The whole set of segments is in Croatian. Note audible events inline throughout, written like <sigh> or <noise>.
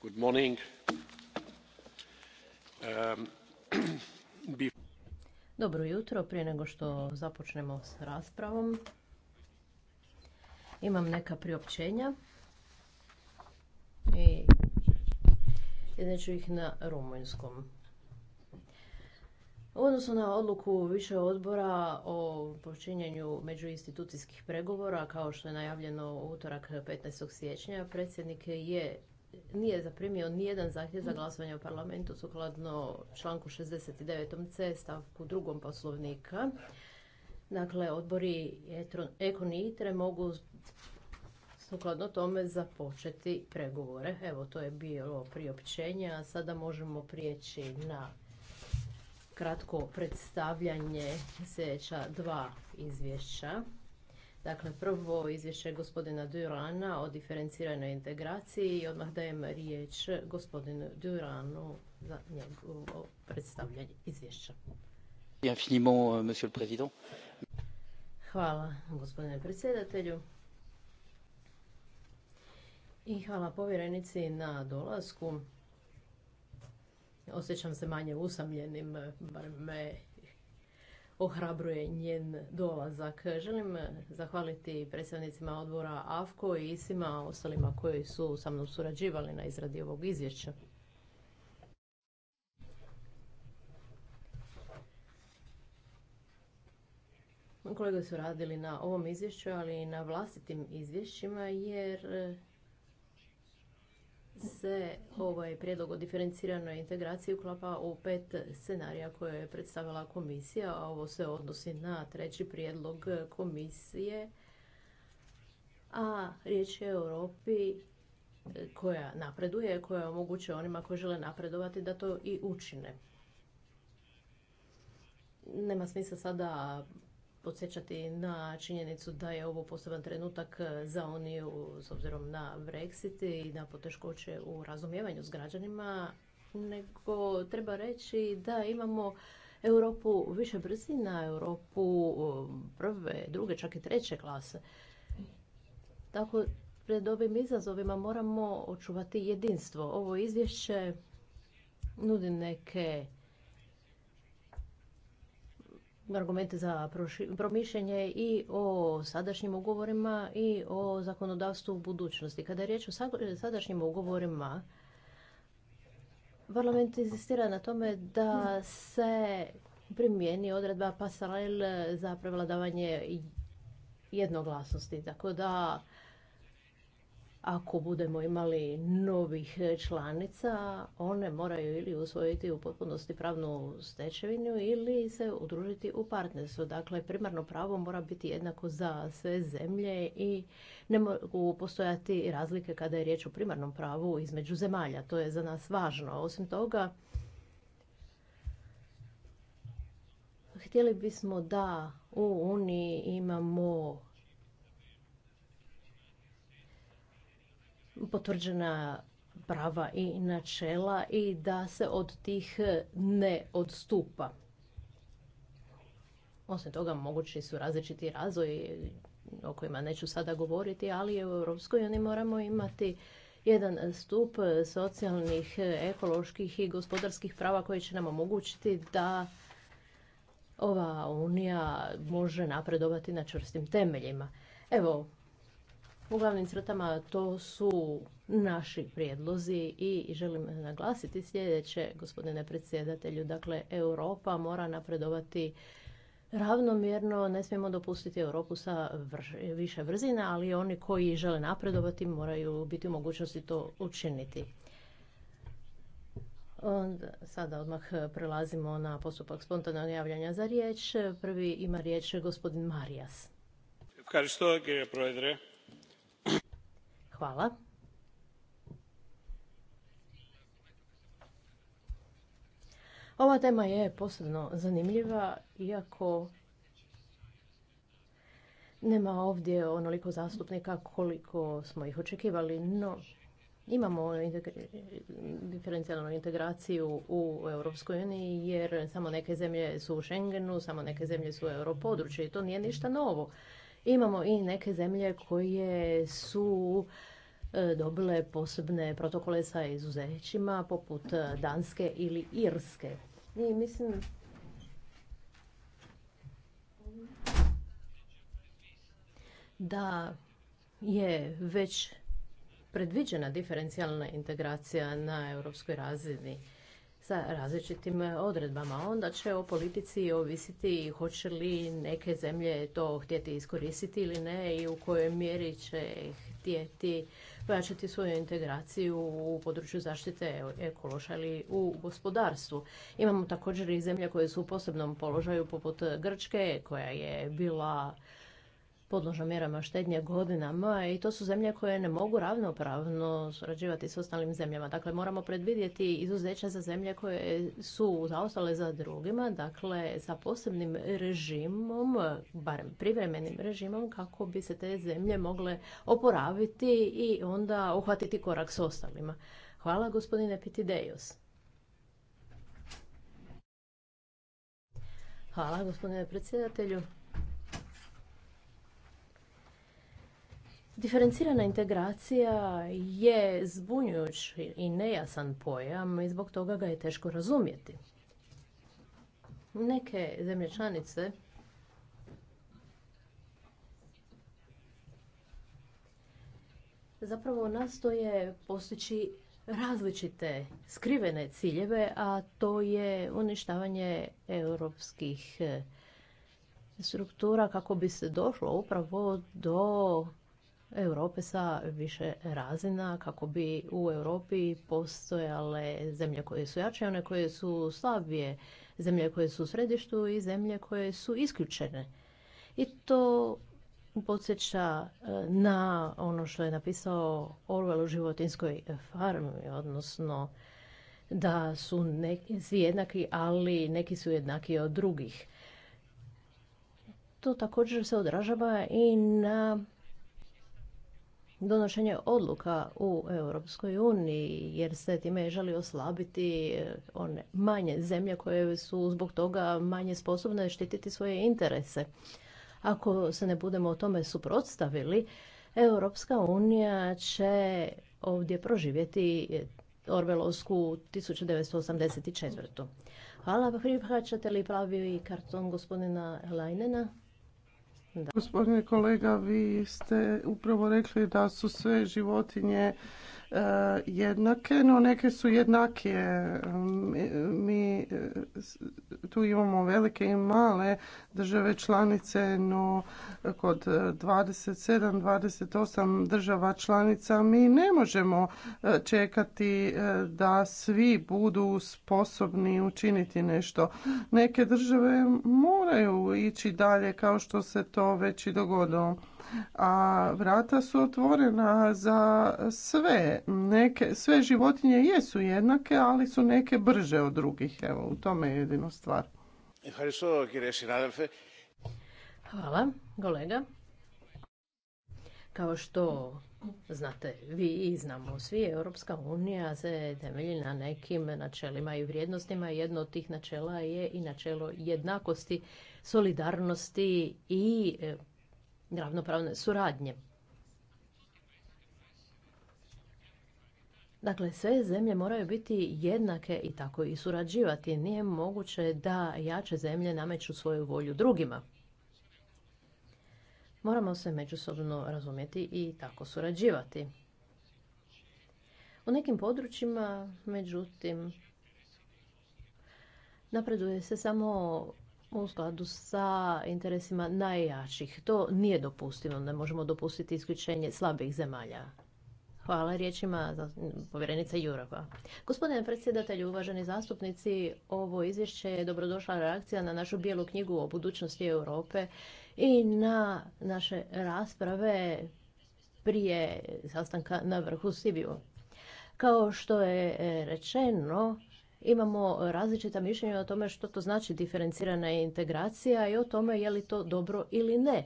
good um, <clears throat> Dobro jutro, prije nego što započnemo s raspravom, imam neka priopćenja i izneću ih na rumunjskom. U odnosu na odluku više odbora o počinjenju međuinstitucijskih pregovora, kao što je najavljeno u utorak 15. siječnja, predsjednik je nije zaprimio nijedan zahtjev za glasovanje u parlamentu sukladno članku 69. c stavku drugom poslovnika. Dakle, odbori ekonitre i mogu sukladno tome započeti pregovore. Evo, to je bilo priopćenje, a sada možemo prijeći na kratko predstavljanje sljedeća dva izvješća. Dakle, prvo izvješće gospodina Durana o diferenciranoj integraciji i odmah dajem riječ gospodinu Duranu za njegovo predstavljanje izvješća. Euh, hvala gospodine predsjedatelju. I hvala povjerenici na dolasku osjećam se manje usamljenim, e, bar me ohrabruje njen dolazak. Želim e, zahvaliti predstavnicima odbora AFKO i svima ostalima koji su sa mnom surađivali na izradi ovog izvješća. Kolege su radili na ovom izvješću, ali i na vlastitim izvješćima, jer e, se ovaj prijedlog o diferenciranoj integraciji uklapa u pet scenarija koje je predstavila komisija, a ovo se odnosi na treći prijedlog komisije. A riječ je o Europi koja napreduje, koja omogućuje onima koji žele napredovati da to i učine. Nema smisla sada podsjećati na činjenicu da je ovo poseban trenutak e, za Uniju s obzirom na Brexit i na poteškoće u razumijevanju s građanima, nego treba reći da imamo Europu više brzina, Europu e, prve, druge, čak i treće klase. Tako pred ovim izazovima moramo očuvati jedinstvo. Ovo izvješće nudi neke argumente za promišljanje i o sadašnjim ugovorima i o zakonodavstvu u budućnosti. Kada je riječ o sadašnjim ugovorima, parlament insistira na tome da se primijeni odredba pasarel za prevladavanje jednoglasnosti. Tako da ako budemo imali novih članica, one moraju ili usvojiti u potpunosti pravnu stečevinu ili se udružiti u partnerstvo. Dakle, primarno pravo mora biti jednako za sve zemlje i ne mogu postojati razlike kada je riječ o primarnom pravu između zemalja. To je za nas važno. Osim toga, htjeli bismo da u Uniji imamo potvrđena prava i načela i da se od tih ne odstupa. Osim toga, mogući su različiti razvoj o kojima neću sada govoriti, ali u Europskoj oni moramo imati jedan stup socijalnih, ekoloških i gospodarskih prava koji će nam omogućiti da ova unija može napredovati na čvrstim temeljima. Evo, u glavnim crtama to su naši prijedlozi i želim naglasiti sljedeće, gospodine predsjedatelju. Dakle, Europa mora napredovati ravnomjerno, ne smijemo dopustiti Europu sa više vrzina, ali oni koji žele napredovati moraju biti u mogućnosti to učiniti. sada odmah prelazimo na postupak spontanog javljanja za riječ. Prvi ima riječ gospodin Marijas. Hvala Hvala. Ova tema je posebno zanimljiva, iako nema ovdje onoliko zastupnika koliko smo ih očekivali, no imamo diferencijalnu integraciju u Europskoj uniji jer samo neke zemlje su u Schengenu, samo neke zemlje su u europodručju i to nije ništa novo. Imamo i neke zemlje koje su e, dobile posebne protokole sa izuzećima poput e, Danske ili Irske. mislim da je već predviđena diferencijalna integracija na europskoj razini sa različitim e, odredbama. Onda će o politici ovisiti hoće li neke zemlje to htjeti iskoristiti ili ne i u kojoj mjeri će htjeti pojačati svoju integraciju u području zaštite ekološa ili u gospodarstvu. Imamo također i zemlje koje su u posebnom položaju poput Grčke koja je bila podložno mjerama štednje godinama i to su zemlje koje ne mogu ravnopravno surađivati s ostalim zemljama. Dakle, moramo predvidjeti izuzeća za zemlje koje su zaostale za drugima, dakle, sa posebnim režimom, barem privremenim režimom, kako bi se te zemlje mogle oporaviti i onda uhvatiti korak s ostalima. Hvala, gospodine Pitideus. Hvala, gospodine predsjedatelju. Diferencirana integracija je zbunjujuć i nejasan pojam i zbog toga ga je teško razumjeti. Neke zemlje članice zapravo nastoje postići različite skrivene ciljeve, a to je uništavanje europskih struktura kako bi se došlo upravo do Europe sa više razina kako bi u Europi postojale zemlje koje su jače, one koje su slabije, zemlje koje su u središtu i zemlje koje su isključene. I to podsjeća e, na ono što je napisao Orwell u životinskoj farmi, odnosno da su neki, svi jednaki, ali neki su jednaki od drugih. To također se odražava i na donošenje odluka u Europskoj uniji, jer se time želi oslabiti e, one manje zemlje koje su zbog toga manje sposobne štititi svoje interese. Ako se ne budemo o tome suprotstavili, Europska unija će ovdje proživjeti e, Orvelovsku 1984. Hvala, prihvaćate li pravi karton gospodina Lajnena? Gospodine kolega, vi ste upravo rekli da su sve životinje E, jednake, no neke su jednakije. E, mi e, tu imamo velike i male države članice, no kod 27, 28 država članica mi ne možemo čekati da svi budu sposobni učiniti nešto. Neke države moraju ići dalje kao što se to već i dogodilo a vrata su otvorena za sve. Neke, sve životinje jesu jednake, ali su neke brže od drugih. Evo, u tome je jedino stvar. Hvala, kolega. Kao što znate vi i znamo svi, Europska unija se temelji na nekim načelima i vrijednostima. Jedno od tih načela je i načelo jednakosti, solidarnosti i e, ravnopravne suradnje. Dakle, sve zemlje moraju biti jednake i tako i surađivati. Nije moguće da jače zemlje nameću svoju volju drugima. Moramo se međusobno razumjeti i tako surađivati. U nekim područjima, međutim, napreduje se samo u skladu sa interesima najjačih. To nije dopustivo, ne možemo dopustiti isključenje slabih zemalja. Hvala riječima povjerenica Jurova. Gospodine predsjedatelju, uvaženi zastupnici, ovo izvješće je dobrodošla reakcija na našu bijelu knjigu o budućnosti Europe i na naše rasprave prije sastanka na vrhu Sibiju. Kao što je rečeno, Imamo različita mišljenja o tome što to znači diferencirana integracija i o tome je li to dobro ili ne.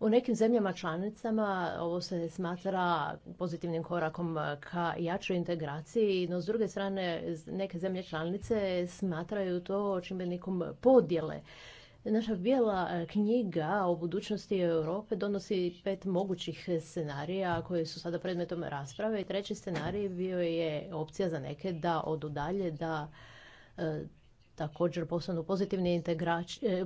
U nekim zemljama članicama ovo se smatra pozitivnim korakom ka jačoj integraciji, no s druge strane neke zemlje članice smatraju to čimbenikom podjele. Naša bijela e, knjiga o budućnosti Europe donosi pet mogućih scenarija koji su sada predmetom rasprave i treći scenarij bio je opcija za neke da odu dalje, da e, također postanu pozitivni integrač, e,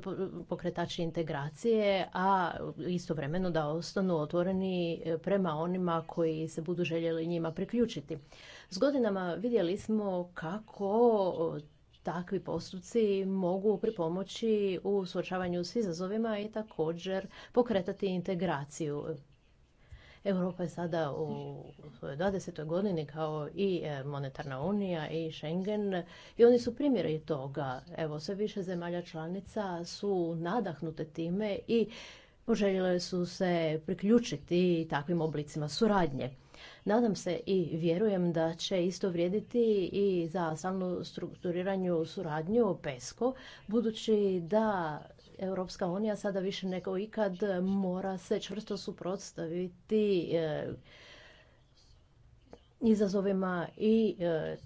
pokretači integracije, a istovremeno da ostanu otvoreni prema onima koji se budu željeli njima priključiti. S godinama vidjeli smo kako takvi postupci mogu pripomoći u suočavanju s izazovima i također pokretati integraciju. Europa je sada u svojoj 20. godini kao i e, Monetarna unija i Schengen i oni su primjeri toga. Evo, sve više zemalja članica su nadahnute time i poželjele su se priključiti takvim oblicima suradnje. Nadam se i vjerujem da će isto vrijediti i za stalnu strukturiranju suradnju PESCO, budući da Europska unija sada više nego ikad mora se čvrsto suprotstaviti e, izazovima i e,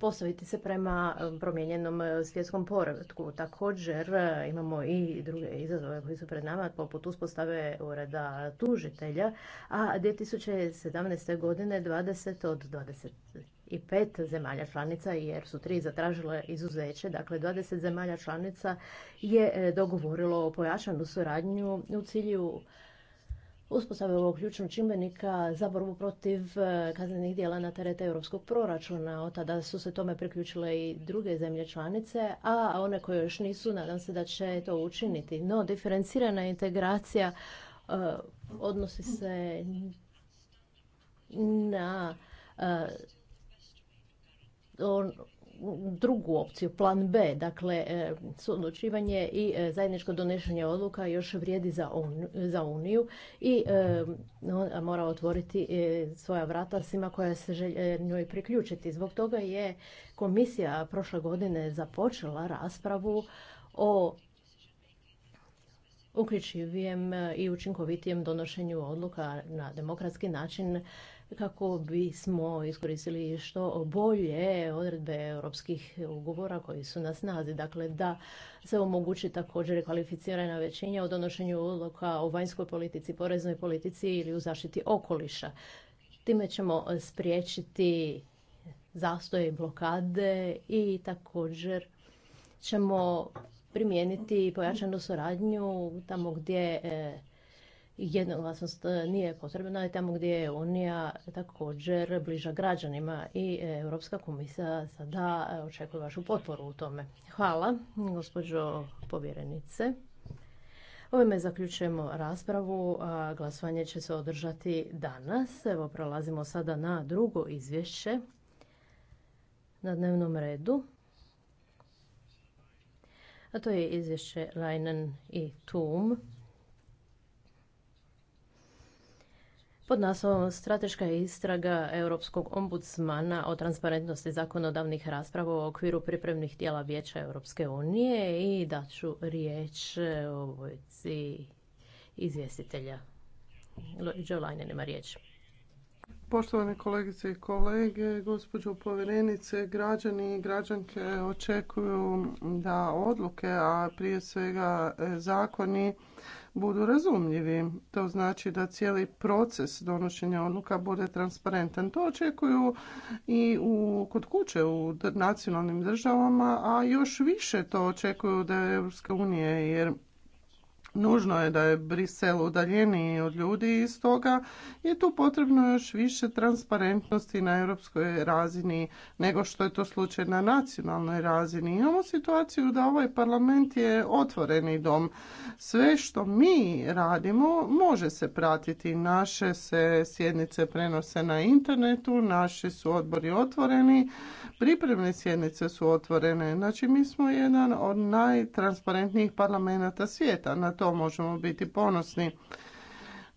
postaviti se prema e, promijenjenom e, svjetskom poredku. Također e, imamo i druge izazove koji su pred nama, poput uspostave ureda tužitelja, a 2017. godine 20 od 25 pet zemalja članica, jer su tri zatražile izuzeće, dakle 20 zemalja članica je dogovorilo pojačanu suradnju u cilju uspostave ovog ključnog čimbenika za borbu protiv e, kaznenih dijela na teret europskog proračuna. Od tada su se tome priključile i druge zemlje članice, a one koje još nisu, nadam se da će to učiniti. No, diferencirana integracija e, odnosi se na e, drugu opciju, plan B, dakle e, suodlučivanje i e, zajedničko donošenje odluka još vrijedi za, za Uniju i e, on mora otvoriti svoja vrata svima koja se želje njoj priključiti. Zbog toga je komisija prošle godine započela raspravu o uključivijem i učinkovitijem donošenju odluka na demokratski način kako bismo iskoristili što bolje odredbe europskih ugovora koji su na snazi. Dakle, da se omogući također kvalificirana većina o donošenju odluka o vanjskoj politici, poreznoj politici ili u zaštiti okoliša. Time ćemo spriječiti zastoje i blokade i također ćemo primijeniti pojačanu suradnju tamo gdje e, jednoglasnost e, nije potrebna i tamo gdje je Unija također bliža građanima i Europska komisija sada e, očekuje vašu potporu u tome. Hvala, gospođo povjerenice. Ovime zaključujemo raspravu, glasovanje će se održati danas. Evo, prelazimo sada na drugo izvješće na dnevnom redu. A to je izvješće Leinen i TUM. pod naslovom Strateška istraga Europskog ombudsmana o transparentnosti zakonodavnih rasprava u okviru pripremnih tijela Vijeća Europske unije i daću riječ obojici izvjestitelja. Đolajne nema riječ. Poštovane kolegice i kolege, gospođo povjerenice, građani i građanke očekuju da odluke, a prije svega zakoni, budu razumljivi. To znači da cijeli proces donošenja odluka bude transparentan. To očekuju i u, kod kuće u nacionalnim državama, a još više to očekuju da je Europska unija, jer Nužno je da je Brisel udaljeniji od ljudi i stoga je tu potrebno još više transparentnosti na europskoj razini nego što je to slučaj na nacionalnoj razini. Imamo situaciju da ovaj parlament je otvoreni dom. Sve što mi radimo može se pratiti. Naše se sjednice prenose na internetu, naši su odbori otvoreni, pripremne sjednice su otvorene. Znači mi smo jedan od najtransparentnijih parlamenta svijeta na to možemo biti ponosni.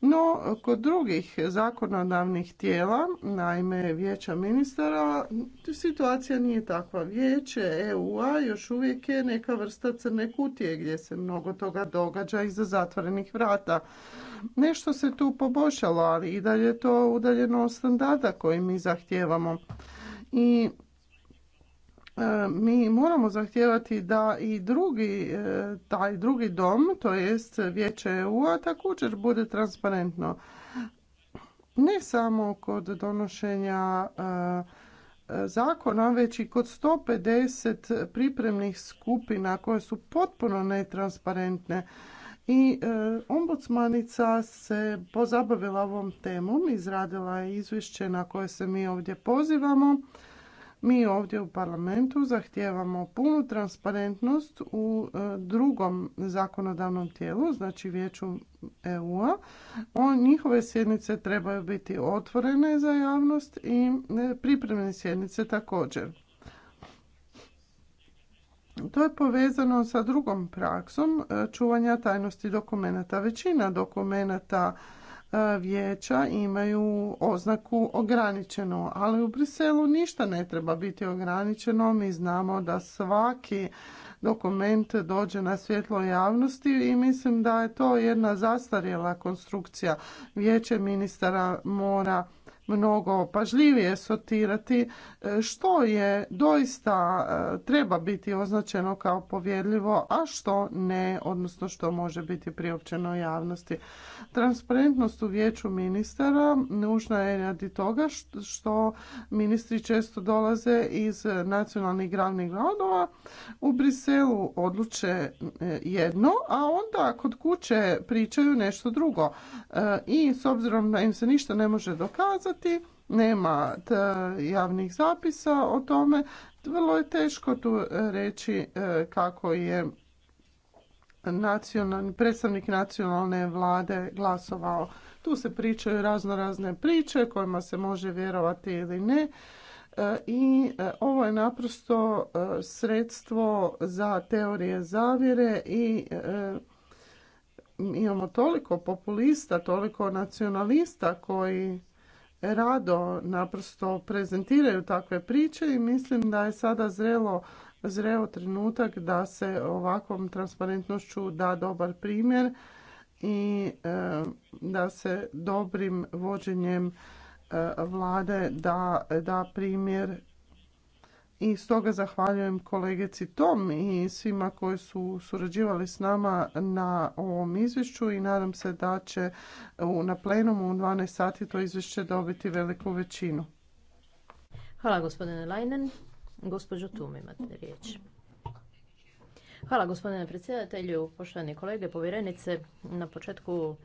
No, kod drugih zakonodavnih tijela, naime vijeća ministara, situacija nije takva. Vijeće EU-a još uvijek je neka vrsta crne kutije gdje se mnogo toga događa iza zatvorenih vrata. Nešto se tu poboljšalo, ali i dalje je to udaljeno od standarda koji mi zahtijevamo. I E, mi moramo zahtijevati da i drugi, e, taj drugi dom, to jest Vijeće EU-a, također bude transparentno. Ne samo kod donošenja e, zakona, već i kod 150 pripremnih skupina koje su potpuno netransparentne. I ombudsmanica se pozabavila ovom temom, izradila je izvješće na koje se mi ovdje pozivamo mi ovdje u parlamentu zahtijevamo punu transparentnost u e, drugom zakonodavnom tijelu, znači vijeću EU-a. Njihove sjednice trebaju biti otvorene za javnost i e, pripremne sjednice također. To je povezano sa drugom praksom e, čuvanja tajnosti dokumenata. Većina dokumenata vijeća imaju oznaku ograničeno, ali u Briselu ništa ne treba biti ograničeno. Mi znamo da svaki dokument dođe na svjetlo javnosti i mislim da je to jedna zastarjela konstrukcija. Vijeće ministara mora mnogo pažljivije sortirati e, što je doista e, treba biti označeno kao povjerljivo, a što ne, odnosno što može biti priopćeno javnosti. Transparentnost u vijeću ministara nužna je radi toga što ministri često dolaze iz nacionalnih glavnih gradova u Briselu odluče e, jedno, a onda kod kuće pričaju nešto drugo. I s obzirom da im se ništa ne može dokazati, nema javnih zapisa o tome. Vrlo je teško tu e, reći e, kako je predstavnik nacionalne vlade glasovao. Tu se pričaju razno razne priče kojima se može vjerovati ili ne. E, I ovo je naprosto sredstvo za teorije zavjere i imamo toliko populista, toliko nacionalista koji rado naprosto prezentiraju takve priče i mislim da je sada zrelo zreo trenutak da se ovakvom transparentnošću da dobar primjer i e, da se dobrim vođenjem e, vlade da, da primjer i stoga zahvaljujem kolegici Tom i svima koji su surađivali s nama na ovom izvješću i nadam se da će na plenumu u 12 sati to izvješće dobiti veliku većinu. Hvala gospodine Lajnen. Gospođo Tum imate riječ. Hvala gospodine predsjedatelju, poštovani kolege, povjerenice. Na početku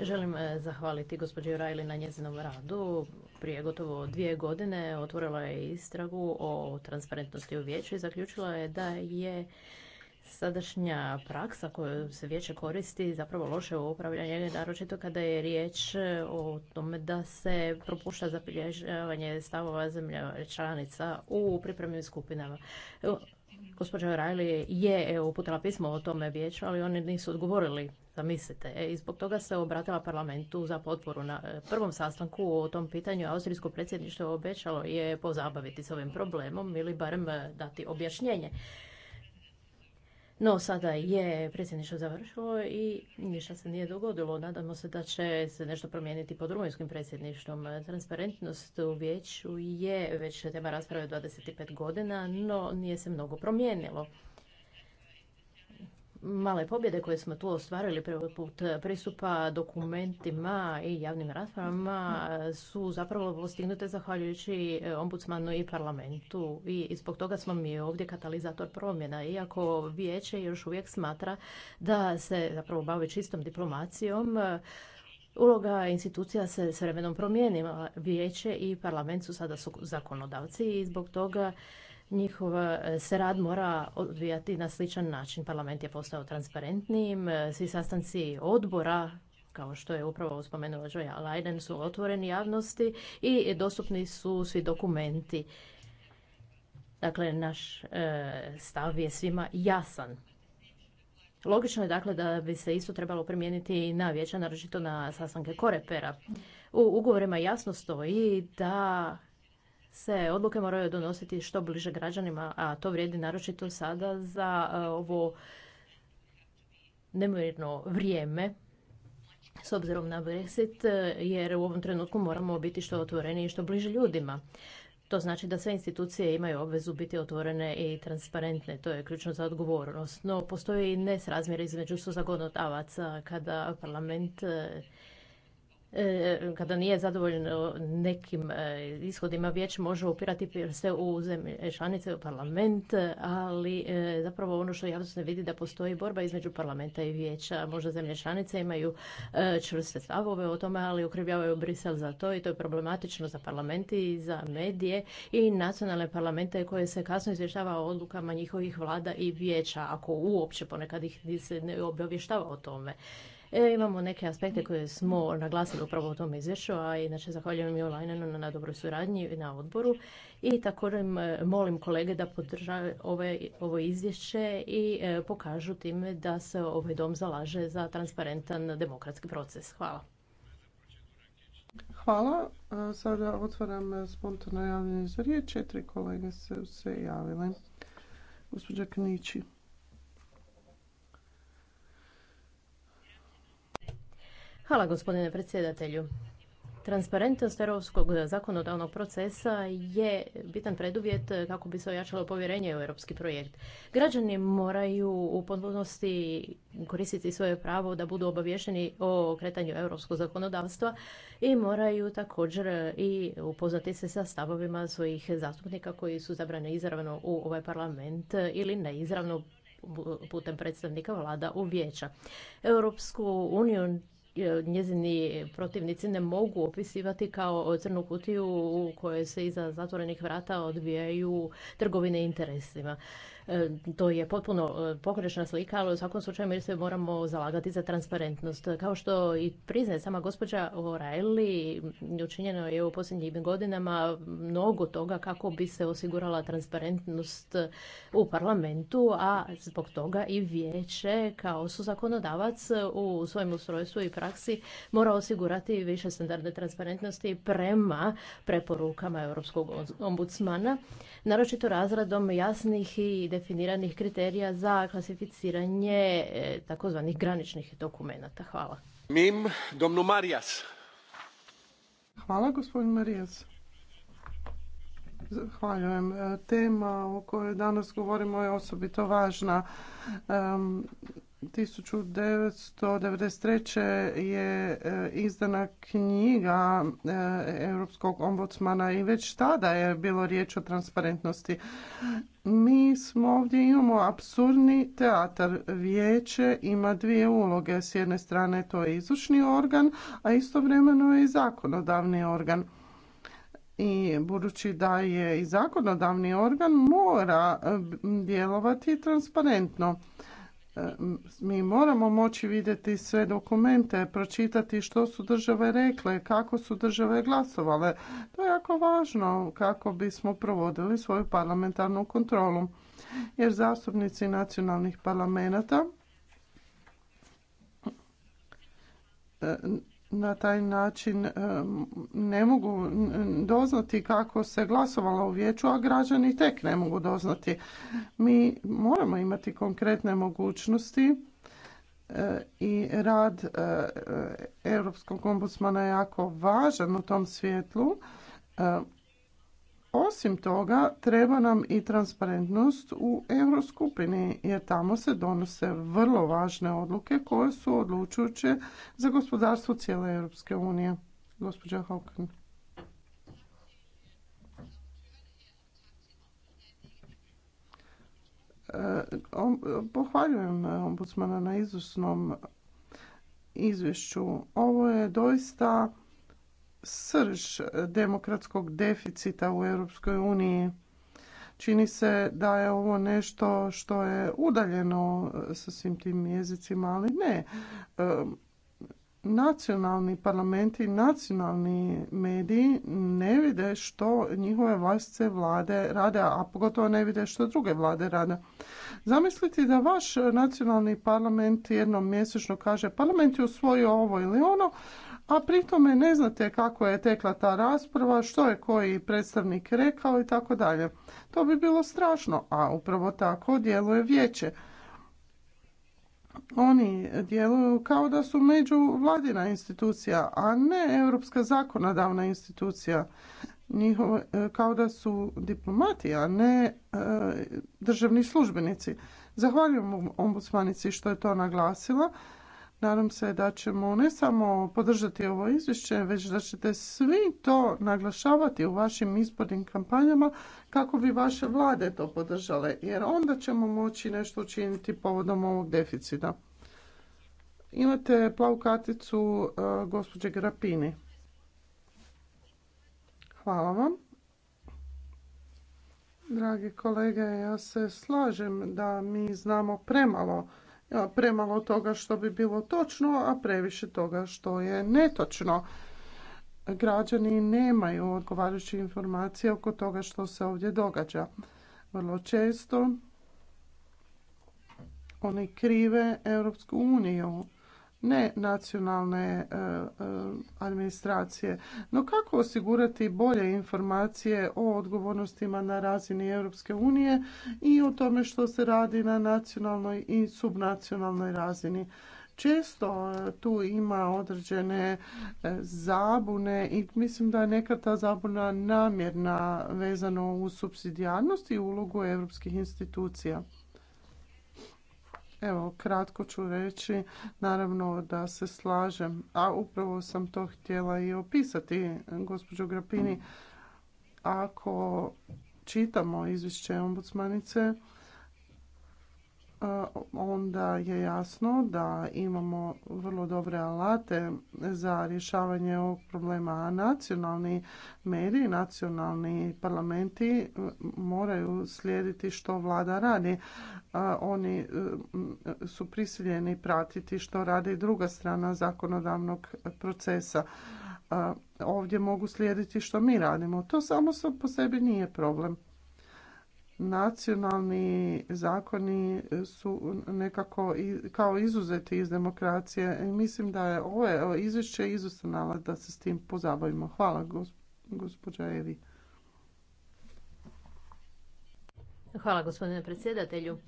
Želim e, zahvaliti gospođi Rajli na njezinom radu. Prije gotovo dvije godine otvorila je istragu o transparentnosti u vijeću i zaključila je da je sadašnja praksa koju se vijeće koristi zapravo loše u upravljanje, naročito kada je riječ o tome da se propušta zapilježavanje stavova zemlja članica u pripremnim skupinama gospođa Rajli je uputila pismo o tome vijeću, ali oni nisu odgovorili, zamislite. E, I zbog toga se obratila parlamentu za potporu na e, prvom sastanku o tom pitanju. Austrijsko predsjedništvo obećalo je pozabaviti s ovim problemom ili barem e, dati objašnjenje. No, sada je predsjedništvo završilo i ništa se nije dogodilo. Nadamo se da će se nešto promijeniti pod rumunjskim predsjedništvom. Transparentnost u vijeću je već tema rasprave 25 godina, no nije se mnogo promijenilo male pobjede koje smo tu ostvarili prvi put pristupa dokumentima i javnim raspravama su zapravo postignute zahvaljujući e, ombudsmanu i parlamentu i zbog toga smo mi ovdje katalizator promjena. Iako vijeće još uvijek smatra da se zapravo bavi čistom diplomacijom, e, Uloga institucija se s vremenom promijenila. Vijeće i parlament su sada zakonodavci i zbog toga Njihov e, se rad mora odvijati na sličan način. Parlament je postao transparentnijim, e, svi sastanci odbora kao što je upravo spomenula Joja Leiden, su otvoreni javnosti i dostupni su svi dokumenti. Dakle, naš e, stav je svima jasan. Logično je dakle da bi se isto trebalo primijeniti i na vijeća, naročito na sastanke korepera. U ugovorima jasno stoji da se odluke moraju donositi što bliže građanima, a to vrijedi naročito sada za e, ovo nemirno vrijeme s obzirom na Brexit, e, jer u ovom trenutku moramo biti što otvoreni i što bliže ljudima. To znači da sve institucije imaju obvezu biti otvorene i transparentne. To je ključno za odgovornost. No, postoji i nesrazmjer između suzagonodavaca kada parlament e, E, kada nije zadovoljen nekim e, ishodima vijeć može upirati se u zemlje e, članice u parlament, ali zapravo ono što javnost ne vidi da postoji borba između parlamenta i vijeća. Možda zemlje članice imaju čvrste stavove o tome, ali ukrivljavaju Brisel za to i to je problematično za parlamenti i za medije i nacionalne parlamente koje se kasno izvještava o odlukama njihovih vlada i vijeća, ako uopće ponekad ih se ne obavještava o tome. E, imamo neke aspekte koje smo naglasili upravo u tom izvješću, a inače zahvaljujem i Olajnenu na dobroj suradnji i na odboru. I također molim kolege da podržaju ove, ovo izvješće i e, pokažu time da se ovaj dom zalaže za transparentan demokratski proces. Hvala. Hvala. Sada otvaram spontano javljanje za riječ. Četiri kolege su se javile. Gospođa Knići. Hvala gospodine predsjedatelju. Transparentnost europskog zakonodavnog procesa je bitan preduvjet kako bi se ojačalo povjerenje u europski projekt. Građani moraju u potpunosti koristiti svoje pravo da budu obavješeni o kretanju europskog zakonodavstva i moraju također i upoznati se sa stavovima svojih zastupnika koji su zabrane izravno u ovaj parlament ili neizravno putem predstavnika vlada u vijeća. Europsku uniju E, njezini protivnici ne mogu opisivati kao crnu kutiju u kojoj se iza zatvorenih vrata odvijaju trgovine interesima. E, to je potpuno e, pogrešna slika, ali u svakom slučaju mi se moramo zalagati za transparentnost. Kao što i priznaje sama gospođa O'Reilly, učinjeno je u posljednjim godinama mnogo toga kako bi se osigurala transparentnost u parlamentu, a zbog toga i vijeće kao su zakonodavac u svojem ustrojstvu i praksi mora osigurati više standarde transparentnosti prema preporukama Europskog ombudsmana, naročito razradom jasnih i definiranih kriterija za klasificiranje e, takozvanih graničnih dokumenata. Hvala. Mim, domnu Marijas. Hvala, gospodin Marijas. Zahvaljujem. E, tema o kojoj danas govorimo je osobito važna. 1993. je e, izdana knjiga e, Europskog ombudsmana i već tada je bilo riječ o transparentnosti. Mi smo ovdje imamo apsurdni teatar. Vijeće ima dvije uloge. S jedne strane to je izvršni organ, a istovremeno je i zakonodavni organ i budući da je i zakonodavni organ mora e, djelovati transparentno. E, mi moramo moći vidjeti sve dokumente, pročitati što su države rekle, kako su države glasovale. To je jako važno kako bismo provodili svoju parlamentarnu kontrolu. Jer zastupnici nacionalnih parlamenta e, na taj način e, ne mogu doznati kako se glasovalo u vijeću, a građani tek ne mogu doznati. Mi moramo imati konkretne mogućnosti e, i rad e, Europskog ombudsmana je jako važan u tom svjetlu osim toga, treba nam i transparentnost u Euroskupini, jer tamo se donose vrlo važne odluke koje su odlučujuće za gospodarstvo cijele Europske unije. Gospođa Hauken. E, pohvaljujem ombudsmana na izvrsnom izvješću. Ovo je doista srž demokratskog deficita u Europskoj uniji. Čini se da je ovo nešto što je udaljeno sa svim tim jezicima, ali ne. Nacionalni parlamenti, nacionalni mediji ne vide što njihove vlastice vlade rade, a pogotovo ne vide što druge vlade rade. Zamisliti da vaš nacionalni parlament jednom mjesečno kaže parlament je usvojio ovo ili ono, a pri tome ne znate kako je tekla ta rasprava, što je koji predstavnik rekao i tako dalje. To bi bilo strašno, a upravo tako djeluje vijeće. Oni djeluju kao da su među vladina institucija, a ne europska zakonodavna institucija. Njihovo, kao da su diplomati, a ne e, državni službenici. Zahvaljujem ombudsmanici što je to naglasila Nadam se da ćemo ne samo podržati ovo izvješće, već da ćete svi to naglašavati u vašim izbornim kampanjama kako bi vaše vlade to podržale, jer onda ćemo moći nešto učiniti povodom ovog deficita. Imate plavu karticu e, gospođe Grapini. Hvala vam. Dragi kolege, ja se slažem da mi znamo premalo premalo toga što bi bilo točno, a previše toga što je netočno. Građani nemaju odgovarajuće informacije oko toga što se ovdje događa. Vrlo često oni krive Europsku uniju ne nacionalne e, e, administracije. No kako osigurati bolje informacije o odgovornostima na razini Europske unije i o tome što se radi na nacionalnoj i subnacionalnoj razini? često e, tu ima određene zabune i mislim da je neka ta zabuna namjerna vezano uz subsidijarnost i ulogu europskih institucija. Evo, kratko ću reći, naravno da se slažem, a upravo sam to htjela i opisati, gospođo Grapini. Ako čitamo izvješće ombudsmanice, onda je jasno da imamo vrlo dobre alate za rješavanje ovog problema, a nacionalni mediji, nacionalni parlamenti e, moraju slijediti što vlada radi. E, oni e, su prisiljeni pratiti što radi druga strana zakonodavnog procesa ovdje mogu slijediti što mi radimo. To samo po sebi nije problem nacionalni zakoni su nekako kao izuzeti iz demokracije. I mislim da je ovo izvješće izvrstan da se s tim pozabavimo. Hvala gospođa Evi. Hvala gospodine predsjedatelju.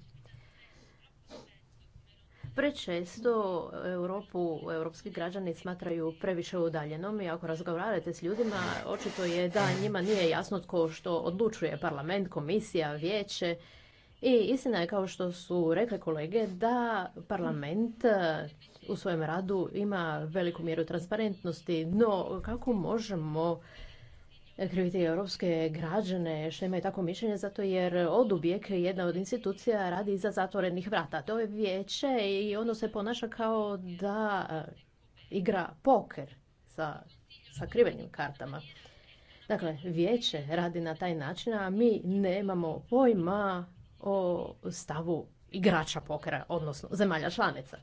Prečesto e, Europu europski građani smatraju previše udaljenom i ako razgovarate s ljudima, očito je da njima nije jasno tko što odlučuje parlament, komisija, vijeće. I istina je kao što su rekli kolege da parlament e, u svojem radu ima veliku mjeru transparentnosti, no kako možemo kriviti europske građane što imaju tako mišljenje zato jer od jedna od institucija radi iza zatvorenih vrata. To je vijeće i ono se ponaša kao da e, igra poker sa sakrivenim kartama. Dakle, vijeće radi na taj način, a mi nemamo pojma o stavu igrača pokera, odnosno zemalja članica.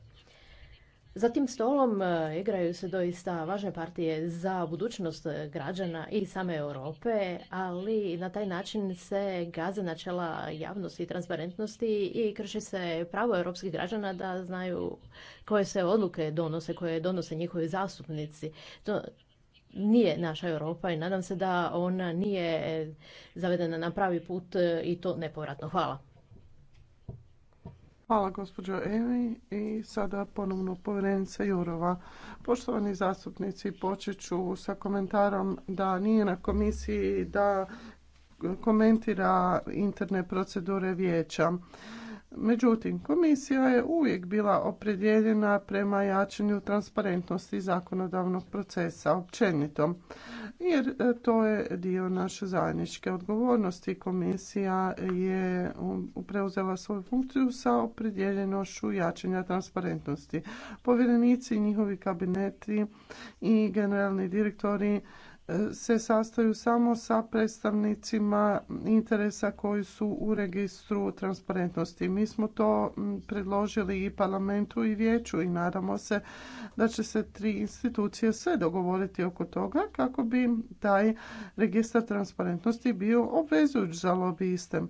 Za tim stolom e, igraju se doista važne partije za budućnost e, građana i same Europe, ali na taj način se gaze načela javnosti i transparentnosti i krši se pravo europskih građana da znaju koje se odluke donose, koje donose njihovi zastupnici. To nije naša Europa i nadam se da ona nije zavedena na pravi put e, i to nepovratno. Hvala. Hvala gospođo Emi i sada ponovno povjerenica Jurova. Poštovani zastupnici, počet ću sa komentarom da nije na komisiji da komentira interne procedure vijeća Međutim, komisija je uvijek bila opredjeljena prema jačanju transparentnosti zakonodavnog procesa općenito, jer e, to je dio naše zajedničke odgovornosti. Komisija je um, preuzela svoju funkciju sa opredjeljenošću jačanja transparentnosti. Povjerenici, i njihovi kabineti i generalni direktori se sastaju samo sa predstavnicima interesa koji su u registru transparentnosti. Mi smo to predložili i parlamentu i vijeću i nadamo se da će se tri institucije sve dogovoriti oko toga kako bi taj registar transparentnosti bio obvezujuć za lobiste.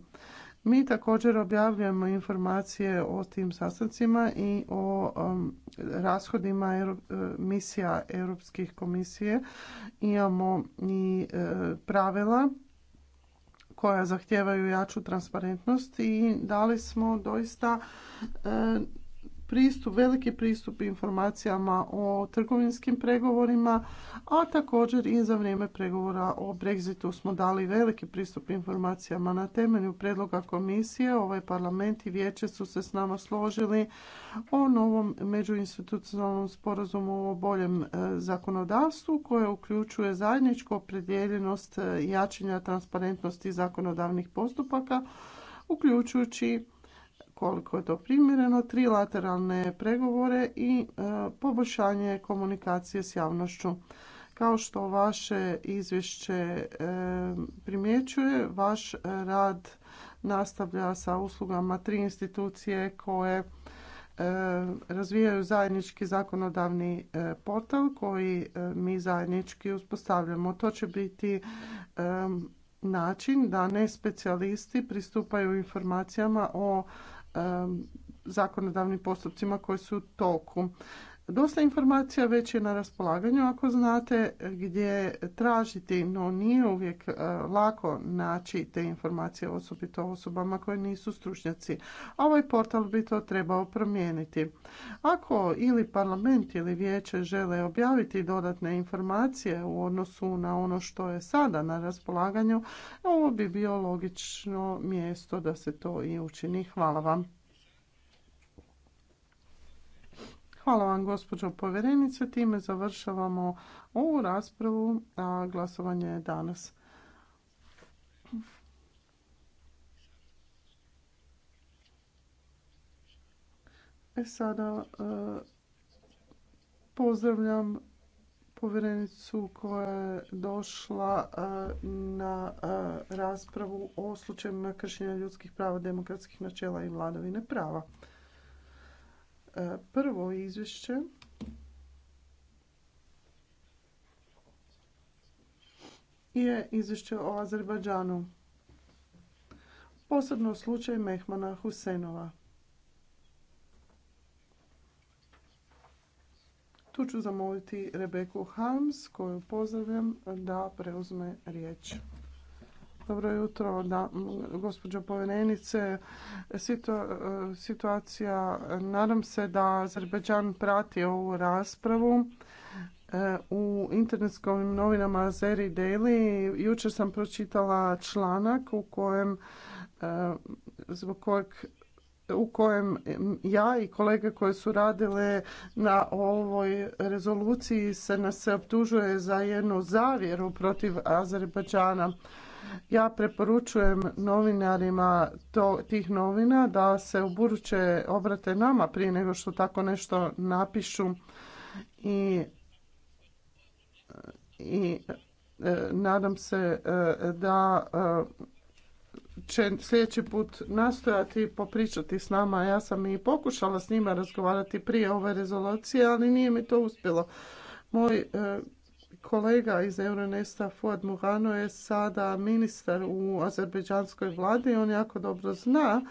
Mi također objavljujemo informacije o tim sastancima i o um, rashodima e, misija Europskih komisije. Imamo i e, pravila koja zahtijevaju jaču transparentnost i dali smo doista e, pristup, veliki pristup informacijama o trgovinskim pregovorima, a također i za vrijeme pregovora o Brexitu smo dali veliki pristup informacijama. Na temelju predloga komisije ovaj parlament i vijeće su se s nama složili o novom međuinstitucionalnom sporazumu o boljem e, zakonodavstvu koje uključuje zajedničku opredjeljenost e, jačanja transparentnosti zakonodavnih postupaka uključujući koliko je to primjereno, trilateralne pregovore i e, poboljšanje komunikacije s javnošću. Kao što vaše izvješće e, primjećuje, vaš rad nastavlja sa uslugama tri institucije koje e, razvijaju zajednički zakonodavni portal koji mi zajednički uspostavljamo. To će biti način da ne specijalisti pristupaju informacijama o Um, zakonodavnim postupcima koji su u toku. Dosta informacija već je na raspolaganju ako znate gdje tražiti, no nije uvijek e, lako naći te informacije, osobito osobama koje nisu stručnjaci. A ovaj portal bi to trebao promijeniti. Ako ili parlament ili vijeće žele objaviti dodatne informacije u odnosu na ono što je sada na raspolaganju, ovo bi bio logično mjesto da se to i učini. Hvala vam. Hvala vam gospođo povjerenice. Time završavamo ovu raspravu, a glasovanje je danas. E sada e, pozdravljam povjerenicu koja je došla e, na e, raspravu o slučaju kršenja ljudskih prava, demokratskih načela i vladavine prava prvo izvješće je izvješće o Azerbajdžanu. Posebno slučaj Mehmana Husenova. Tu ću zamoliti Rebeku Harms, koju pozdravljam, da preuzme riječ. Dobro jutro, da, gospođo povjerenice. E, situacija, nadam se da Azerbeđan prati ovu raspravu. E, u internetskim novinama Azeri Daily jučer sam pročitala članak u kojem e, zbog kojeg u kojem ja i kolege koje su radile na ovoj rezoluciji se nas se optužuje za jednu zavjeru protiv Azerbajdžana. Ja preporučujem novinarima to, tih novina da se buduće obrate nama prije nego što tako nešto napišu i, i e, nadam se e, da e, će sljedeći put nastojati popričati s nama. Ja sam i pokušala s njima razgovarati prije ove rezolucije, ali nije mi to uspjelo. Moj kolega iz Euronesta Fuad Muhano je sada ministar u azerbejdžanskoj vladi i on jako dobro zna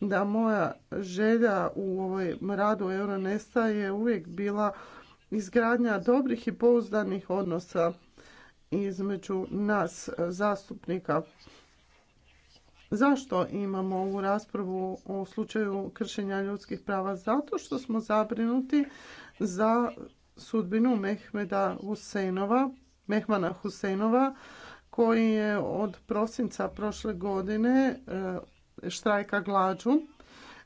da moja želja u ovoj radu Euronesta je uvijek bila izgradnja dobrih i pouzdanih odnosa između nas zastupnika. Zašto imamo ovu raspravu u slučaju kršenja ljudskih prava? Zato što smo zabrinuti za sudbinu Mehmeda Husenova, Mehmana Husenova koji je od prosinca prošle godine e, štrajka glađu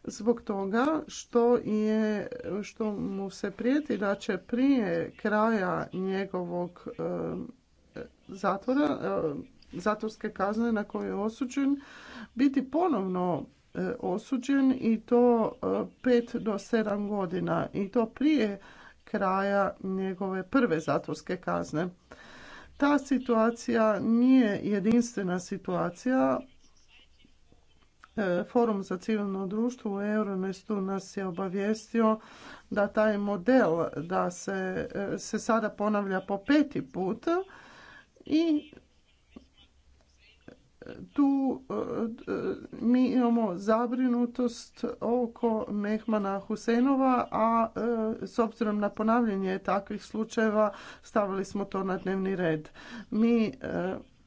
zbog toga što, je, što mu se prijeti da će prije kraja njegovog e, zatvora, e, zatvorske kazne na koju je osuđen, biti ponovno osuđen i to 5 do 7 godina i to prije kraja njegove prve zatvorske kazne. Ta situacija nije jedinstvena situacija. E, Forum za civilno društvo u Euronestu nas je obavijestio da taj model da se, e, se sada ponavlja po peti put i tu e, mi imamo zabrinutost oko Mehmana Husenova, a e, s obzirom na ponavljanje takvih slučajeva stavili smo to na dnevni red. Mi e,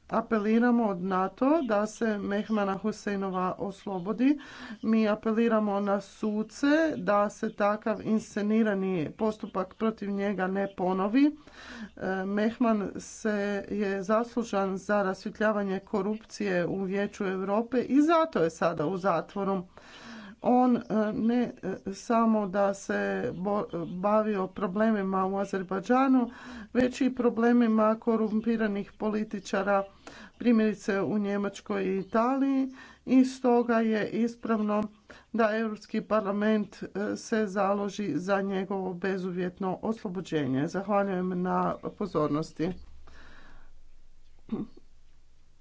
apeliramo od NATO da se Mehmana Huseinova oslobodi. Mi apeliramo na suce da se takav inscenirani postupak protiv njega ne ponovi. E, Mehman se je zaslužan za rasvjetljavanje korupcije u Vijeću Europe i zato je sada u zatvoru on e, ne e, samo da se e, bavio problemima u Azerbajdžanu, već i problemima korumpiranih političara, primjerice u Njemačkoj i Italiji i stoga je ispravno da Europski parlament se založi za njegovo bezuvjetno oslobođenje. Zahvaljujem na pozornosti.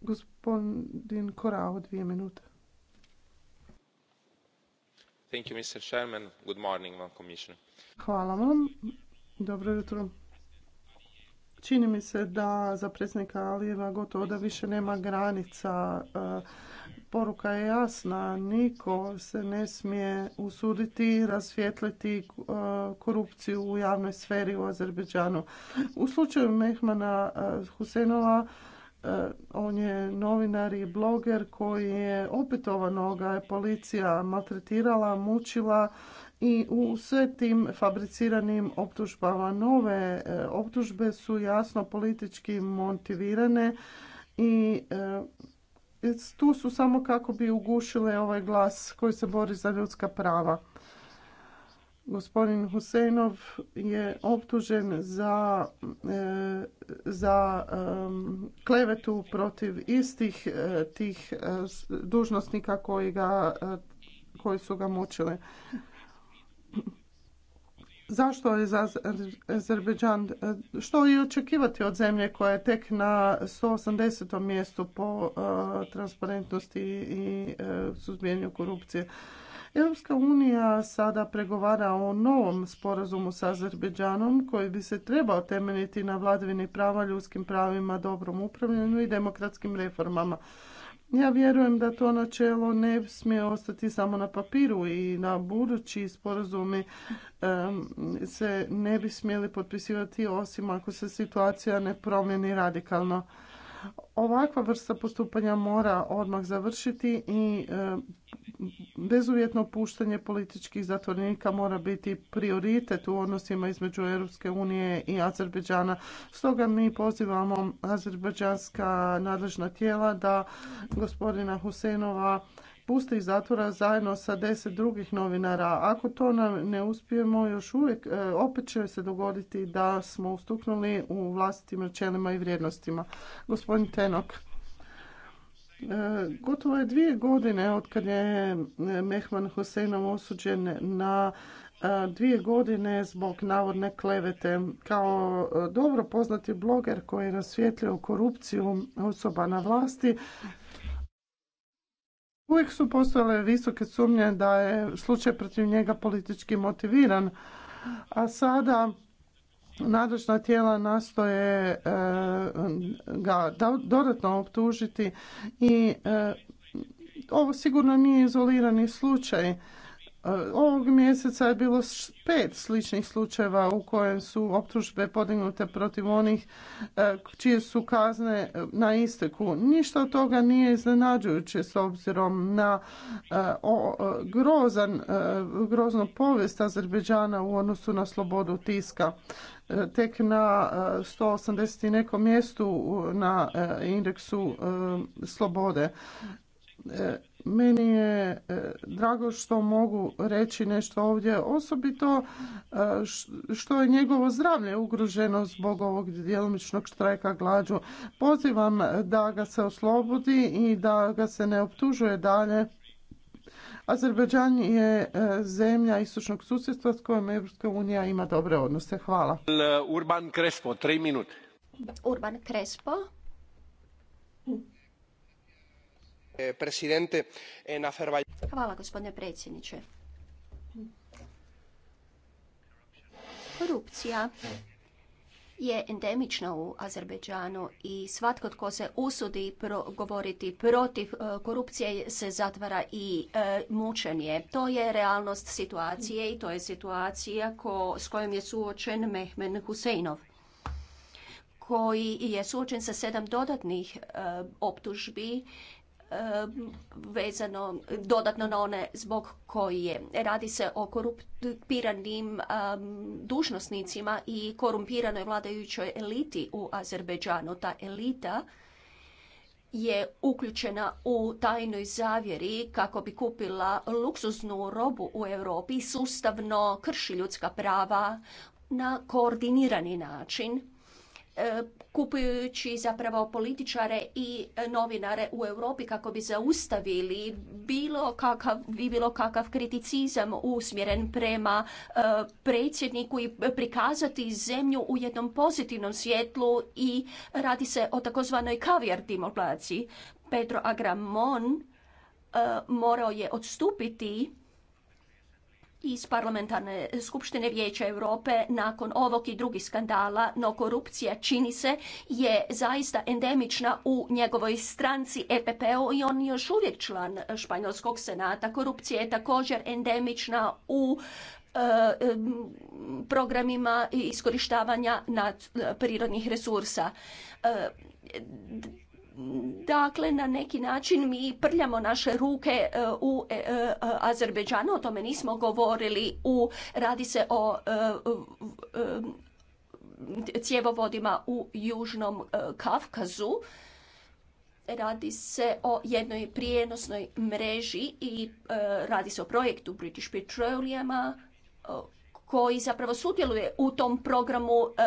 Gospodin Korao, dvije minute. Hvala vam. Dobro jutro. Čini mi se da za predsjednika Alijeva gotovo da više nema granica. E, poruka je jasna, niko se ne smije usuditi rasvijetliti e, korupciju u javnoj sferi u Azerbajdžanu. U slučaju Mehmana e, Husenova E, on je novinar i bloger koji je opetovano ga je policija maltretirala, mučila i u sve tim fabriciranim optužbama nove e, optužbe su jasno politički motivirane i e, tu su samo kako bi ugušile ovaj glas koji se bori za ljudska prava. Gospodin Husenov je optužen za, e, klevetu protiv istih e, tih e, dužnosnika koji, koji su ga mučili. Zašto je za Što je očekivati od zemlje koja je tek na 180. mjestu po transparentnosti i suzbijanju korupcije? Europska unija sada pregovara o novom sporazumu sa Azerbeđanom koji bi se trebao temeljiti na vladavini prava, ljudskim pravima, dobrom upravljanju i demokratskim reformama. Ja vjerujem da to načelo ne smije ostati samo na papiru i na budući sporazumi se ne bi smjeli potpisivati osim ako se situacija ne promijeni radikalno. Ovakva vrsta postupanja mora odmah završiti i e, bezuvjetno puštanje političkih zatvorenika mora biti prioritet u odnosima između Europske unije i Azerbeđana. Stoga mi pozivamo azerbeđanska nadležna tijela da gospodina Husenova puste iz zatvora zajedno sa deset drugih novinara. Ako to nam ne uspijemo, još uvijek e, opet će se dogoditi da smo ustuknuli u vlastitim načelima i vrijednostima. Gospodin Tenok. E, gotovo je dvije godine od kad je e, Mehman Hoseinov osuđen na dvije godine zbog navodne klevete. Kao dobro poznati bloger koji je rasvijetlio korupciju osoba na vlasti, Uvijek su postojale visoke sumnje da je slučaj protiv njega politički motiviran, a sada nadležna tijela nastoje eh, ga dodatno optužiti i eh, ovo sigurno nije izolirani slučaj Ovog mjeseca je bilo pet sličnih slučajeva u kojem su optužbe podignute protiv onih e, čije su kazne e, na isteku. Ništa od toga nije iznenađujuće s obzirom na e, grozan, grozno povijest Azerbeđana u odnosu na slobodu tiska tek na 180 i nekom mjestu na indeksu slobode meni je e, drago što mogu reći nešto ovdje, osobito e, što je njegovo zdravlje ugroženo zbog ovog djelomičnog štrajka glađu. Pozivam da ga se oslobodi i da ga se ne optužuje dalje. Azerbeđan je e, zemlja istočnog susjedstva s kojom EU unija ima dobre odnose. Hvala. Urban Krespo, tri minute. Urban Krespo gospodine predsjedniče. Korupcija je endemična u Azerbejdžanu i svatko tko se usudi govoriti protiv e, korupcije se zatvara i e, mučen je. To je realnost situacije i to je situacija s kojom je suočen Mehmen Huseinov koji je suočen sa sedam dodatnih e, optužbi Eh, vezano dodatno na one zbog koje radi se o korumpiranim dužnosnicima i korumpiranoj vladajućoj eliti u Azerbeđanu. Ta elita je uključena u tajnoj zavjeri kako bi kupila luksuznu robu u Europi i sustavno krši ljudska prava na koordinirani način E, kupujući zapravo političare i novinare u Europi kako bi zaustavili bilo kakav, bilo kakav kriticizam usmjeren prema e, predsjedniku i prikazati zemlju u jednom pozitivnom svjetlu i radi se o takozvanoj kavijar diplomaciji. Pedro Agramon e, morao je odstupiti iz parlamentarne skupštine Vijeća Europe nakon ovog i drugih skandala, no korupcija čini se je zaista endemična u njegovoj stranci EPP-u i on je još uvijek član Španjolskog senata. Korupcija je također endemična u e, programima iskorištavanja e, prirodnih resursa. E, Dakle, na neki način mi prljamo naše ruke e, u e, e, Azerbeđanu, o tome nismo govorili, u, radi se o cjevovodima u Južnom Kafkazu, Radi se o jednoj prijenosnoj mreži i radi se o projektu British Petroleuma koji zapravo sudjeluje u tom programu e,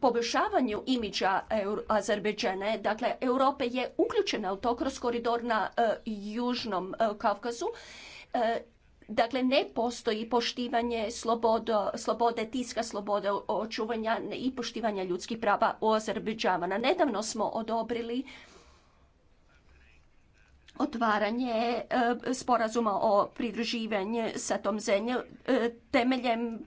poboljšavanju imidža Azerbejdžana. Dakle, Europe je uključena u to kroz koridor na e, Južnom e, Kavkazu. E, dakle, ne postoji poštivanje slobodo, slobode tiska, slobode očuvanja i poštivanja ljudskih prava u Azerbeđavana. Nedavno smo odobrili otvaranje e, sporazuma o pridruživanju sa tom zemljom e, temeljem e,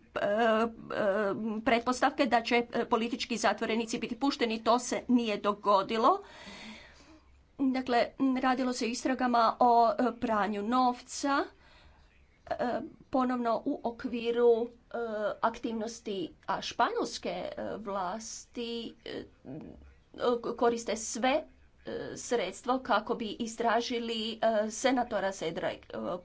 pretpostavke da će politički zatvorenici biti pušteni. To se nije dogodilo. Dakle, radilo se istragama o pranju novca ponovno u okviru aktivnosti a španjolske vlasti koriste sve sredstvo kako bi istražili e, senatora Sedra e,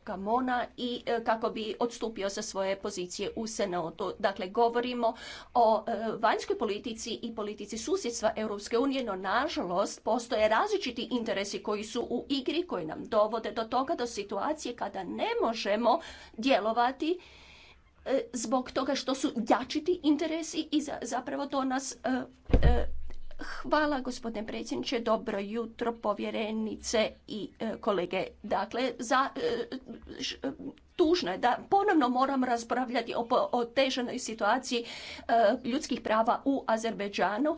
Kamona i e, kako bi odstupio sa svoje pozicije u Senatu. Dakle, govorimo o vanjskoj politici i politici susjedstva Europske unije, no nažalost postoje različiti interesi koji su u igri, koji nam dovode do toga, do situacije kada ne možemo djelovati zbog toga što su jačiti interesi i zapravo to nas Hvala gospodine predsjedniče, dobro jutro povjerenice i e, kolege. Dakle, za, e, e, tužno je da ponovno moram raspravljati o, o situaciji ljudskih prava u Azerbejdžanu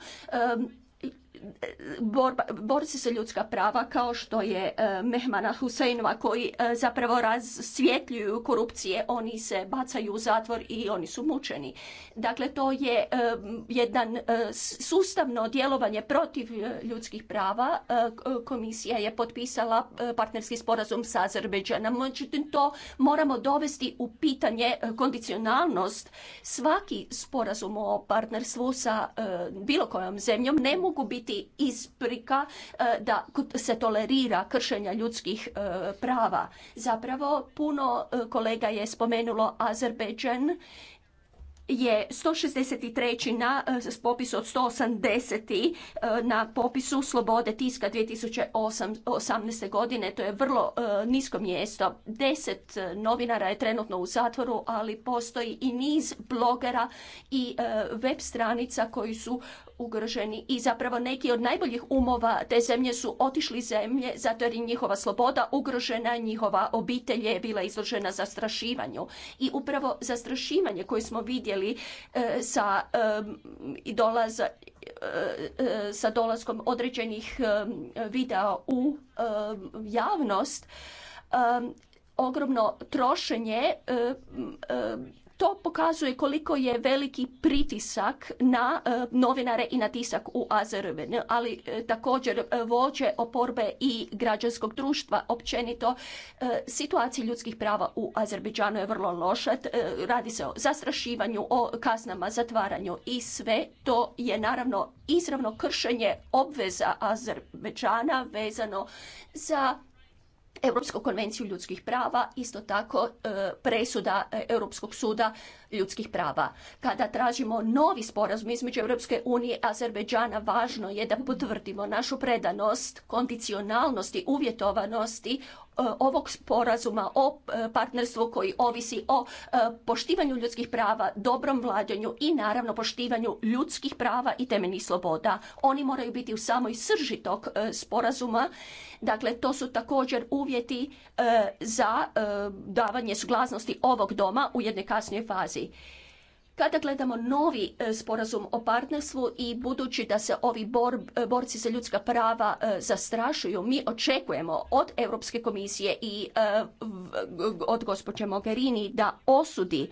borci se ljudska prava kao što je e, Mehmana Huseinova koji e, zapravo razsvjetljuju korupcije, oni se bacaju u zatvor i oni su mučeni. Dakle, to je e, jedan sustavno djelovanje protiv ljudskih prava. Komisija je potpisala partnerski sporazum sa Azerbeđanom. Međutim, to moramo dovesti u pitanje kondicionalnost. Svaki sporazum o partnerstvu sa bilo kojom zemljom ne mogu biti biti isprika e, da se tolerira kršenja ljudskih e, prava. Zapravo puno e, kolega je spomenulo Azerbejdžan je 163. na e, popisu od 180. E, na popisu slobode tiska 2018. godine. To je vrlo e, nisko mjesto. Deset novinara je trenutno u zatvoru, ali postoji i niz blogera i web stranica koji su ugroženi i zapravo neki od najboljih umova te zemlje su otišli zemlje zato jer je njihova sloboda ugrožena, njihova obitelj je bila izložena zastrašivanju. I upravo zastrašivanje koje smo vidjeli ili e, sa e, i dolaza e, sa dolaskom određenih videa u javnost ogromno trošenje to pokazuje koliko je veliki pritisak na e, novinare i na tisak u Azerbajdžanu, ali e, također e, vođe oporbe i građanskog društva općenito. Situacija ljudskih prava u Azerbejdžanu je vrlo loša. Radi se o zastrašivanju, o kaznama, zatvaranju i sve to je naravno izravno kršenje obveza Azerbeđana vezano za Europsku konvenciju ljudskih prava, isto tako e, presuda e, Europskog suda ljudskih prava. Kada tražimo novi sporazum između Europske unije i Azerbeđana, važno je da potvrdimo našu predanost, kondicionalnosti, uvjetovanosti e, ovog sporazuma o e, partnerstvu koji ovisi o e, poštivanju ljudskih prava, dobrom vladanju i naravno poštivanju ljudskih prava i temeljnih sloboda. Oni moraju biti u samoj srži tog sporazuma. Dakle, to su također uvjeti za davanje suglasnosti ovog doma u jednoj kasnijoj fazi. Kada gledamo novi e, sporazum o partnerstvu i budući da se ovi e, borci za ljudska prava e, zastrašuju, mi očekujemo od Europske komisije i od gospođe Mogherini da osudi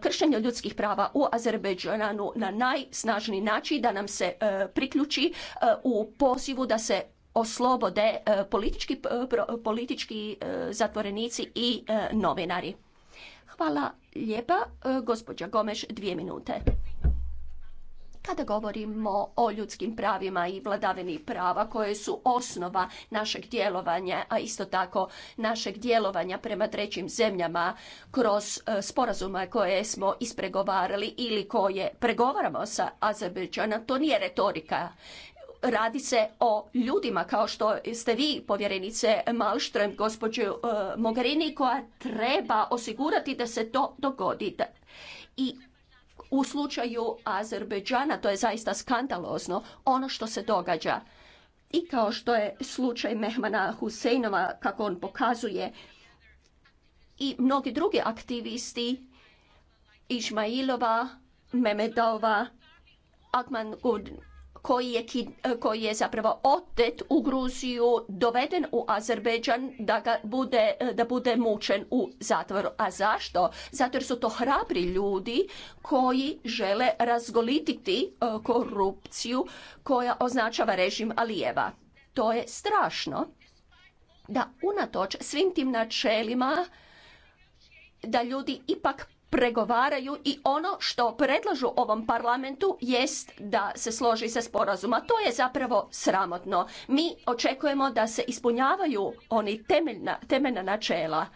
kršenje ljudskih prava u Azerbejdžanu na najsnažniji način, da nam se priključi u pozivu da se oslobode politički, politički zatvorenici i novinari. Hvala lijepa. E, gospođa Gomeš, dvije minute. Kada govorimo o ljudskim pravima i vladavini prava koje su osnova našeg djelovanja, a isto tako našeg djelovanja prema trećim zemljama kroz e, sporazume koje smo ispregovarali ili koje pregovaramo sa Azerbejdžanom, to nije retorika radi se o ljudima kao što ste vi, povjerenice Malštrem, gospođo eh, Mogherini, koja treba osigurati da se to dogodi. I u slučaju Azerbeđana to je zaista skandalozno ono što se događa. I kao što je slučaj Mehmana Huseinova, kako on pokazuje, i mnogi drugi aktivisti, Išmailova, Memedova, Akman Eh, koji je, zapravo otet u Gruziju, doveden u azerbeđan da, ga bude, eh, da bude mučen u zatvoru. A zašto? Zato jer su to hrabri ljudi koji žele razgolititi eh, korupciju koja označava režim Alijeva. To je strašno da unatoč svim tim načelima da ljudi ipak pregovaraju i ono što predlažu ovom parlamentu jest da se složi sa sporazuma. To je zapravo sramotno. Mi očekujemo da se ispunjavaju oni temeljna, načela.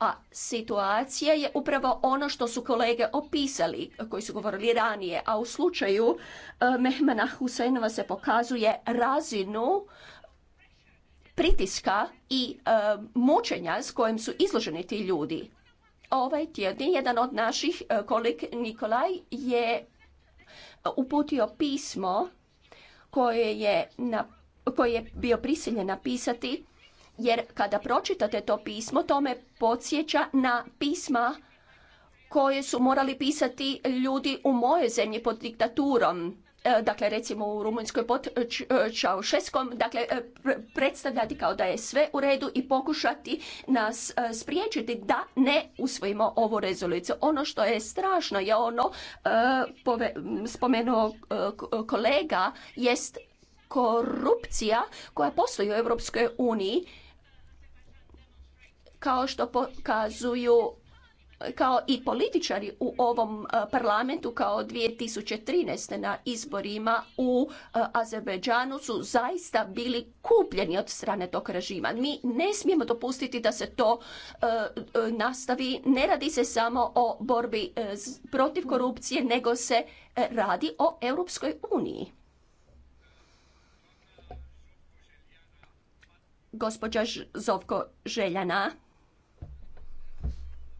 A situacija je upravo ono što su kolege opisali, koji su govorili ranije, a u slučaju e, Mehmana Husajnova se pokazuje razinu pritiska i e, mučenja s kojim su izloženi ti ljudi Ovaj tjedan jedan od naših e, kolik Nikolaj je uputio pismo koje je, na, je bio prisiljen napisati jer kada pročitate to pismo to me podsjeća na pisma koje su morali pisati ljudi u moje zemlji pod diktaturom E, dakle recimo u Rumunjskoj pod Čaušeskom, dakle e, predstavljati kao da je sve u redu i pokušati nas e, spriječiti da ne usvojimo ovu rezoluciju. Ono što je strašno je ono spomenuo kolega jest korupcija koja postoji u Europskoj uniji kao što pokazuju kao i političari u ovom e, parlamentu kao 2013. na izborima u e, Azerbejdžanu su zaista bili kupljeni od strane tog režima. Mi ne smijemo dopustiti da se to e, nastavi. Ne radi se samo o borbi protiv korupcije, nego se radi o Europskoj uniji. Gospođa Zovko Željana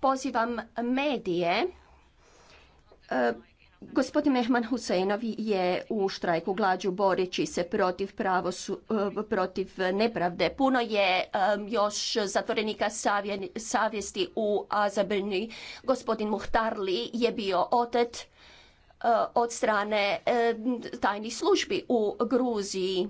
pozivam medije e, Gospodin Mehman Husseinov je u štrajku glađu boreći se protiv, e, protiv nepravde. Puno je e, još zatvorenika savjesti u Azabrni. Gospodin Muhtarli je bio otet od strane tajnih službi u Gruziji.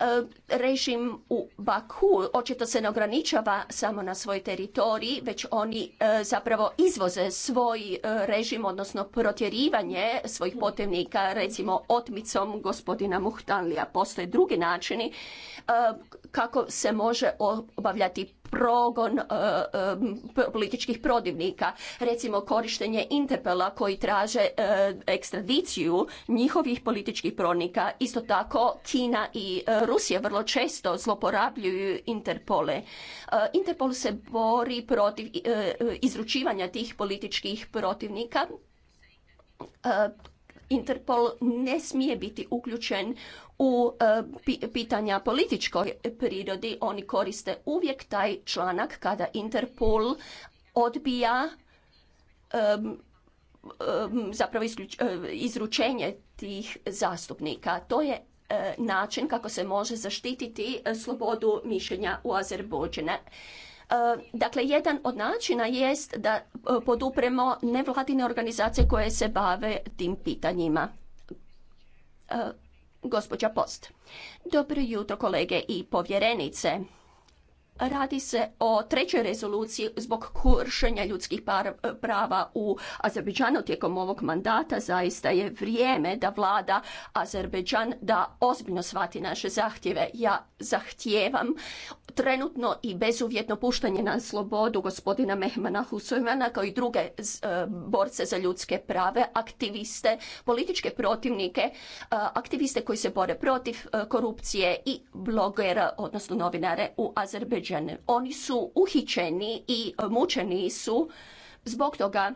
E, režim u Baku očito se ne ograničava samo na svoj teritorij, već oni e, zapravo izvoze svoj e, režim, odnosno protjerivanje svojih potevnika, recimo otmicom gospodina Muhtanlija. Postoje drugi načini kako se može obavljati progon e, e, političkih protivnika, recimo korištenje Interpela koji traže e, ekstradiciju njihovih političkih pronika. Isto tako Kina i Rusija vrlo često zloporabljuju Interpole. Interpol se bori protiv izručivanja tih političkih protivnika Interpol ne smije biti uključen u e, pitanja političkoj prirodi. Oni koriste uvijek taj članak kada Interpol odbija zapravo e, izručenje tih zastupnika. To je e, način kako se može zaštititi slobodu mišljenja u Azerbođene. Eh, dakle, jedan od načina jest da eh, podupremo nevladine organizacije koje se bave tim pitanjima. Eh, gospođa Post. Dobro jutro kolege i povjerenice. Radi se o trećoj rezoluciji zbog kršenja ljudskih prava u Azerbeđanu. tijekom ovog mandata. Zaista je vrijeme da vlada Azerbeđan da ozbiljno shvati naše zahtjeve. Ja zahtijevam trenutno i bezuvjetno puštanje na slobodu gospodina Mehmana Husojmana kao i druge e, borce za ljudske prave, aktiviste, političke protivnike, e, aktiviste koji se bore protiv e, korupcije i blogera, odnosno novinare u Azerbejdžanu. Oni su uhićeni i mučeni su zbog toga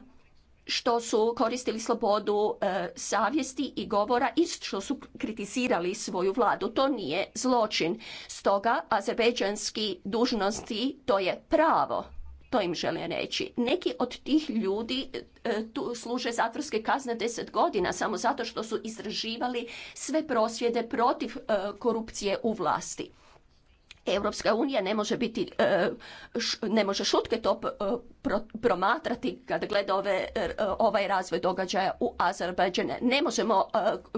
što su koristili slobodu e, savjesti i govora i što su kritizirali svoju vladu. To nije zločin. Stoga azerbeđanski dužnosti to je pravo. To im želim reći. Neki od tih ljudi e, tu služe zatvorske kazne deset godina samo zato što su izraživali sve prosvjede protiv e, korupcije u vlasti. Europska unija ne može biti, e, ne može šutke to e, promatrati kad gleda ove, e, ovaj razvoj događaja u Azerbajdžane. Ne možemo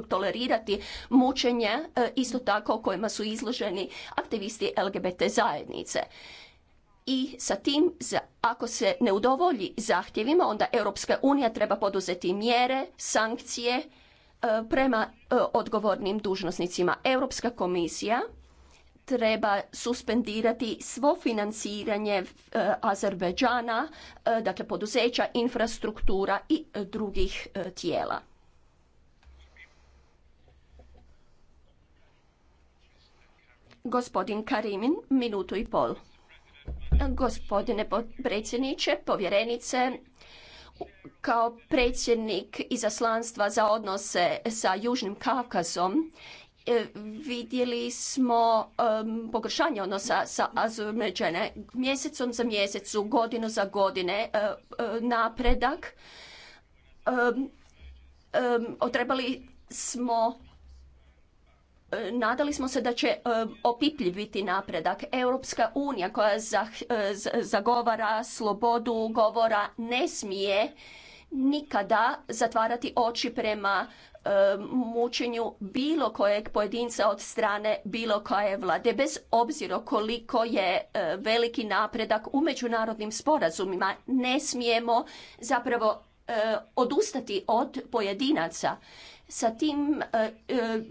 tolerirati mučenje isto tako kojima su izloženi aktivisti LGBT zajednice i sa tim ako se ne udovolji zahtjevima onda Europska unija treba poduzeti mjere, sankcije prema odgovornim dužnosnicima. Europska komisija treba suspendirati svo financiranje eh, Azerbeđana, eh, dakle poduzeća, infrastruktura i eh, drugih tijela. Gospodin Karimin, minutu i pol. Gospodine predsjedniče, povjerenice, kao predsjednik izaslanstva za odnose sa Južnim Kavkazom E, vidjeli smo um, pogoršanje odnosa sa Azerbejdžane mjesecom za mjesecu, godinu za godine e, e, napredak. Um, otrebali smo nadali smo se da će opipljiv biti napredak. Europska unija koja zagovara slobodu govora ne smije nikada zatvarati oči prema Um, mučenju bilo kojeg pojedinca od strane bilo koje vlade, bez obzira koliko je um, veliki napredak u međunarodnim sporazumima. Ne smijemo zapravo um, odustati od pojedinaca. Sa tim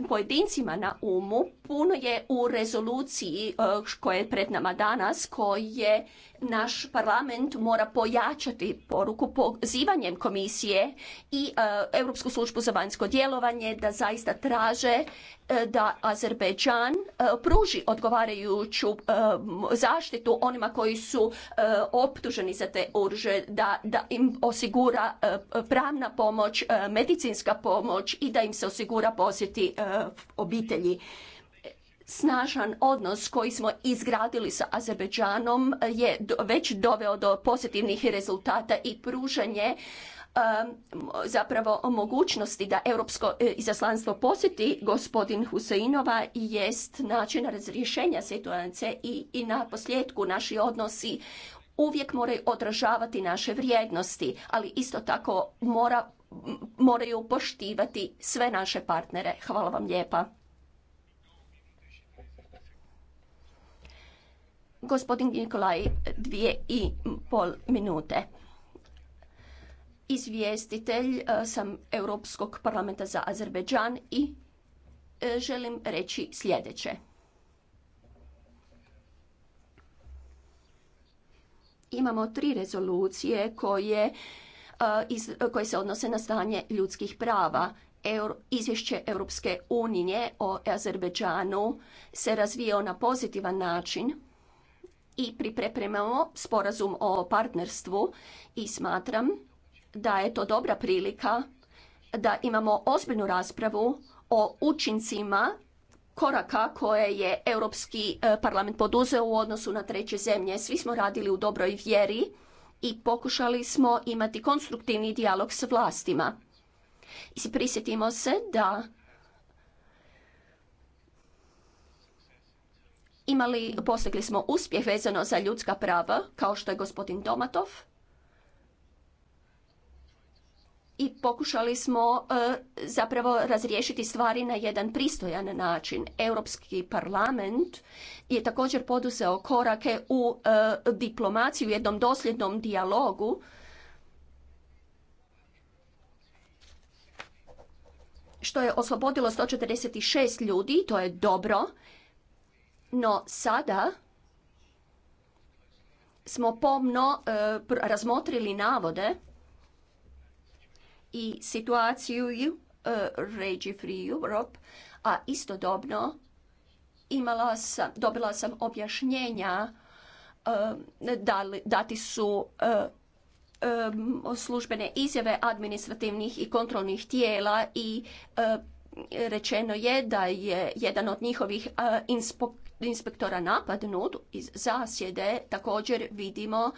pojedincima na umu puno je u rezoluciji koja je pred nama danas koje naš parlament mora pojačati poruku pozivanjem komisije i e, Europsku službu za vanjsko djelovanje da zaista traže e, da Azerbejdžan e, pruži odgovarajuću zaštitu onima koji su optuženi za te oružje, da, da im osigura pravna pomoć, medicinska pomoć i da im se osigura posjeti obitelji snažan odnos koji smo izgradili sa Azerbeđanom eh, je već doveo do pozitivnih rezultata i pružanje ehm, zapravo mogućnosti da europsko eh, izaslanstvo posjeti gospodin Huseinova jest način razrješenja situacije i, i na posljedku naši odnosi uvijek moraju odražavati naše vrijednosti, ali isto tako mora, moraju poštivati sve naše partnere. Hvala vam lijepa. Gospodin Nikolaj, dvije i pol minute. Izvjestitelj e, sam Europskog parlamenta za Azerbeđan i e, želim reći sljedeće. Imamo tri rezolucije koje, e, koje se odnose na stanje ljudskih prava. Izvješće Europske unije o Azerbeđanu se razvijao na pozitivan način i pripremamo sporazum o partnerstvu i smatram da je to dobra prilika da imamo ozbiljnu raspravu o učincima koraka koje je Europski e, parlament poduzeo u odnosu na treće zemlje. Svi smo radili u dobroj vjeri i pokušali smo imati konstruktivni dijalog s vlastima. I prisjetimo se da Imali, postigli smo uspjeh vezano za ljudska prava, kao što je gospodin Tomatov, i pokušali smo e, zapravo razriješiti stvari na jedan pristojan način. Europski parlament je također poduzeo korake u e, diplomaciju, u jednom dosljednom dijalogu što je oslobodilo 146 ljudi, to je dobro no sada smo pomno e, razmotrili navode i situaciju e, Regi Free Europe, a istodobno dobila sam objašnjenja e, dati su službene izjave administrativnih i kontrolnih tijela i rečeno je da je jedan od njihovih inspektora inspektora napadnut iz zasjede, također vidimo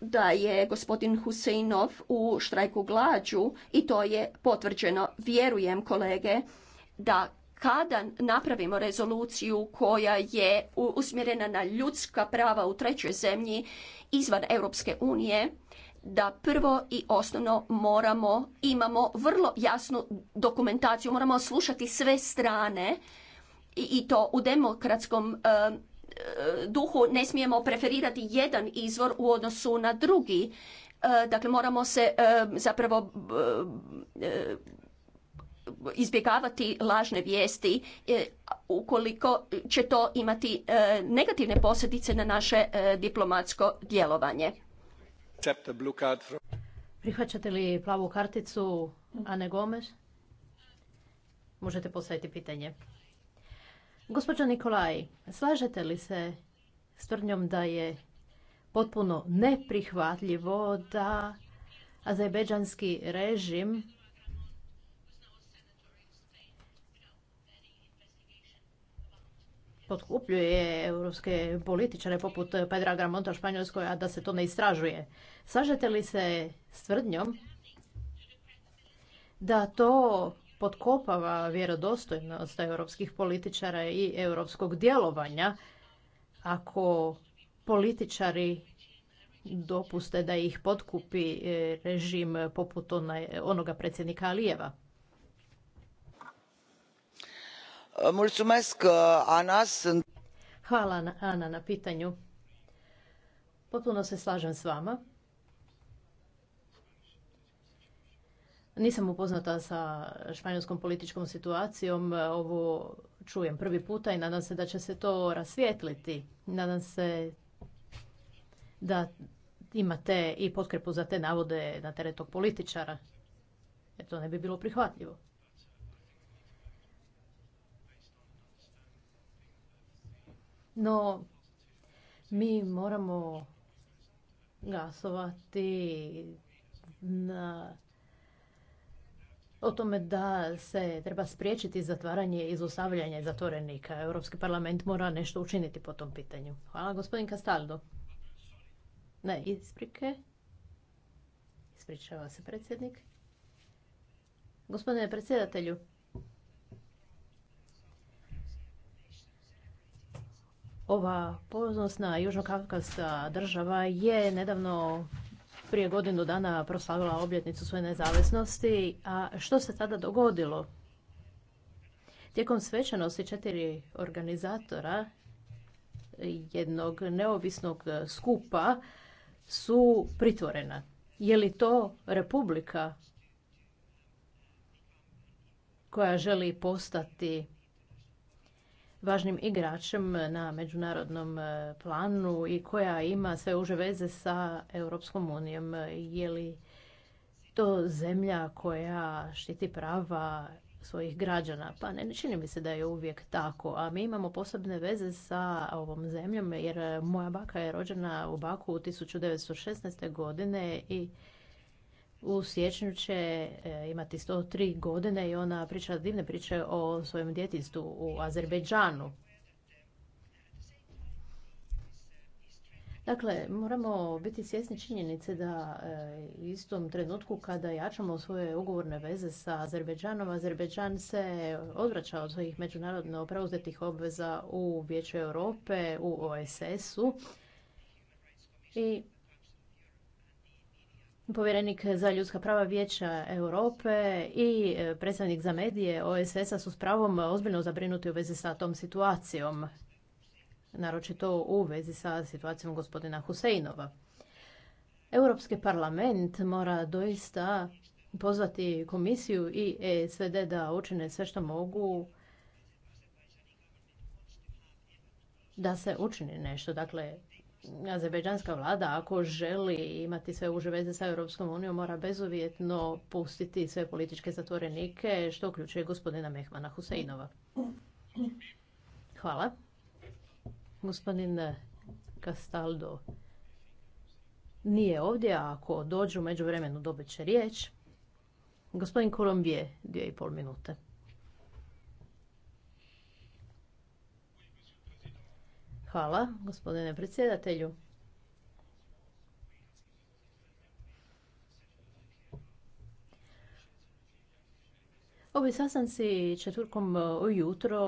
da je gospodin Huseinov u štrajku glađu i to je potvrđeno. Vjerujem kolege da kada napravimo rezoluciju koja je usmjerena na ljudska prava u trećoj zemlji izvan Europske unije, da prvo i osnovno moramo, imamo vrlo jasnu dokumentaciju, moramo slušati sve strane i to u demokratskom e, e, duhu ne smijemo preferirati jedan izvor u odnosu na drugi. E, dakle, moramo se zapravo izbjegavati lažne vijesti ukoliko će to imati negativne posljedice na naše diplomatsko djelovanje. Prihvaćate li plavu karticu Ane Gomes? Možete postaviti pitanje. Gospođo Nikolaj, slažete li se s tvrdnjom da je potpuno neprihvatljivo da azerbejdžanski režim potkupljuje europske političare poput Pedra Gramonta Španjolskoj, a da se to ne istražuje. Slažete li se s tvrdnjom da to potkopava vjerodostojnost europskih političara i europskog djelovanja ako političari dopuste da ih potkupi e, režim poput onoga predsjednika Alijeva. Hvala Ana na pitanju. Potpuno se slažem s vama. Nisam upoznata sa španjolskom političkom situacijom, e, ovo čujem prvi puta i nadam se da će se to rasvijetliti. Nadam se da imate i potkrepu za te navode na teret tog političara, jer to ne bi bilo prihvatljivo. No, mi moramo glasovati na o tome da se treba spriječiti zatvaranje i izostavljanje zatvorenika. Europski parlament mora nešto učiniti po tom pitanju. Hvala, gospodin Castaldo. Ne, isprike. Ispričava se predsjednik. Gospodine predsjedatelju, ova ponosna južnokavkaska država je nedavno prije godinu dana proslavila obljetnicu svoje nezavisnosti. A što se tada dogodilo? Tijekom svečanosti četiri organizatora jednog neovisnog skupa su pritvorena. Je li to republika koja želi postati važnim igračem na međunarodnom e, planu i koja ima sve uže veze sa Europskom unijom. Je li to zemlja koja štiti prava svojih građana? Pa ne, ne čini mi se da je uvijek tako, a mi imamo posebne veze sa ovom zemljom jer moja baka je rođena u Baku u 1916. godine i u siječnju će e, imati 103 godine i ona priča divne priče o svojem djetinstvu u Azerbejdžanu. Dakle, moramo biti svjesni činjenice da u e, istom trenutku kada jačamo svoje ugovorne veze sa Azerbejdžanom, Azerbejdžan se odvraća od svojih međunarodno preuzetih obveza u Vijeću Europe, u OSS-u i Povjerenik za ljudska prava Vijeća Europe i e, predstavnik za medije OSS-a su s pravom ozbiljno zabrinuti u vezi sa tom situacijom, naročito u vezi sa situacijom gospodina Huseinova. Europski parlament mora doista pozvati komisiju i ESVD da učine sve što mogu da se učini nešto. Dakle, azerbejdžanska vlada ako želi imati sve uže veze sa Europskom unijom mora bezuvjetno pustiti sve političke zatvorenike što uključuje gospodina Mehmana Huseinova. Hvala. Gospodin Castaldo nije ovdje, a ako dođu u međuvremenu dobit će riječ. Gospodin Kolombije, dvije i pol minute. Hvala, gospodine predsjedatelju. Ovi sastanci četvrkom e, jutro,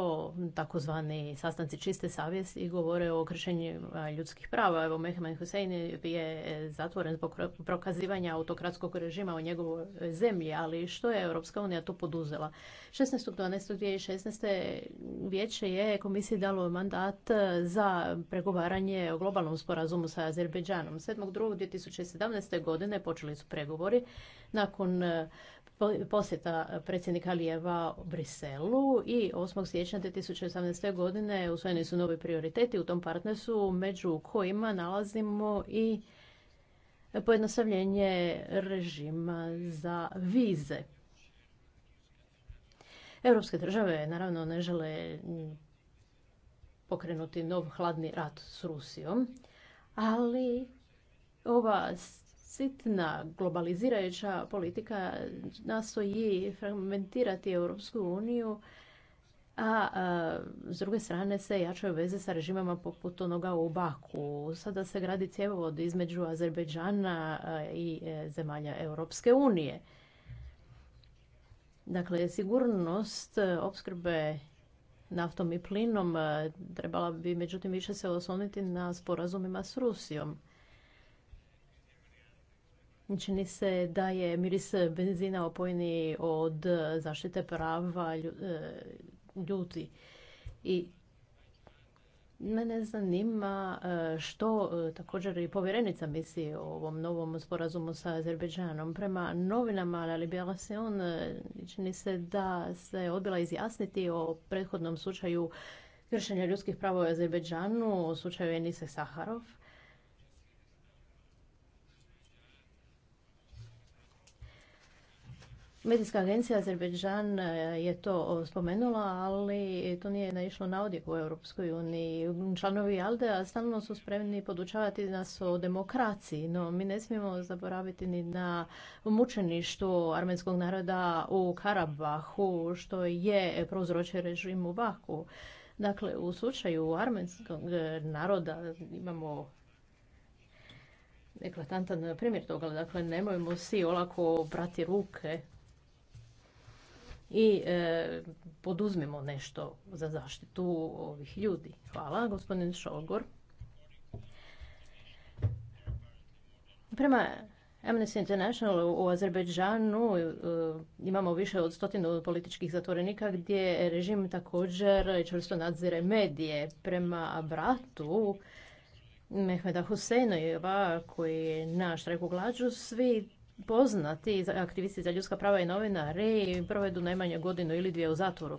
takozvani sastanci čiste i govore o kršenju ljudskih prava. Evo, Mehmed Hussein je zatvoren zbog prokazivanja autokratskog režima u njegovoj zemlji, ali što je Europska unija to poduzela? 16.12.2016. vijeće je komisiji dalo mandat za pregovaranje o globalnom sporazumu sa Azerbejdžanom. 7.2.2017. godine počeli su pregovori nakon posjeta predsjednika Lijeva u Briselu i 8. siječnja 2018. godine usvojeni su novi prioriteti u tom partnersu među kojima nalazimo i pojednostavljenje režima za vize. Europske države naravno ne žele pokrenuti nov hladni rat s Rusijom, ali ova sitna globalizirajuća politika nastoji fragmentirati Europsku uniju, a, s druge strane se jačaju veze sa režimama poput onoga u Baku. Sada se gradi cjevovod između Azerbejdžana i e, zemalja Europske unije. Dakle, sigurnost e, opskrbe naftom i plinom e, trebala bi međutim više se osloniti na sporazumima s Rusijom. Čini se da je miris benzina opojni od zaštite prava e, ljudi. I Mene zanima e, što e, također i povjerenica misli o ovom novom sporazumu sa Azerbeđanom. Prema novinama La Liberacion čini se da se odbila izjasniti o prethodnom slučaju kršenja ljudskih prava u Azerbeđanu, u slučaju Enise Saharov. Medijska agencija Azerbejdžan e, je to spomenula, ali to nije naišlo na odjek u Europskoj uniji. Članovi a stalno su spremni podučavati nas o demokraciji, no mi ne smijemo zaboraviti ni na mučeništvo armenskog naroda u Karabahu, što je prozroče režim u Baku. Dakle, u slučaju armenskog naroda imamo eklatantan primjer toga. Dakle, nemojmo si olako prati ruke i e, poduzmemo nešto za zaštitu ovih ljudi. Hvala, gospodin Šogor. Prema Amnesty International u Azerbejdžanu e, imamo više od stotinu političkih zatvorenika gdje režim također čvrsto nadzire medije. Prema bratu Mehmeda Husenojeva koji je na glađu, svi poznati aktivisti za ljudska prava i novinari provedu najmanje godinu ili dvije u zatvoru.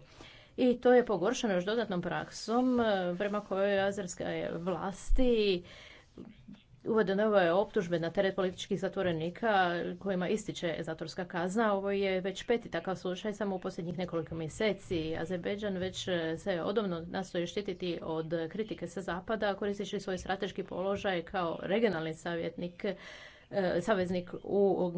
I to je pogoršano još dodatnom praksom e, prema kojoj Azerska vlasti uvode nove optužbe na teret političkih zatvorenika kojima ističe zatvorska kazna. Ovo je već peti takav slučaj samo u posljednjih nekoliko mjeseci. Azerbejdžan već e, se odobno nastoji štititi od kritike sa zapada koristeći svoj strateški položaj kao regionalni savjetnik E, saveznik u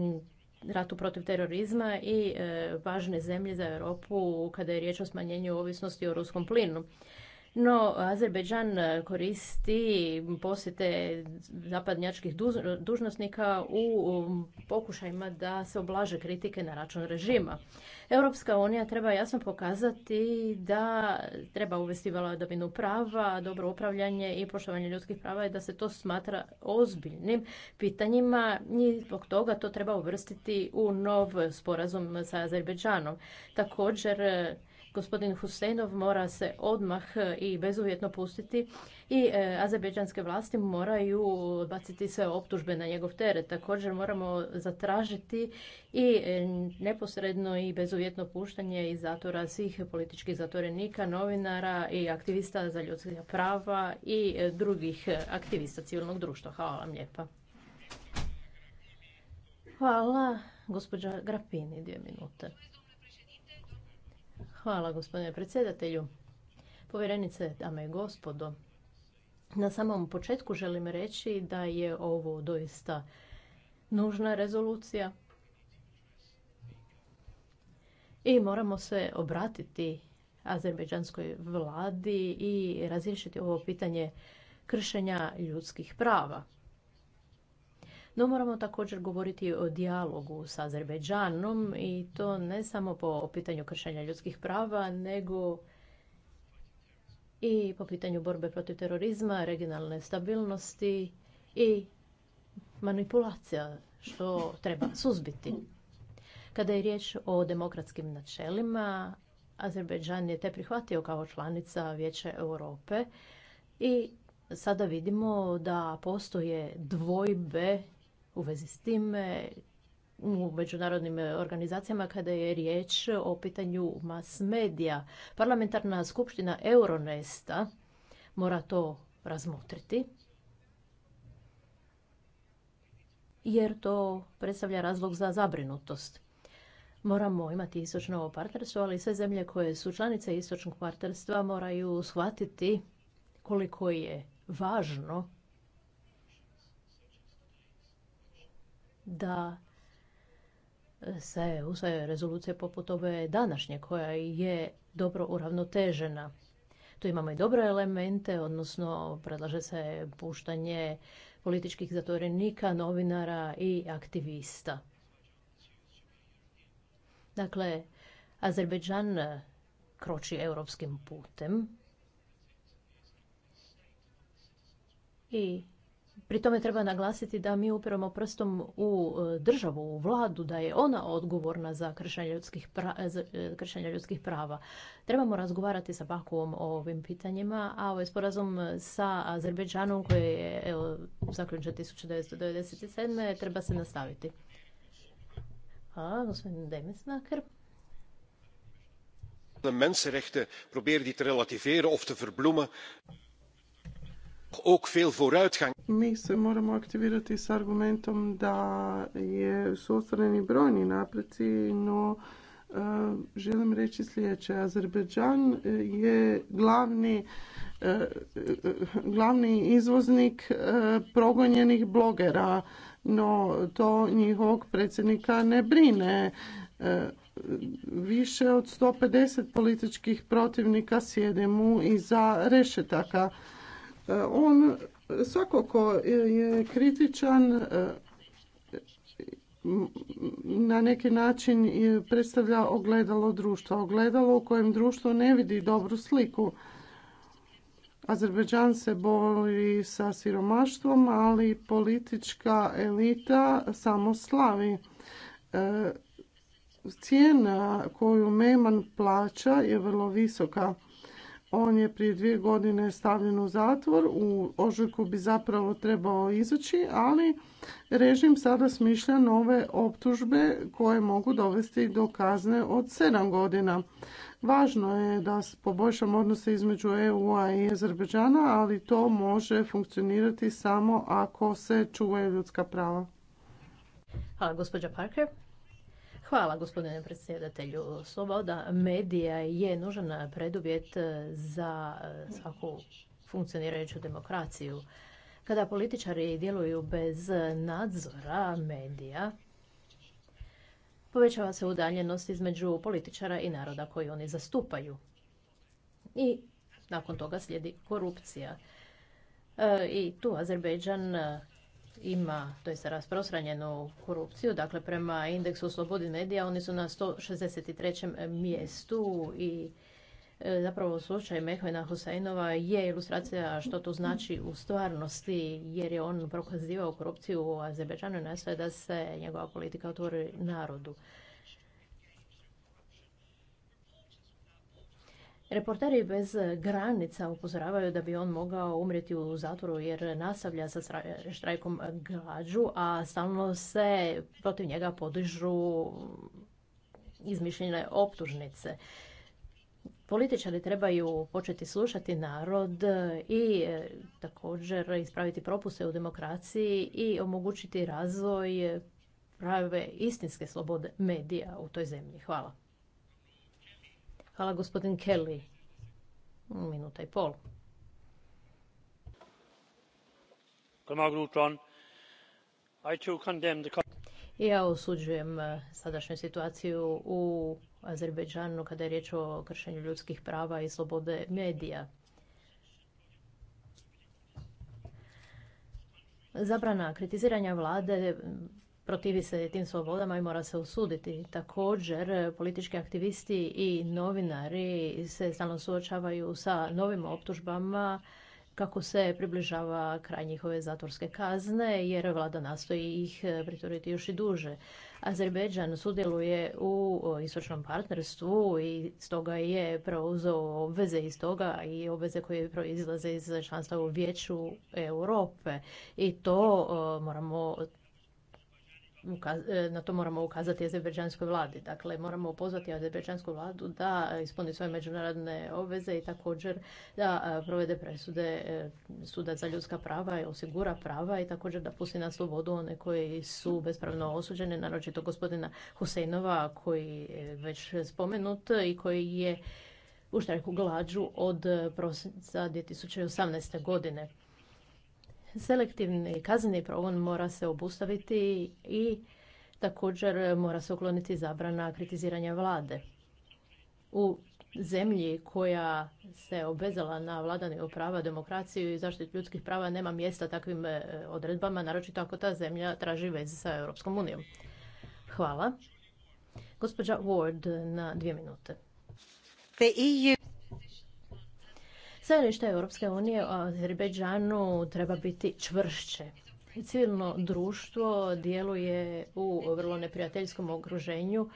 ratu protiv terorizma i e, važne zemlje za Europu kada je riječ o smanjenju ovisnosti o ruskom plinu. No, Azerbejdžan e, koristi posjete zapadnjačkih dužnosnika u pokušajima da se oblaže kritike na račun režima. Europska unija treba jasno pokazati da treba uvesti vladavinu prava, dobro upravljanje i poštovanje ljudskih prava i da se to smatra ozbiljnim pitanjima i zbog toga to treba uvrstiti u nov sporazum sa Azerbejdžanom. Također, Gospodin Husenov mora se odmah i bezuvjetno pustiti i e, azerbejdžanske vlasti moraju baciti sve optužbe na njegov teret. Također moramo zatražiti i e, neposredno i bezuvjetno puštanje i zatora svih političkih zatvorenika, novinara i aktivista za ljudska prava i e, drugih aktivista civilnog društva. Hvala vam lijepa. Hvala. Gospođa Grapini, dvije minute. Hvala gospodine predsjedatelju. Povjerenice, dame i gospodo, na samom početku želim reći da je ovo doista nužna rezolucija i moramo se obratiti azerbejdžanskoj vladi i razriješiti ovo pitanje kršenja ljudskih prava. No moramo također govoriti o dijalogu sa Azerbejdžanom i to ne samo po pitanju kršenja ljudskih prava, nego i po pitanju borbe protiv terorizma, regionalne stabilnosti i manipulacija što treba suzbiti. Kada je riječ o demokratskim načelima, Azerbejdžan je te prihvatio kao članica Vijeća Europe i sada vidimo da postoje dvojbe u vezi s time u međunarodnim e, organizacijama kada je riječ o pitanju mas medija. Parlamentarna skupština Euronesta mora to razmotriti jer to predstavlja razlog za zabrinutost. Moramo imati istočno partnerstvo, ali sve zemlje koje su članice istočnog partnerstva moraju shvatiti koliko je važno da e, se usvaja rezolucije poput ove današnje koja je dobro uravnotežena. Tu imamo i dobre elemente, odnosno predlaže se puštanje političkih zatvorenika, novinara i aktivista. Dakle, Azerbejdžan kroči europskim putem i Pri tome treba naglasiti da mi upiramo prstom u e, državu, u vladu, da je ona odgovorna za kršenje ljudskih, e, e, ljudskih prava. Trebamo razgovarati sa Bakovom o ovim pitanjima, a ovaj sporazum sa Azerbejdžanom koji je evo, zaključen 1997. treba se nastaviti. Hvala, gospodin Demesnaker de mensenrechten proberen die te relativeren of te verbloemen ook veel vooruitgang. Mi se moramo aktivirati s argumentom da je, su ostvareni brojni napreci, no eh, želim reći sljedeće. Azerbeđan eh, je glavni eh, glavni izvoznik progonjenih blogera, no to njihovog predsjednika ne brine više od 150 političkih protivnika sjedemu iza rešetaka. Eh, on, svako ko je kritičan eh, na neki način predstavlja ogledalo društva. Ogledalo u kojem društvo ne vidi dobru sliku. Azerbeđan se bori sa siromaštvom, ali politička elita samo slavi. Eh, cijena koju Meman plaća je vrlo visoka. On je prije dvije godine stavljen u zatvor, u ožujku bi zapravo trebao izaći, ali režim sada smišlja nove optužbe koje mogu dovesti do kazne od sedam godina. Važno je da poboljšamo odnose između EU-a i Azerbeđana, ali to može funkcionirati samo ako se čuvaju ljudska prava. Hvala, gospođa Parker. Hvala gospodine predsjedatelju. Sloboda medija je nužan preduvjet za svaku funkcionirajuću demokraciju. Kada političari djeluju bez nadzora medija, povećava se udaljenost između političara i naroda koji oni zastupaju. I nakon toga slijedi korupcija. E, I tu Azerbejdžan ima to doista rasprostranjenu korupciju. Dakle, prema indeksu slobodi medija oni su na 163. mjestu i e, zapravo slučaj Mehmena Husajnova je ilustracija što to znači u stvarnosti, jer je on prokazivao korupciju u Azerbejdžanu i nastoje da se njegova politika otvori narodu. Reporteri bez granica upozoravaju da bi on mogao umreti u zatvoru jer nastavlja sa štrajkom glađu, a stalno se protiv njega podižu izmišljene optužnice. Političari trebaju početi slušati narod i e, također ispraviti propuse u demokraciji i omogućiti razvoj prave istinske slobode medija u toj zemlji. Hvala. Hvala gospodin Kelly. Minuta i pol. Ja osuđujem eh, sadašnju situaciju u Azerbejdžanu kada je riječ o kršenju ljudskih prava i slobode medija. Zabrana kritiziranja vlade protivi se tim slobodama i mora se usuditi. Također, e, politički aktivisti i novinari se stalno suočavaju sa novim optužbama kako se približava kraj njihove zatvorske kazne, jer vlada nastoji ih e, pritvoriti još i duže. Azerbejdžan sudjeluje u istočnom partnerstvu i stoga je preuzeo obveze iz toga i obveze koje proizlaze iz članstva u Vijeću Europe. I to moramo E, na to moramo ukazati azerbejdžanskoj vladi. Dakle, moramo pozvati azerbejdžansku vladu da ispuni svoje međunarodne obveze i također da e, provede presude e, suda za ljudska prava i osigura prava i također da pusti na slobodu one koji su bespravno osuđeni, naročito gospodina Huseinova koji je već spomenut i koji je u štrajku glađu od prosinca 2018. godine. Selektivni kazneni progon mora se obustaviti i također mora se ukloniti zabrana kritiziranja vlade. U zemlji koja se obvezala na vladanje prava, demokraciju i zaštitu ljudskih prava nema mjesta takvim e, odredbama, naročito ako ta zemlja traži veze sa Europskom unijom. Hvala. Gospođa Ward na dvije minute. The EU... Stajalište Europske unije o Azerbejdžanu treba biti čvršće. Civilno društvo djeluje u vrlo neprijateljskom okruženju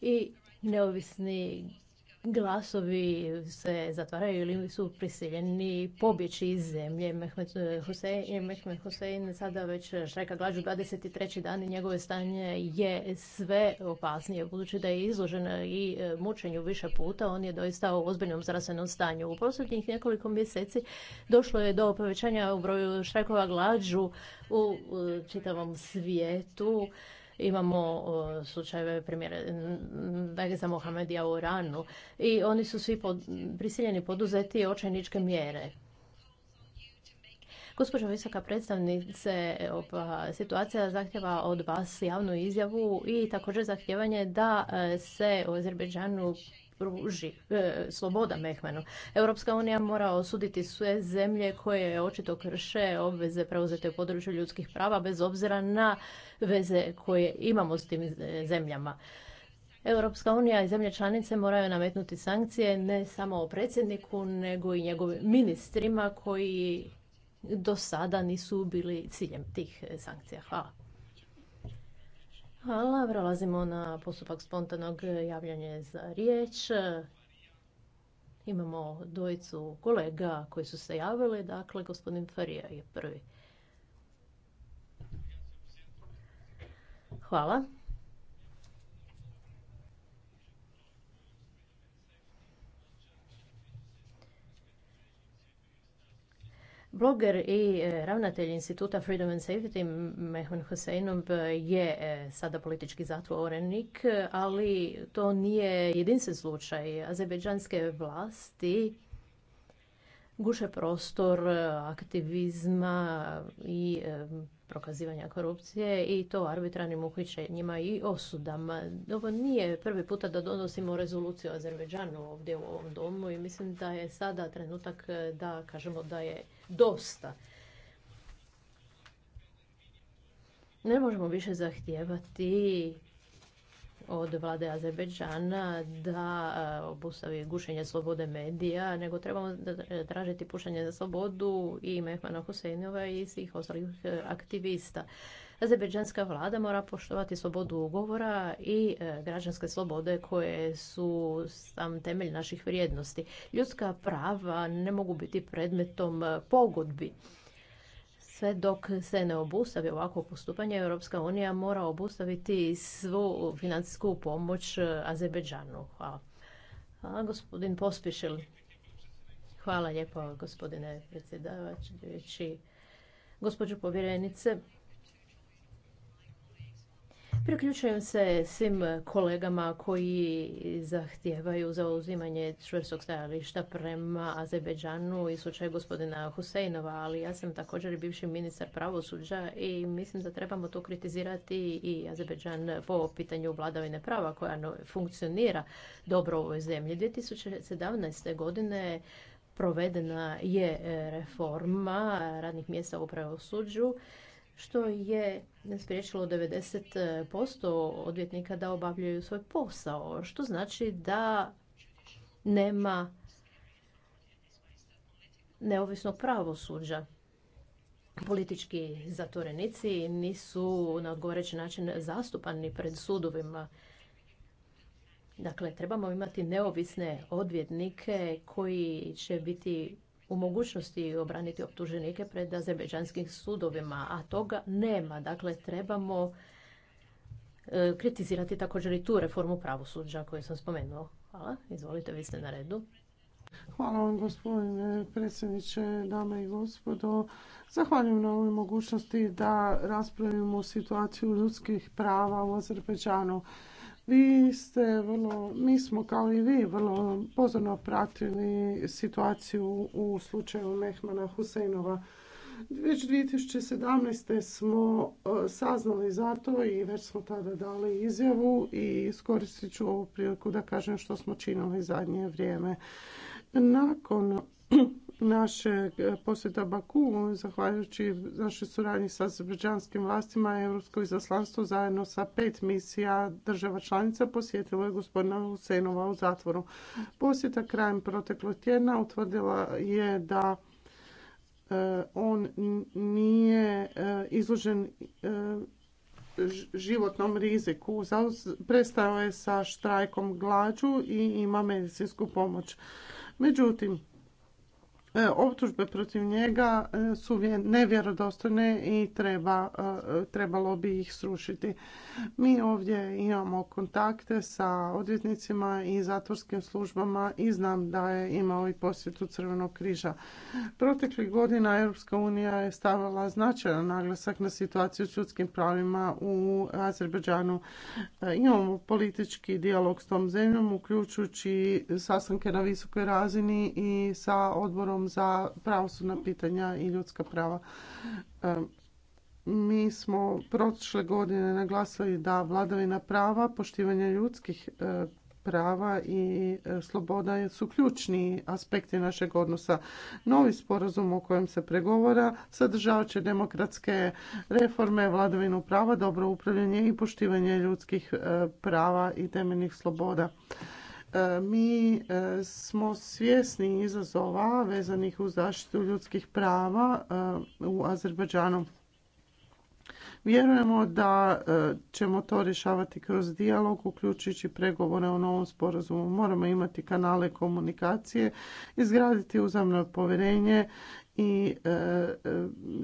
i neovisni glasovi se zatvaraju ili su prisiljeni pobjeći iz zemlje. Mehmet eh, i Mehmet Hosein sada već štrajka glađu 23. dan i njegove stanje je sve opasnije. Budući da je izložen i eh, mučenju više puta, on je doista u ozbiljnom zdravstvenom stanju. U posljednjih nekoliko mjeseci došlo je do povećanja u broju šrekova glađu u čitavom svijetu. Imamo slučajeve primjere za Mohamedija u Iranu i oni su svi pod, prisiljeni poduzeti očajničke mjere. Gospođo visoka predstavnice, ova situacija zahtjeva od vas javnu izjavu i također zahtjevanje da e, se u Azerbejdžanu pruži e, sloboda Mehmanu. Europska unija mora osuditi sve zemlje koje očito krše obveze preuzete u području ljudskih prava bez obzira na veze koje imamo s tim e, zemljama. Europska unija i zemlje članice moraju nametnuti sankcije ne samo o predsjedniku, nego i njegovim ministrima koji do sada nisu bili ciljem tih e, sankcija. Hvala. Hvala. Prelazimo na postupak spontanog javljanja za riječ. Imamo dvojicu kolega koji su se javili. Dakle, gospodin Farija je prvi. Hvala. Bloger i e, ravnatelj instituta Freedom and Safety Mehun Huseinov e, je e, sada politički zatvorenik, ali to nije jedinstven slučaj. Azerbejdžanske vlasti guše prostor aktivizma i prokazivanja korupcije i to arbitranim uhićenjima i osudama. Ovo nije prvi puta da donosimo rezoluciju o ovdje u ovom domu i mislim da je sada trenutak da kažemo da je dosta. Ne možemo više zahtijevati od vlade Azerbejdžana da e, obustavi gušenje slobode medija, nego trebamo tražiti pušenje za slobodu i Mehmana Huseinova i svih ostalih e, aktivista. Azerbejdžanska vlada mora poštovati slobodu ugovora i e, građanske slobode koje su sam temelj naših vrijednosti. Ljudska prava ne mogu biti predmetom pogodbi sve dok se ne obustavi ovakvo postupanje, Europska unija mora obustaviti svu financijsku pomoć e, Azerbejdžanu. Hvala. gospodin Pospišil. Hvala lijepo, gospodine predsjedavajući. Gospođo povjerenice, Priključujem se svim kolegama koji zahtijevaju zauzimanje čvrstog stajališta prema Azerbejdžanu i slučaju gospodina Huseinova, ali ja sam također i bivši ministar pravosuđa i mislim da trebamo to kritizirati i Azerbejdžan po pitanju vladavine prava koja funkcionira dobro u ovoj zemlji. 2017. godine provedena je e, reforma radnih mjesta u pravosuđu što je spriječilo 90% odvjetnika da obavljaju svoj posao, što znači da nema neovisnog pravosuđa. Politički zatvorenici nisu na odgovarajući način zastupani pred sudovima. Dakle, trebamo imati neovisne odvjetnike koji će biti u mogućnosti obraniti optuženike pred azerbeđanskim sudovima, a toga nema. Dakle, trebamo e, kritizirati također i tu reformu pravosuđa koju sam spomenuo. Hvala, izvolite, vi ste na redu. Hvala vam gospodine predsjedniče, dame i gospodo. Zahvaljujem na ovoj mogućnosti da raspravimo situaciju ljudskih prava u Azerbeđanu. Vi ste vrlo, mi smo kao i vi vrlo pozorno pratili situaciju u slučaju Mehmana Huseinova. Već 2017. smo e, saznali za to i već smo tada dali izjavu i iskoristit ću ovu priliku da kažem što smo činili zadnje vrijeme. Nakon naše e, posjeta Baku, zahvaljujući našoj suradnji sa azerbajdžanskim vlastima, Europsko izaslanstvo zajedno sa pet misija država članica posjetilo je gospodina Husenova u zatvoru. Posjeta krajem proteklog tjedna utvrdila je da e, on nije e, izložen životnom riziku. Prestao je sa štrajkom glađu i ima medicinsku pomoć. Međutim, E, optužbe protiv njega e, su nevjerodostojne i e, trebalo bi ih srušiti. Mi ovdje imamo kontakte sa odvjetnicima i zatvorskim službama i znam da je imao i posjetu Crvenog križa. Proteklih godina Europska unija je stavila značajan naglasak na situaciju s ljudskim pravima u Azerbajdžanu. Imamo politički dijalog s tom zemljom, uključujući sastanke na visokoj razini i sa odborom odborom za pravosudna pitanja i ljudska prava. E, mi smo prošle godine naglasili da vladavina prava, poštivanje ljudskih e, prava i e, sloboda su ključni aspekti našeg odnosa. Novi sporazum o kojem se pregovora sadržavat će demokratske reforme, vladavinu prava, dobro upravljanje i poštivanje ljudskih prava i temeljnih sloboda. E, mi e, smo svjesni izazova vezanih uz zaštitu ljudskih prava e, u Azerbajdžanu. Vjerujemo da ćemo to rješavati kroz dijalog, uključujući pregovore o novom sporazumu. Moramo imati kanale komunikacije, izgraditi uzamno povjerenje i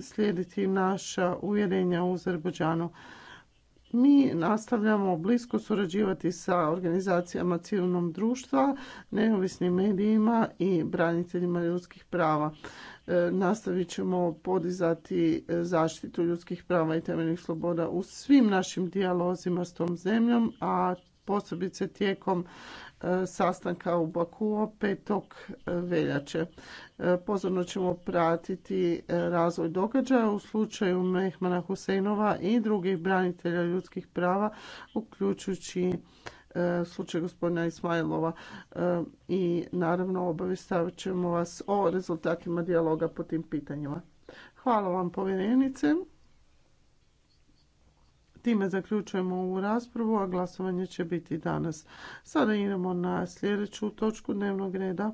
slijediti naša uvjerenja u Azerbajdžanu. Mi nastavljamo blisko surađivati sa organizacijama civilnog društva, neovisnim medijima i braniteljima ljudskih prava. E, nastavit ćemo podizati zaštitu ljudskih prava i temeljnih sloboda u svim našim dijalozima s tom zemljom, a posebice tijekom e, sastanka u Bakuo 5. E, veljače. E, pozorno ćemo pratiti e, razvoj događaja u slučaju Mehmana Huseinova i drugih branitelja ljudskih prava, uključujući e, slučaj gospodina Ismajlova i naravno obavistavit ćemo vas o rezultatima dijaloga po tim pitanjima. Hvala vam povjerenice. Time zaključujemo ovu raspravu, a glasovanje će biti danas. Sada idemo na sljedeću točku dnevnog reda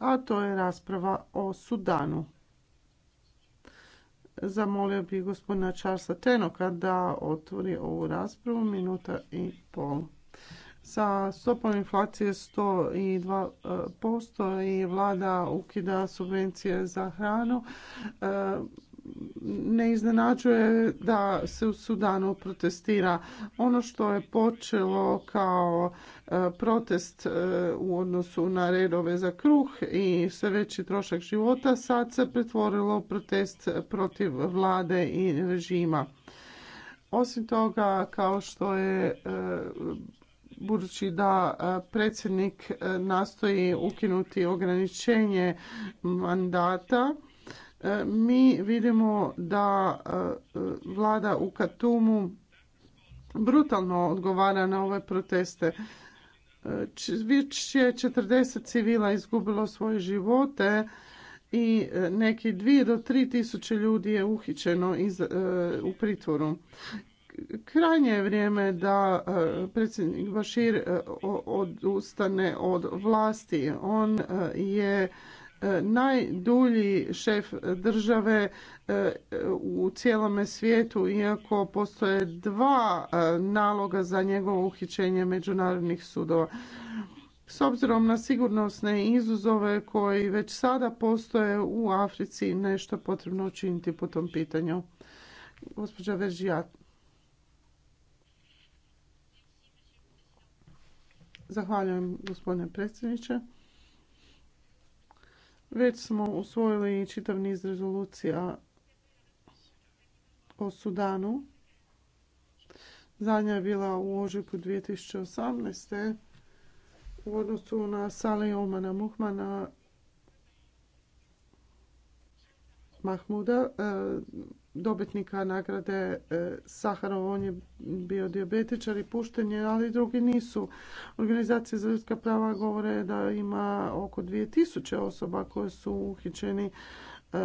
a to je rasprava o Sudanu. Zamolio bih gospodina Charlesa Tenoka da otvori ovu raspravu minuta i pol. Sa stopom inflacije 102% i vlada ukida subvencije za hranu. E, ne iznenađuje da se u Sudanu protestira. Ono što je počelo kao e, protest e, u odnosu na redove za kruh i sve veći trošak života sad se pretvorilo u protest protiv vlade i režima. Osim toga, kao što je e, budući da predsjednik nastoji ukinuti ograničenje mandata, E, mi vidimo da e, vlada u Katumu brutalno odgovara na ove proteste. E, Već je 40 civila izgubilo svoje živote i neki 2 do 3 tisuće ljudi je uhićeno iz, u pritvoru. Krajnje je vrijeme da predsjednik Bašir odustane od vlasti. On je najdulji šef države e, u cijelome svijetu, iako postoje dva e, naloga za njegovo uhićenje međunarodnih sudova. S obzirom na sigurnosne izuzove koji već sada postoje u Africi, nešto potrebno učiniti po tom pitanju. Gospođa Veržijat. Zahvaljujem gospodine predsjedniče. Već smo usvojili čitav niz rezolucija o Sudanu. Zadnja je bila u ožujku 2018. u odnosu na Sali Omana Muhmana Mahmuda e, dobitnika nagrade e, Saharov, on je bio diabetičar i pušten je, ali drugi nisu. Organizacije za ljudska prava govore da ima oko 2000 osoba koje su uhićeni e,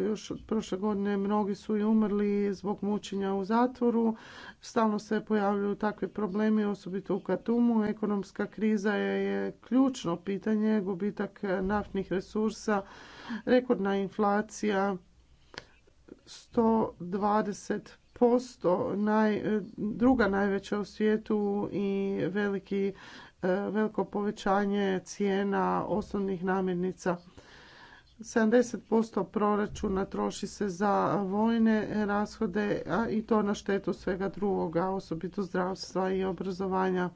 još od prošle godine mnogi su i umrli zbog mučenja u zatvoru. Stalno se pojavljuju takvi problemi, osobito u Katumu. Ekonomska kriza je ključno pitanje, gubitak naftnih resursa, rekordna inflacija, 120% naj, e, druga najveća u svijetu i veliki, e, veliko povećanje cijena osnovnih namirnica. 70% proračuna troši se za vojne rashode a i to na štetu svega drugoga, osobito zdravstva i obrazovanja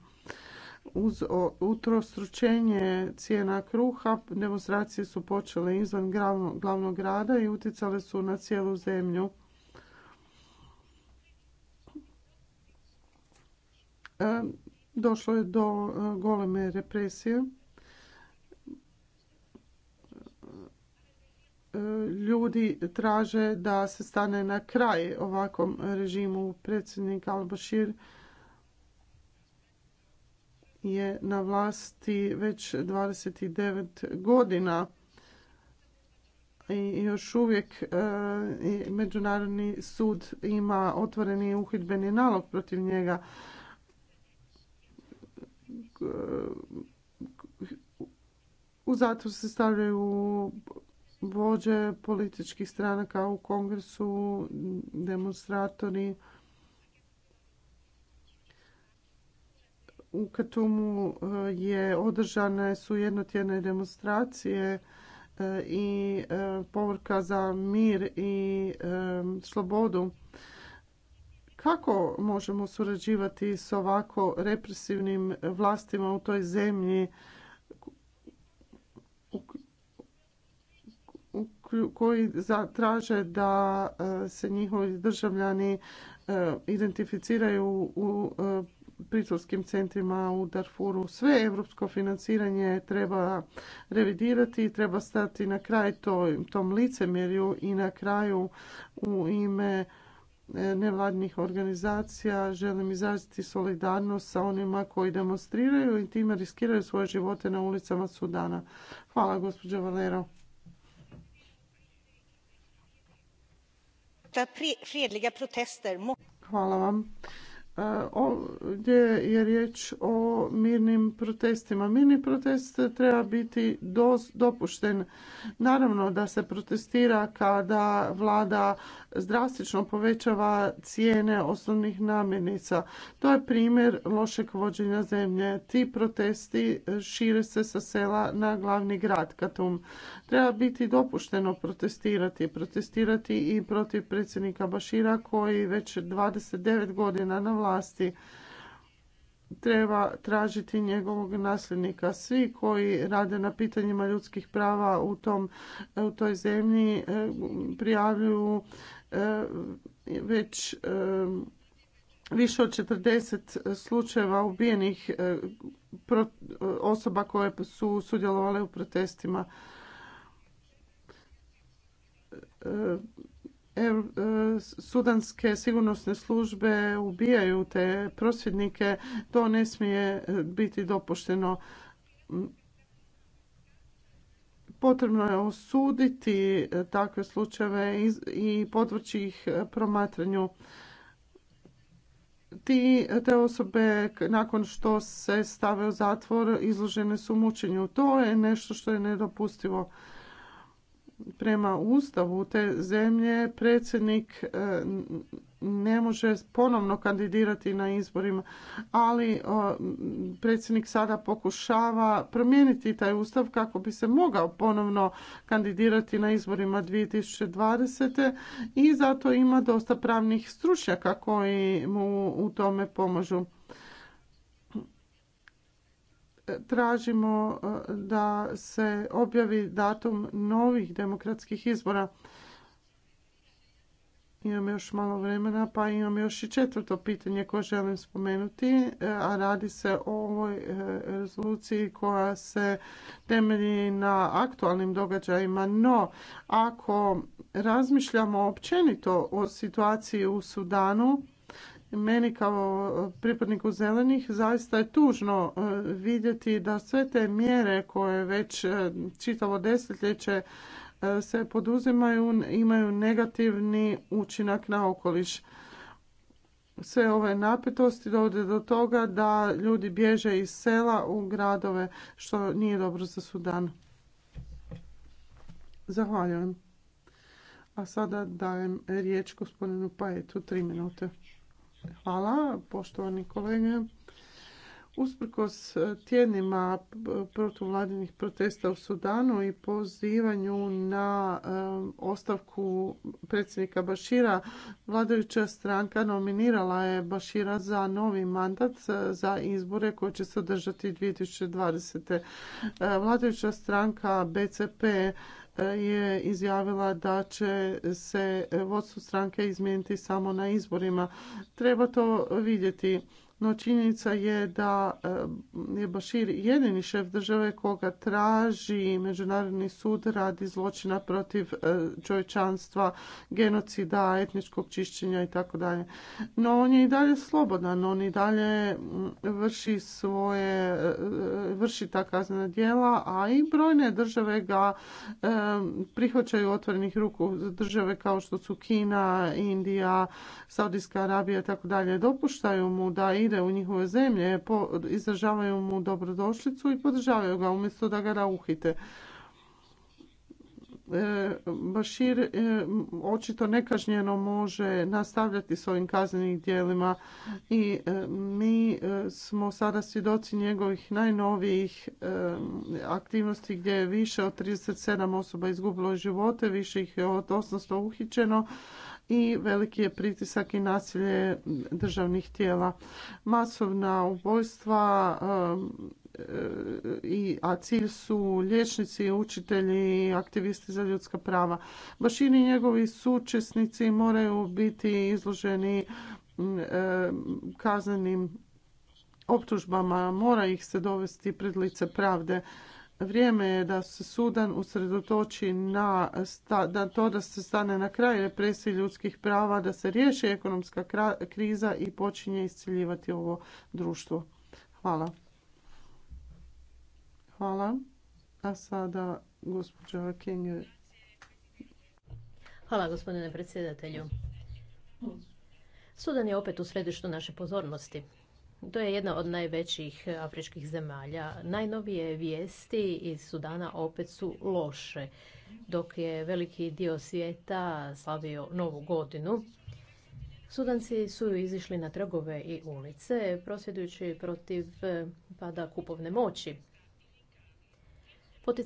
uz utrostručenje cijena kruha demonstracije su počele izvan glavnog grada i utjecale su na cijelu zemlju. E, došlo je do e, goleme represije. E, ljudi traže da se stane na kraj ovakvom režimu predsjednik Al-Bashir je na vlasti već 29 godina i još uvijek e, Međunarodni sud ima otvoreni uhidbeni nalog protiv njega. U zatvor se stavljaju vođe političkih stranaka u kongresu, demonstratori, u Katumu e, je održane su jednotjedne demonstracije e, i e, povorka za mir i slobodu. Kako možemo surađivati s ovako represivnim vlastima u toj zemlji koji traže da se njihovi državljani identificiraju u pritvorskim centrima u Darfuru. Sve europsko financiranje treba revidirati i treba stati na kraj tom licemjerju i na kraju u ime e, nevladnih organizacija želim izraziti solidarnost sa onima koji demonstriraju i time riskiraju svoje živote na ulicama Sudana. Hvala gospođo Valero. Hvala vam. Ovdje je riječ o mirnim protestima. Mirni protest treba biti dopušten. Naravno da se protestira kada vlada drastično povećava cijene osnovnih namirnica. To je primjer lošeg vođenja zemlje. Ti protesti šire se sa sela na glavni grad Katum. Treba biti dopušteno protestirati. Protestirati i protiv predsjednika Bašira koji već 29 godina na vlasti treba tražiti njegovog nasljednika. Svi koji rade na pitanjima ljudskih prava u, tom, u toj zemlji e, prijavljuju e, već e, više od 40 slučajeva ubijenih osoba koje su sudjelovale u protestima E, sudanske sigurnosne službe ubijaju te prosvjednike, to ne smije e, biti dopušteno. Potrebno je osuditi e, takve slučajeve i podvrći ih promatranju. Ti, te osobe nakon što se stave u zatvor izložene su mučenju. To je nešto što je nedopustivo prema ustavu te zemlje predsjednik e, ne može ponovno kandidirati na izborima, ali predsjednik sada pokušava promijeniti taj ustav kako bi se mogao ponovno kandidirati na izborima 2020. i zato ima dosta pravnih stručnjaka koji mu u tome pomažu tražimo e, da se objavi datum novih demokratskih izbora. Imam još malo vremena, pa imam još i četvrto pitanje koje želim spomenuti, e, a radi se o ovoj e, rezoluciji koja se temelji na aktualnim događajima. No, ako razmišljamo općenito o situaciji u Sudanu, meni kao pripadniku zelenih zaista je tužno e, vidjeti da sve te mjere koje već e, čitavo desetljeće e, se poduzimaju imaju negativni učinak na okoliš. Sve ove napetosti dovode do toga da ljudi bježe iz sela u gradove, što nije dobro za Sudan. Zahvaljujem. A sada dajem riječ gospodinu Pajetu, tri minute. Hvala, poštovani kolege. Usprkos tjednima protuvladinih protesta u Sudanu i pozivanju na eh, ostavku predsjednika Bašira, vladajuća stranka nominirala je Bašira za novi mandat eh, za izbore koje će se održati 2020. Eh, vladajuća stranka BCP je izjavila da će se vodstvo stranke izmijeniti samo na izborima. Treba to vidjeti no činjenica je da e, je Bašir jedini šef države koga traži Međunarodni sud radi zločina protiv e, čovječanstva, genocida, etničkog čišćenja i tako dalje. No on je i dalje slobodan, on i dalje mm, vrši svoje, e, vrši ta kaznena djela, a i brojne države ga prihvaćaju otvorenih ruku države kao što su Kina, Indija, Saudijska Arabija i tako dalje. Dopuštaju mu da ide ide u njihove zemlje, izražavaju mu dobrodošlicu i podržavaju ga umjesto da ga rauhite. E, Bašir e, očito nekažnjeno može nastavljati s ovim kaznenim djelima i e, mi smo sada svjedoci njegovih najnovijih aktivnosti gdje je više od 37 osoba izgubilo živote, više ih je od 800 uhićeno i veliki je pritisak i nasilje državnih tijela. Masovna ubojstva um, e, a cilj su liječnici, učitelji aktivisti za ljudska prava. Bašini njegovi sučesnici moraju biti izloženi e, kaznenim optužbama, mora ih se dovesti pred lice pravde. Vrijeme je da se Sudan usredotoči na, to da se stane na kraj represiji ljudskih prava, da se riješi ekonomska kriza i počinje isciljivati ovo društvo. Hvala. Hvala. A sada gospođa King. Hvala gospodine predsjedatelju. Sudan je opet u središtu naše pozornosti. To je jedna od najvećih eh, afričkih zemalja. Najnovije vijesti iz Sudana opet su loše. Dok je veliki dio svijeta slavio novu godinu, Sudanci su izišli na trgove i ulice prosvjedujući protiv eh, pada kupovne moći.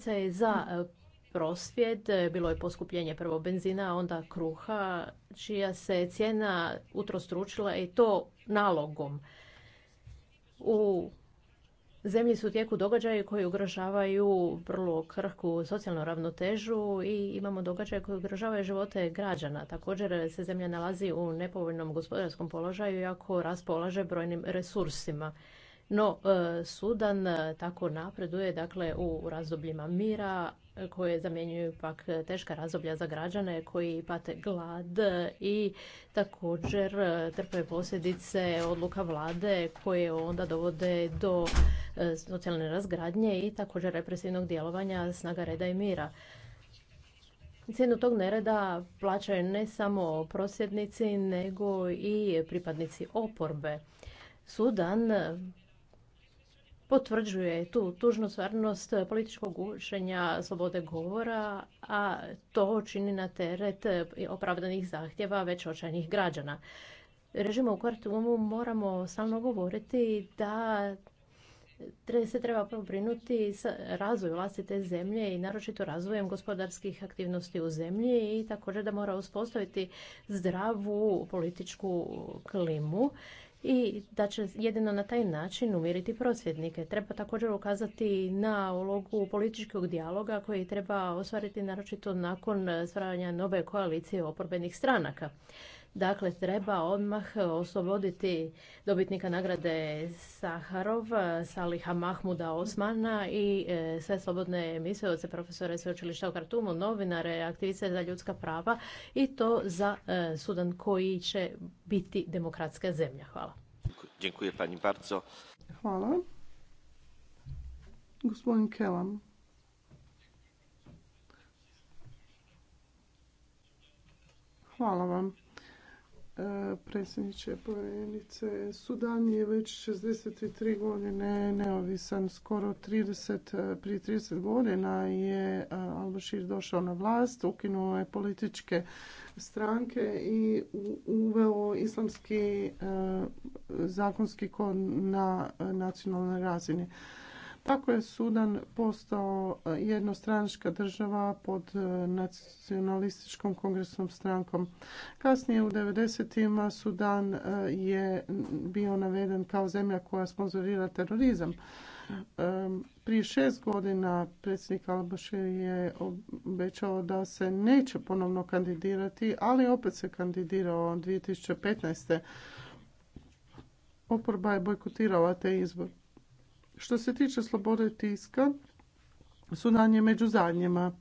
je za eh, prosvjed, bilo je poskupljenje prvo benzina, onda kruha, čija se cijena utrostručila i to nalogom. U zemlji su u tijeku događaje koji ugrožavaju vrlo krhku socijalnu ravnotežu i imamo događaje koji ugrožavaju živote građana. Također se zemlja nalazi u nepovoljnom gospodarskom položaju iako raspolaže brojnim resursima. No, e, Sudan e, tako napreduje dakle, u razdobljima mira e, koje zamjenjuju pak teška razdoblja za građane koji pate glad i također trpe posljedice odluka vlade koje onda dovode do socijalne razgradnje i također represivnog djelovanja snaga reda i mira. Cijenu tog nereda plaćaju ne samo prosjednici nego i pripadnici oporbe. Sudan potvrđuje tu tužnu stvarnost političkog gušenja slobode govora, a to čini na teret opravdanih zahtjeva već očajnih građana. Režimo u Kvartumu moramo stalno govoriti da se treba pobrinuti sa razvoju vlastite zemlje i naročito razvojem gospodarskih aktivnosti u zemlji i također da mora uspostaviti zdravu političku klimu i da će jedino na taj način umiriti prosvjednike. Treba također ukazati na ulogu političkog dijaloga koji treba ostvariti naročito nakon stvaranja nove koalicije oporbenih stranaka. Dakle, treba odmah osloboditi dobitnika nagrade Saharov, Saliha Mahmuda Osmana i e, sve slobodne emisioce, profesore sveučilišta u Kartumu, novinare, aktiviste za ljudska prava i to za e, Sudan koji će biti demokratska zemlja. Hvala. Dziękuję pani bardzo. Hvala. Gospodin Kelam. Hvala vam. E, predsjedniče povjerenice. Sudan je već 63 godine neovisan, skoro 30, e, prije 30 godina je e, Al-Bashir došao na vlast, ukinuo je političke stranke i uveo islamski zakonski kod na nacionalnoj razini. Tako je Sudan postao e, jednostranačka država pod e, nacionalističkom kongresnom strankom. Kasnije u 90. Sudan e, je bio naveden kao zemlja koja sponzorira terorizam. Prije šest godina predsjednik Albašir je obećao da se neće ponovno kandidirati, ali opet se kandidirao 2015. Oporba je bojkotirala te izbore što se tiče slobode tiska, su danje među zadnjima.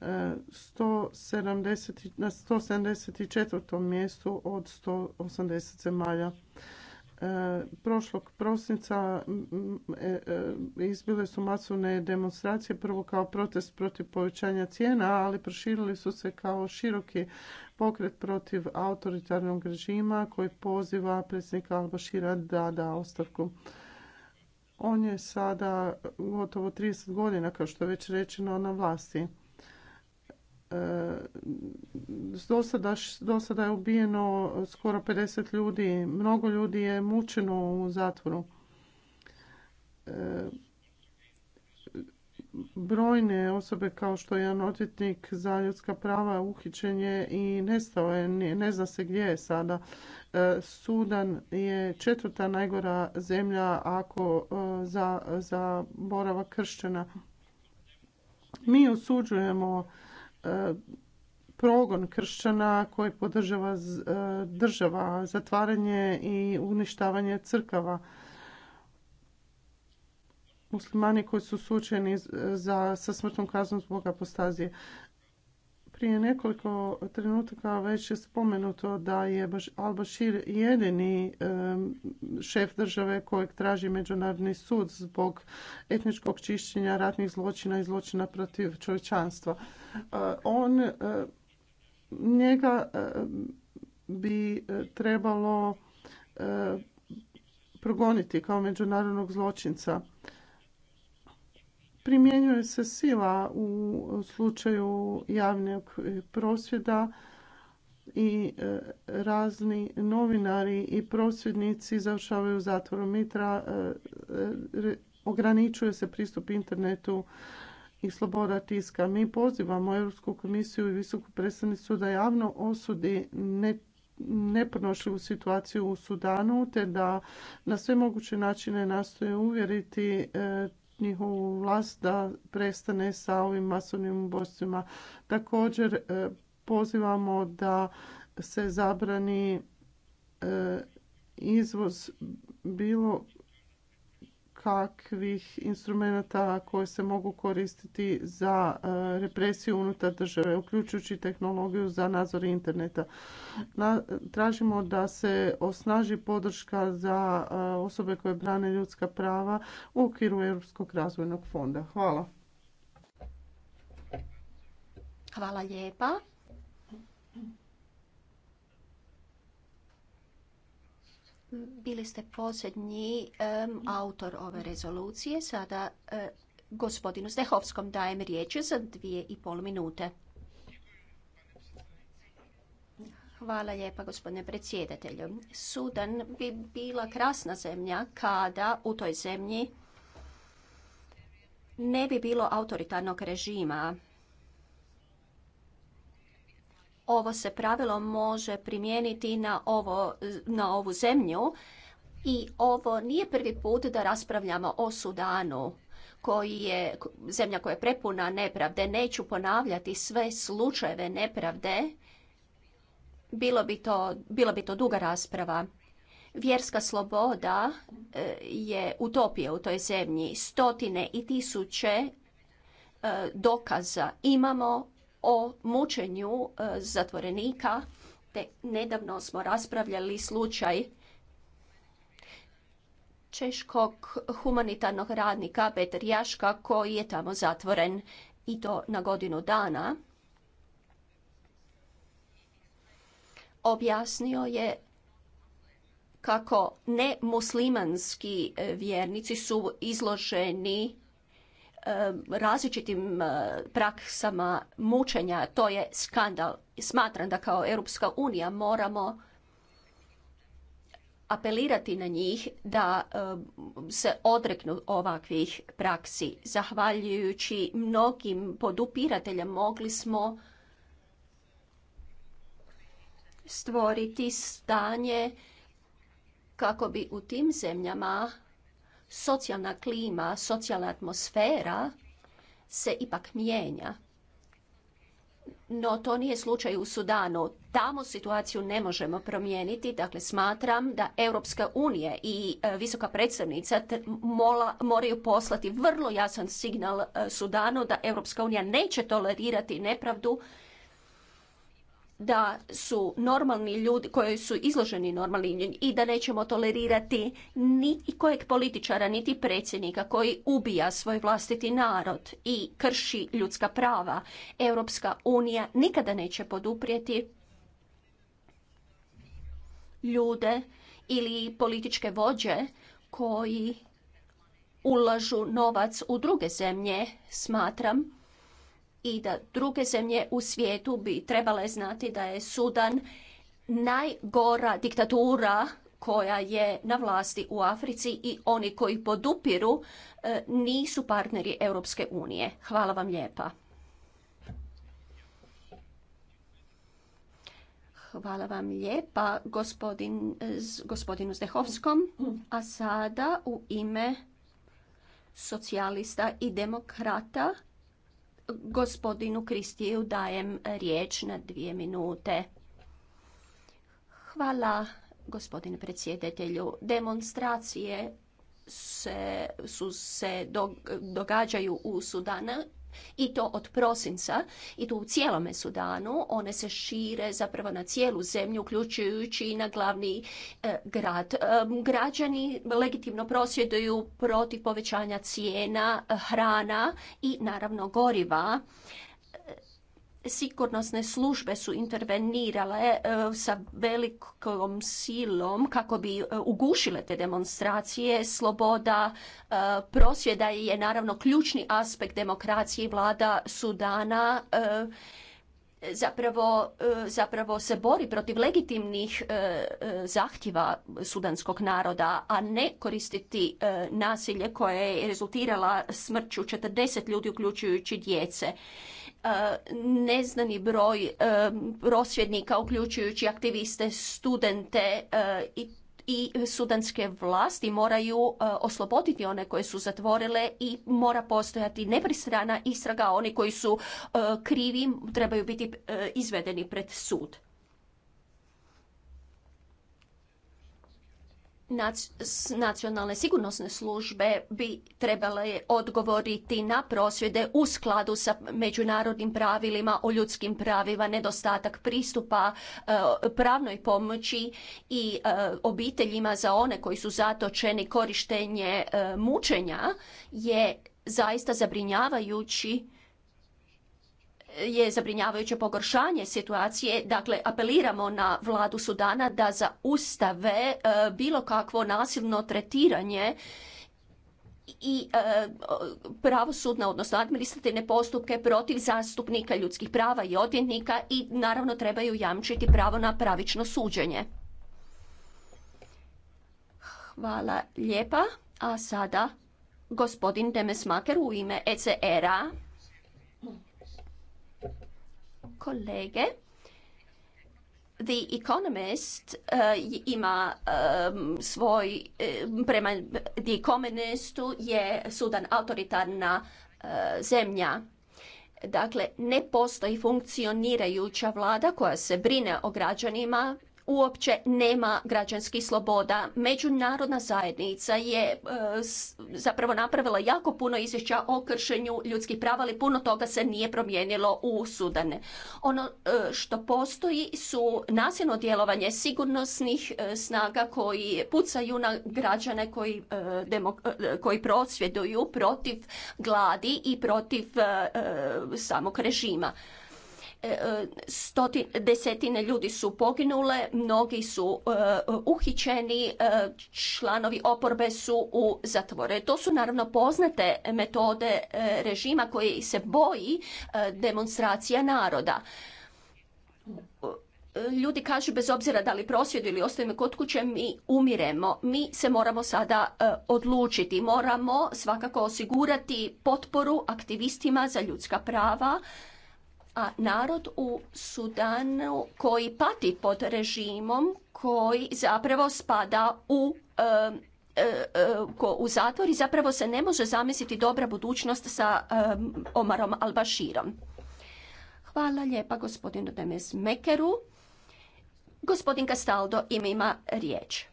E, na 174. mjestu od 180 zemalja. E, prošlog prosinca e, izbile su masovne demonstracije, prvo kao protest protiv povećanja cijena, ali proširili su se kao široki pokret protiv autoritarnog režima koji poziva predsjednika Albašira da da ostavku. On je sada gotovo 30 godina, kao što je već rečeno, na vlasti. E, dosada, sada je ubijeno skoro 50 ljudi, mnogo ljudi je mučeno u zatvoru e, brojne osobe kao što je jedan odvjetnik za ljudska prava uhićen je i nestao je, ne zna se gdje je sada. E, Sudan je četvrta najgora zemlja ako e, za, za borava kršćana. Mi osuđujemo e, progon kršćana koji podržava država, zatvaranje i uništavanje crkava muslimani koji su sučeni za, sa smrtnom kaznom zbog apostazije. Prije nekoliko trenutaka već je spomenuto da je Al-Bashir jedini šef države kojeg traži Međunarodni sud zbog etničkog čišćenja ratnih zločina i zločina protiv čovječanstva. E, on e, njega e, bi trebalo progoniti kao međunarodnog zločinca primjenjuje se sila u slučaju javnog prosvjeda i e, razni novinari i prosvjednici završavaju zatvorom mitra, e, ograničuje se pristup internetu i sloboda tiska. Mi pozivamo Europsku komisiju i visoku predstavnicu da javno osudi ne situaciju u Sudanu te da na sve moguće načine nastoje uvjeriti e, njihovu vlast da prestane sa ovim masovnim ubojstvima. Također e, pozivamo da se zabrani e, izvoz bilo kakvih instrumenata koji se mogu koristiti za e, represiju unutar države, uključujući tehnologiju za nadzor interneta. Tražimo da se osnaži podrška za e, osobe koje brane ljudska prava u okviru Europskog razvojnog fonda. Hvala. Hvala lijepa. Bili ste posljednji autor ove rezolucije. Sada e, gospodinu Zdehovskom dajem riječ za dvije i pol minute. Hvala lijepa gospodine predsjedatelju. Sudan bi bila krasna zemlja kada u toj zemlji ne bi bilo autoritarnog režima ovo se pravilo može primijeniti na, ovo, na ovu zemlju i ovo nije prvi put da raspravljamo o Sudanu koji je zemlja koja je prepuna nepravde. Neću ponavljati sve slučajeve nepravde. Bilo bi to, bila bi to duga rasprava. Vjerska sloboda e, je utopija u toj zemlji. Stotine i tisuće e, dokaza imamo o mučenju e, zatvorenika, te nedavno smo raspravljali slučaj češkog humanitarnog radnika Peter Jaška koji je tamo zatvoren i to na godinu dana. Objasnio je kako nemuslimanski e, vjernici su izloženi Eh, različitim eh, praksama mučenja. To je skandal. Smatram da kao Europska unija moramo apelirati na njih da eh, se odreknu ovakvih praksi. Zahvaljujući mnogim podupirateljem mogli smo stvoriti stanje kako bi u tim zemljama socijalna klima, socijalna atmosfera se ipak mijenja. No, to nije slučaj u Sudanu. Tamo situaciju ne možemo promijeniti. Dakle, smatram da Europska unija i e, visoka predstavnica moraju poslati vrlo jasan signal e, Sudanu da Europska unija neće tolerirati nepravdu da su normalni ljudi koji su izloženi normalni i da nećemo tolerirati ni kojeg političara niti predsjednika koji ubija svoj vlastiti narod i krši ljudska prava. Europska unija nikada neće poduprijeti ljude ili političke vođe koji ulažu novac u druge zemlje. Smatram i da druge zemlje u svijetu bi trebale znati da je Sudan najgora diktatura koja je na vlasti u Africi i oni koji podupiru e, nisu partneri Europske unije. Hvala vam lijepa. Hvala vam lijepa gospodin, gospodinu Zdehovskom. A sada u ime socijalista i demokrata Gospodinu Kristiju dajem riječ na dvije minute. Hvala gospodine predsjedatelju. Demonstracije su se događaju u Sudanu i to od prosinca i to u cijelome Sudanu. One se šire zapravo na cijelu zemlju, uključujući i na glavni e, grad. E, građani legitimno prosvjeduju protiv povećanja cijena, e, hrana i naravno goriva sigurnosne službe su intervenirale e, sa velikom silom kako bi e, ugušile te demonstracije. Sloboda e, prosvjeda je naravno ključni aspekt demokracije i vlada Sudana zapravo, zapravo se bori protiv legitimnih zahtjeva sudanskog naroda, a ne koristiti nasilje koje je rezultirala smrću 40 ljudi uključujući djece. E, neznani broj e, prosvjednika, uključujući aktiviste, studente e, i i sudanske vlasti moraju osloboditi one koje su zatvorile i mora postojati nepristrana istraga. Oni koji su krivi trebaju biti izvedeni pred sud. nacionalne sigurnosne službe bi trebale odgovoriti na prosvjede u skladu sa međunarodnim pravilima o ljudskim pravima, nedostatak pristupa e, pravnoj pomoći i e, obiteljima za one koji su zatočeni korištenje e, mučenja je zaista zabrinjavajući je zabrinjavajuće pogoršanje situacije. Dakle, apeliramo na vladu Sudana da zaustave e, bilo kakvo nasilno tretiranje i e, pravosudne, odnosno administrativne postupke protiv zastupnika ljudskih prava i odvjetnika i naravno trebaju jamčiti pravo na pravično suđenje. Hvala lijepa. A sada gospodin Maker u ime ECR-a kolege. The Economist uh, ima um, svoj, um, prema The Economistu je Sudan autoritarna uh, zemlja. Dakle, ne postoji funkcionirajuća vlada koja se brine o građanima, uopće nema građanskih sloboda. Međunarodna zajednica je e, zapravo napravila jako puno izvješća o kršenju ljudskih prava, ali puno toga se nije promijenilo u Sudane. Ono e, što postoji su nasilno djelovanje sigurnosnih e, snaga koji pucaju na građane koji, koji prosvjeduju protiv gladi i protiv samog režima. E, e, stoti, desetine ljudi su poginule, mnogi su e, uhićeni, članovi oporbe su u zatvore. To su naravno poznate metode režima koji se boji demonstracija naroda. Ljudi kažu bez obzira da li prosvjedu ili ostajemo kod kuće, mi umiremo. Mi se moramo sada odlučiti. Moramo svakako osigurati potporu aktivistima za ljudska prava, a narod u Sudanu koji pati pod režimom koji zapravo spada u e, e, e, u zatvor i zapravo se ne može zamisliti dobra budućnost sa Omarom Omarom Albaširom. Hvala lijepa gospodinu Demes Mekeru. Gospodin Castaldo ima riječ.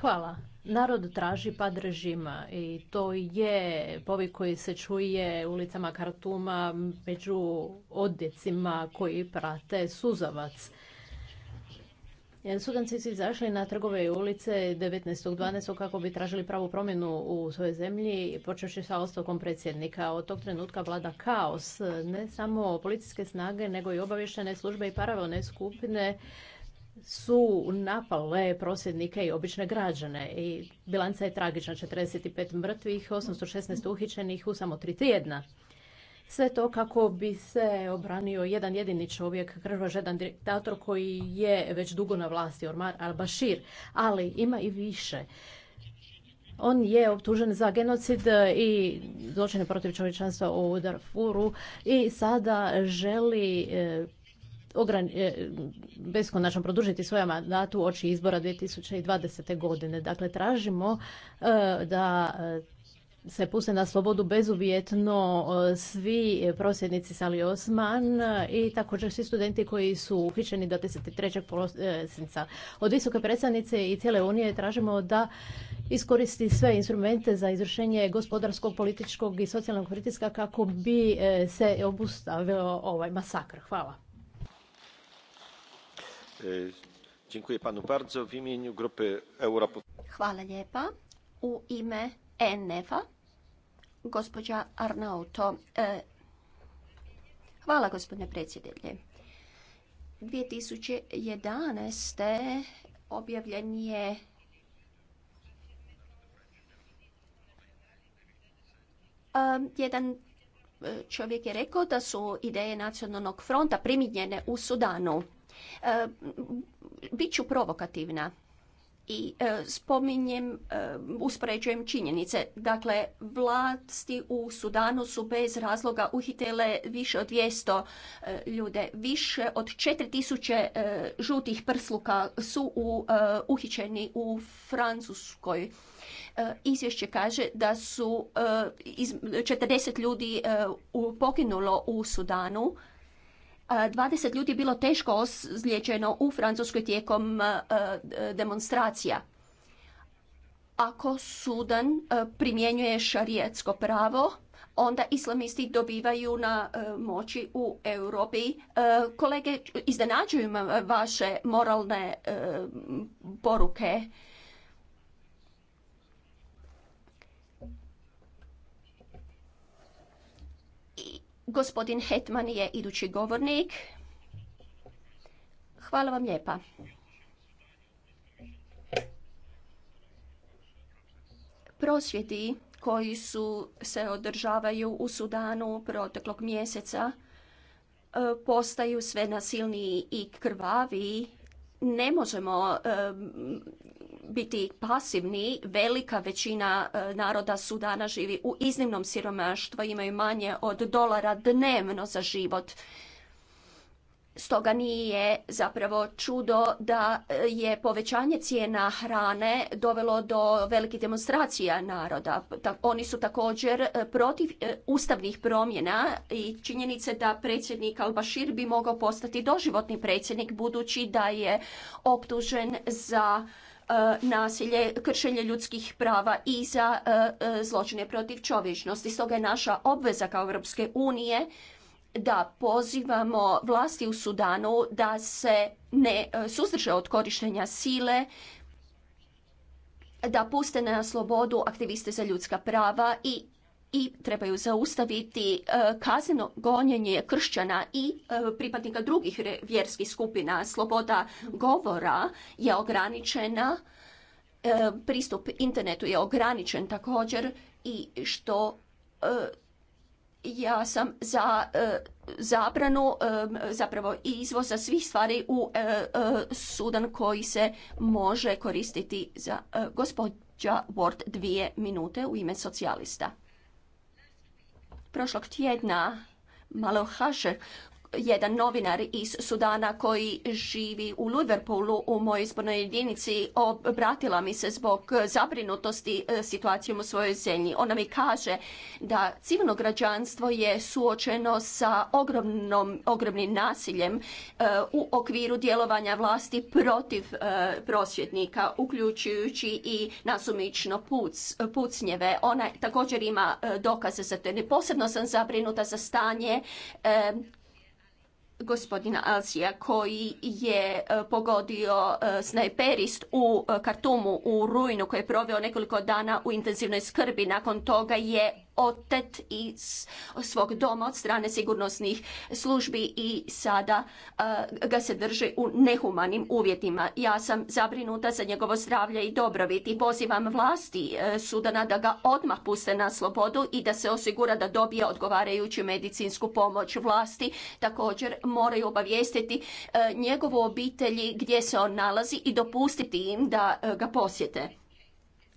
Hvala. Narod traži pad režima i to je povi koji se čuje ulicama Kartuma među odjecima koji prate suzavac. Sudanci su izašli na trgove i ulice 19.12. kako bi tražili pravu promjenu u svojoj zemlji, počevši sa ostokom predsjednika. Od tog trenutka vlada kaos. Ne samo policijske snage, nego i obavještene službe i paravelne skupine su napale prosvjednike i obične građane i bilanca je tragična, 45 mrtvih, 816 uhićenih u samo tri tjedna. Sve to kako bi se obranio jedan jedini čovjek, jedan diktator koji je već dugo na vlasti, Ormar al-Bashir, ali ima i više. On je optužen za genocid i zločine protiv čovječanstva u Darfuru i sada želi eh, E, beskonačno produžiti svoja mandat u oči izbora 2020. godine. Dakle, tražimo e, da e, se puste na slobodu bezuvjetno svi prosjednici Sali Osman i također svi studenti koji su uhićeni do 23. prosinca. Od visoke predstavnice i cijele Unije tražimo da iskoristi sve instrumente za izvršenje gospodarskog, političkog i socijalnog kritiska kako bi se obustavio ovaj masakr. Hvala. E, hvala lijepa. U ime ENF-a, gospođa Arnauto. E, hvala, gospodine predsjedelje. 2011. objavljen je e, jedan čovjek je rekao da su ideje nacionalnog fronta primijenjene u Sudanu. E, ću provokativna i e, spominjem, e, uspoređujem činjenice. Dakle, vlasti u Sudanu su bez razloga uhitele više od 200 ljude. Više od 4000 žutih prsluka su u, uhićeni u Francuskoj. Izvješće kaže da su 40 ljudi pokinulo u Sudanu 20 ljudi je bilo teško ozlijeđeno u Francuskoj tijekom e, e, demonstracija. Ako Sudan e, primjenjuje šarijetsko pravo, onda islamisti dobivaju na moći u Europi. Kolege, iznenađuju vaše moralne poruke. Gospodin Hetman je idući govornik. Hvala vam lijepa. Prosvjedi koji su se održavaju u Sudanu proteklog mjeseca e, postaju sve nasilniji i krvaviji. Ne možemo e, biti pasivni, velika većina e, naroda Sudana živi u iznimnom siromaštvu, imaju manje od dolara dnevno za život. Stoga nije zapravo čudo da e, je povećanje cijena hrane dovelo do velikih demonstracija naroda. Oni su također e, protiv ustavnih promjena i činjenice da predsjednik Al-Bashir bi mogao postati doživotni predsjednik budući da je optužen za E, nasilje, kršenje ljudskih prava i za e, e, zločine protiv čovječnosti. Stoga je naša obveza kao Europske unije da pozivamo vlasti u Sudanu da se ne suzdrže od korištenja sile, da puste na slobodu aktiviste za ljudska prava i i trebaju zaustaviti e, kazneno gonjenje kršćana i e, pripadnika drugih vjerskih skupina. Sloboda govora je ograničena, e, pristup internetu je ograničen također i što ja sam za zabranu zapravo izvoza svih stvari u Sudan koji se može koristiti za gospođa Ward dvije minute u ime socijalista prošlog tjedna malo haše jedan novinar iz Sudana koji živi u Liverpoolu u mojoj izbornoj jedinici obratila mi se zbog zabrinutosti e, situacijom u svojoj zemlji. Ona mi kaže da civilno građanstvo je suočeno sa ogromnom, ogromnim nasiljem e, u okviru djelovanja vlasti protiv e, prosvjetnika, uključujući i nasumično pucnjeve. Ona također ima dokaze za to. Posebno sam zabrinuta za stanje gospodina Alsija koji je e, pogodio e, snajperist u e, Kartumu u rujnu koji je proveo nekoliko dana u intenzivnoj skrbi. Nakon toga je otet iz svog doma od strane sigurnosnih službi i sada eh, ga se drže u nehumanim uvjetima. Ja sam zabrinuta za njegovo zdravlje i dobrobit i pozivam vlasti eh, Sudana da ga odmah puste na slobodu i da se osigura da dobije odgovarajuću medicinsku pomoć vlasti. Također moraju obavijestiti eh, njegovu obitelji gdje se on nalazi i dopustiti im da ga posjete.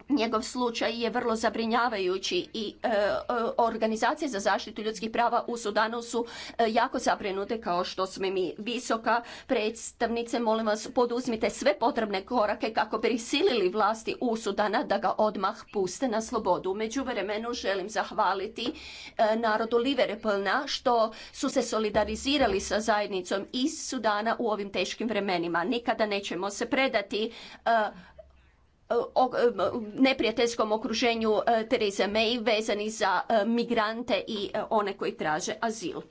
Njegov slučaj je vrlo zabrinjavajući i e, e, organizacije za zaštitu ljudskih prava u Sudanu su e, jako zabrinute kao što smo mi visoka predstavnice. Molim vas poduzmite sve potrebne korake kako bi prisilili vlasti u Sudana da ga odmah puste na slobodu. U međuvremenu želim zahvaliti e, narodu Liverpoolna što su se solidarizirali sa zajednicom iz Sudana u ovim teškim vremenima. Nikada nećemo se predati o neprijateljskom okruženju e, Theresa May vezani za e, migrante i e, one koji traže azil.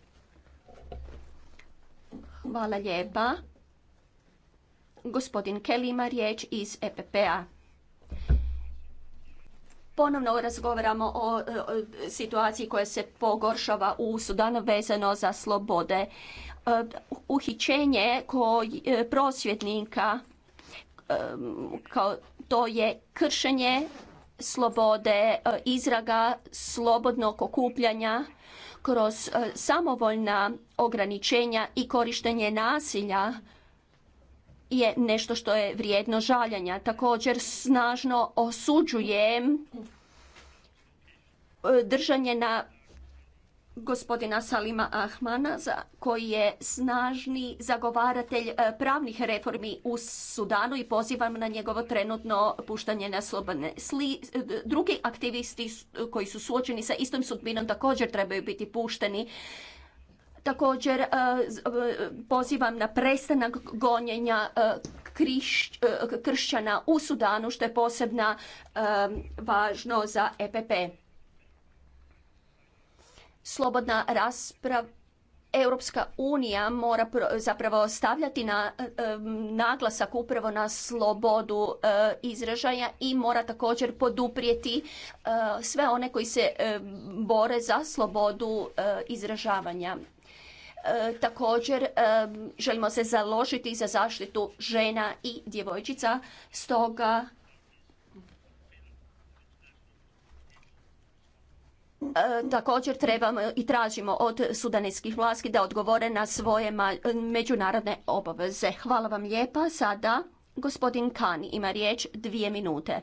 Hvala lijepa. Gospodin Kelly ima riječ iz EPP-a. Ponovno razgovaramo o, o situaciji koja se pogoršava u Sudanu vezano za slobode. Uhićenje prosvjetnika Um, kao to je kršenje slobode e, izraga slobodnog okupljanja kroz e, samovoljna ograničenja i korištenje nasilja je nešto što je vrijedno žaljenja. Također snažno osuđujem e, držanje na gospodina Salima Ahmana koji je snažni zagovaratelj e, pravnih reformi u Sudanu i pozivam na njegovo trenutno puštanje na slobodne. Sli, e, drugi aktivisti koji su suočeni sa istom sudbinom također trebaju biti pušteni. Također e, pozivam na prestanak gonjenja kršćana u Sudanu što je posebno važno za EPP slobodna rasprava Europska unija mora zapravo stavljati na naglasak upravo na slobodu eh, izražaja i mora također poduprijeti eh, sve one koji se bore za slobodu eh, izražavanja. Također želimo se založiti za zaštitu žena i djevojčica, stoga E, također trebamo i tražimo od sudaneskih vlasti da odgovore na svoje međunarodne obaveze. Hvala vam lijepa. Sada gospodin Kani ima riječ dvije minute.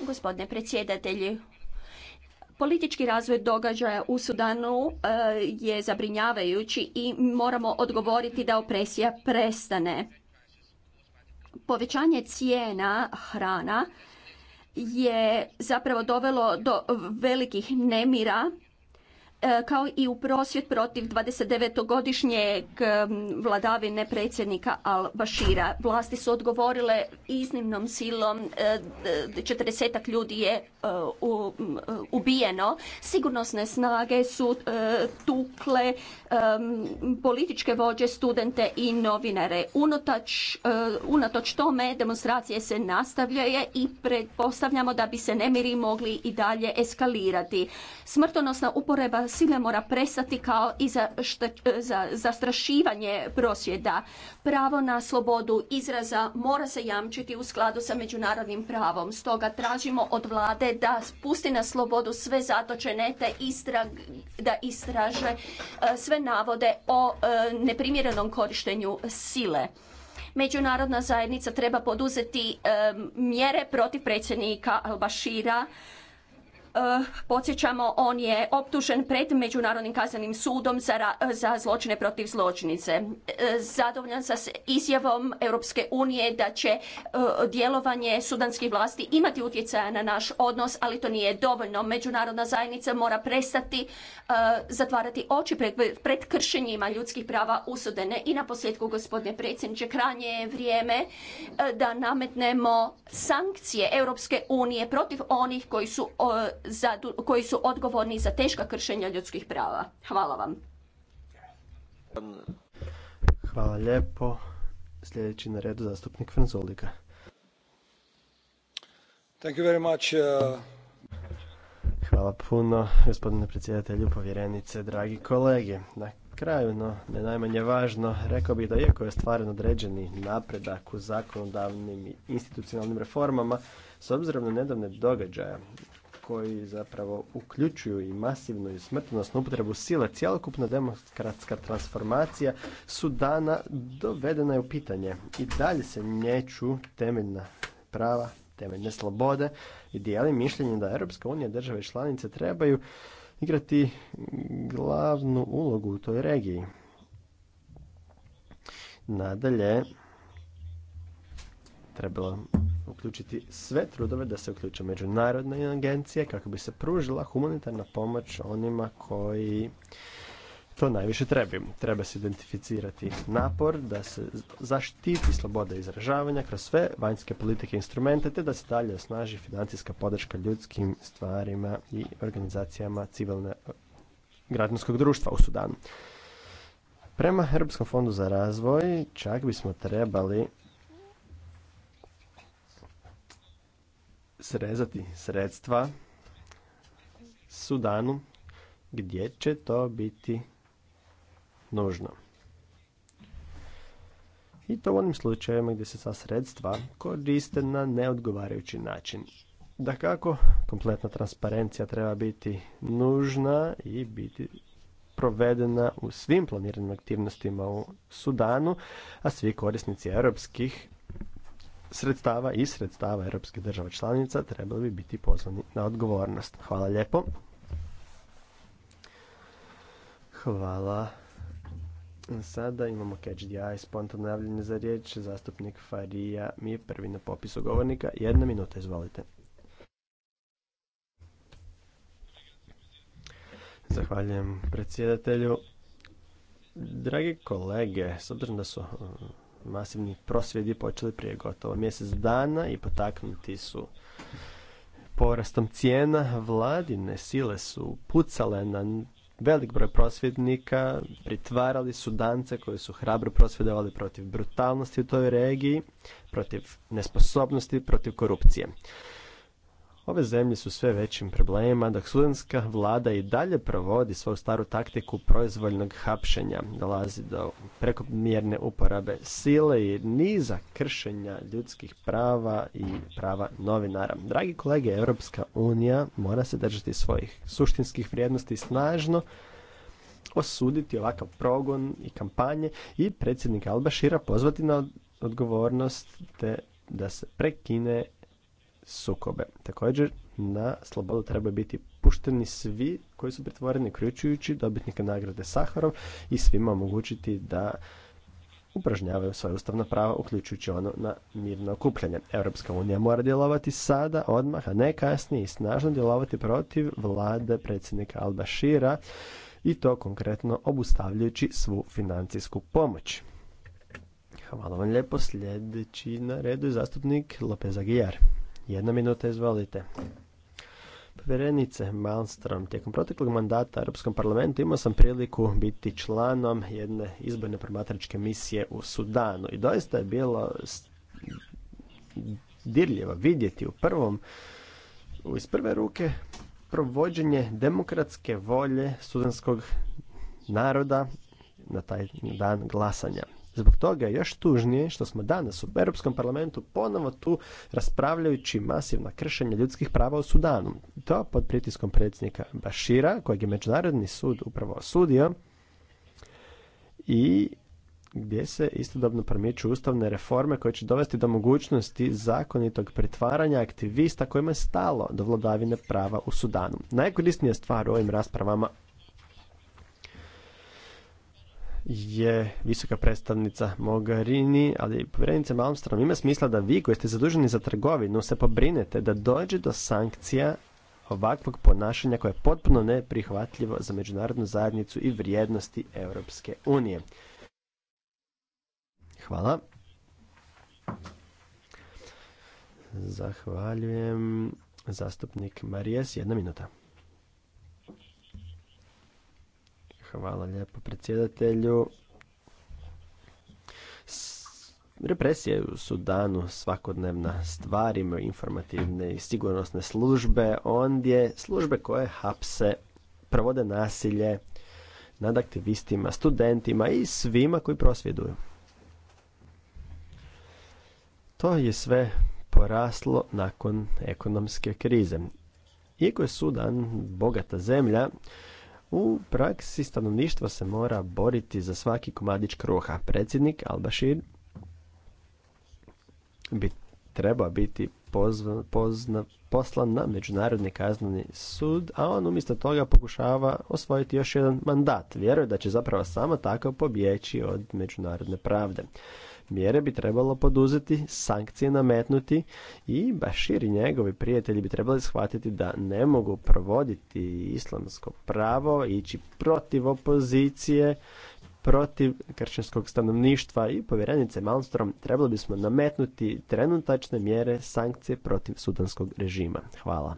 Gospodine predsjedatelji, Politički razvoj događaja u Sudanu e, je zabrinjavajući i moramo odgovoriti da opresija prestane. Povećanje cijena hrana je zapravo dovelo do velikih nemira E, kao i u prosvjed protiv 29-godišnjeg vladavine predsjednika Al-Bashira. Vlasti su odgovorile iznimnom silom, 40 e, ljudi je e, ubijeno. Sigurnosne snage su tukle političke vođe, studente i novinare. unatoč tome demonstracije se nastavljaju i pretpostavljamo da bi se nemiri mogli i dalje eskalirati. Smrtonosna uporeba sile mora prestati kao i za, šta, za zastrašivanje prosvjeda. Pravo na slobodu izraza mora se jamčiti u skladu sa međunarodnim pravom. Stoga tražimo od vlade da pusti na slobodu sve zatočene te da istraže e, sve navode o e, neprimjerenom korištenju sile. Međunarodna zajednica treba poduzeti e, mjere protiv predsjednika al Eh, podsjećamo on je optužen pred Međunarodnim kaznenim sudom za, za zločine protiv zločinice. Eh, zadovoljan sa izjavom Europske unije da će eh, djelovanje sudanskih vlasti imati utjecaja na naš odnos, ali to nije dovoljno. Međunarodna zajednica mora prestati zatvarati oči pred, kršenjima ljudskih prava usudene. I na posljedku, gospodine predsjedniče, kranje je vrijeme da nametnemo sankcije Europske unije protiv onih koji su za, koji su odgovorni za teška kršenja ljudskih prava. Hvala vam. Hvala lijepo. Sljedeći na redu zastupnik Franzolika. Thank you very much. Uh, Hvala puno, gospodine predsjedatelju, povjerenice, dragi kolege. Na kraju, no ne najmanje važno, rekao bih da iako je stvaren određeni napredak u zakonodavnim i institucionalnim reformama, s obzirom na nedavne događaje koji zapravo uključuju i masivnu i smrtonosnu upotrebu sile, cjelokupna demokratska transformacija Sudana dovedena je u pitanje. I dalje se nječu temeljna prava, temeljne slobode i dijeli mišljenje da Europska države i članice trebaju igrati glavnu ulogu u toj regiji. Nadalje, trebalo uključiti sve trudove da se uključe međunarodne agencije kako bi se pružila humanitarna pomoć onima koji to najviše trebaju. Treba se identificirati napor da se zaštiti sloboda izražavanja kroz sve vanjske politike i instrumente te da se dalje osnaži financijska podrška ljudskim stvarima i organizacijama civilne eh, građanskog društva u Sudanu. Prema Europskom fondu za razvoj čak bismo trebali srezati sredstva Sudanu gdje će to biti nužno. I to u onim slučajevima gdje se sva sredstva koriste na neodgovarajući način. Da kako, kompletna transparencija treba biti nužna i biti provedena u svim planiranim aktivnostima u Sudanu, a svi korisnici europskih sredstava i sredstava europskih država članica trebali bi biti pozvani na odgovornost. Hvala lijepo. Hvala. Sada imamo Catch the Eye, spontano javljanje za riječ. Zastupnik Farija mi je prvi na popisu govornika. Jedna minuta, izvolite. Zahvaljujem predsjedatelju. Dragi kolege, s obzirom da su masivni prosvjedi počeli prije gotovo mjesec dana i potaknuti su porastom cijena. Vladine sile su pucale na velik broj prosvjednika, pritvarali su dance koji su hrabro prosvjedovali protiv brutalnosti u toj regiji, protiv nesposobnosti, protiv korupcije. Ove zemlje su sve većim problemima dok sudanska vlada i dalje provodi svoju staru taktiku proizvoljnog hapšenja. Dolazi do prekomjerne uporabe sile i niza kršenja ljudskih prava i prava novinara. Dragi kolege, Europska unija mora se držati svojih suštinskih vrijednosti snažno osuditi ovakav progon i kampanje i predsjednika Albašira pozvati na odgovornost te da se prekine sukobe. Također, na slobodu treba biti pušteni svi koji su pritvoreni, uključujući dobitnike nagrade Saharov i svima omogućiti da upražnjavaju svoje ustavna prava, uključujući ono na mirno okupljanje. Europska unija mora djelovati sada, odmah, a ne kasnije i snažno djelovati protiv vlade predsjednika Al-Bashira i to konkretno obustavljajući svu financijsku pomoć. Hvala vam lijepo. Sljedeći na redu je zastupnik Lopez Aguilar. Jedna minuta, izvolite. Povjerenice Malmström, tijekom proteklog mandata u Europskom parlamentu imao sam priliku biti članom jedne izborne promatračke misije u Sudanu i doista je bilo dirljivo vidjeti u prvom, iz prve ruke provođenje demokratske volje sudanskog naroda na taj dan glasanja. Zbog toga je još tužnije što smo danas u Europskom parlamentu ponovo tu raspravljajući masivna kršenja ljudskih prava u Sudanu. To pod pritiskom predsjednika Bašira, kojeg je Međunarodni sud upravo osudio, i gdje se istodobno promiču ustavne reforme koje će dovesti do mogućnosti zakonitog pretvaranja aktivista kojima je stalo do vladavine prava u Sudanu. Najkoristnija stvar u ovim raspravama je visoka predstavnica Mogarini, ali povjerenica Malmstrom ima smisla da vi koji ste zaduženi za trgovinu se pobrinete da dođe do sankcija ovakvog ponašanja koje je potpuno neprihvatljivo za međunarodnu zajednicu i vrijednosti Europske unije. Hvala. Zahvaljujem. Zastupnik Marijas, jedna minuta. Hvala lijepo predsjedatelju. Represije u Sudanu svakodnevna stvar imaju informativne i sigurnosne službe, ondje službe koje hapse, provode nasilje nad aktivistima, studentima i svima koji prosvjeduju. To je sve poraslo nakon ekonomske krize. Iako je Sudan bogata zemlja, u praksi stanovništvo se mora boriti za svaki komadić kruha. Predsjednik Albašir bi trebao biti pozvan, pozna, poslan na Međunarodni kazneni sud, a on umjesto toga pokušava osvojiti još jedan mandat. Vjeruje da će zapravo samo tako pobjeći od međunarodne pravde. Mjere bi trebalo poduzeti, sankcije nametnuti i Bashir i njegovi prijatelji bi trebali shvatiti da ne mogu provoditi islamsko pravo, ići protiv opozicije, protiv kršćanskog stanovništva i povjerenice Malmstrom trebali bismo nametnuti trenutačne mjere sankcije protiv sudanskog režima. Hvala.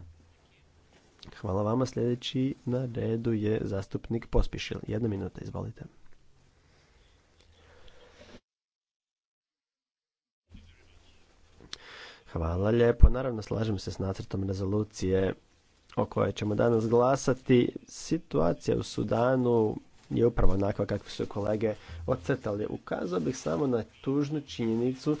Hvala vama. Sljedeći na redu je zastupnik Pospišil. Jedna minuta, izvolite. Hvala lijepo. Naravno, slažem se s nacrtom rezolucije o kojoj ćemo danas glasati. Situacija u Sudanu je upravo onakva kakve su kolege ocrtali. Ukazao bih samo na tužnu činjenicu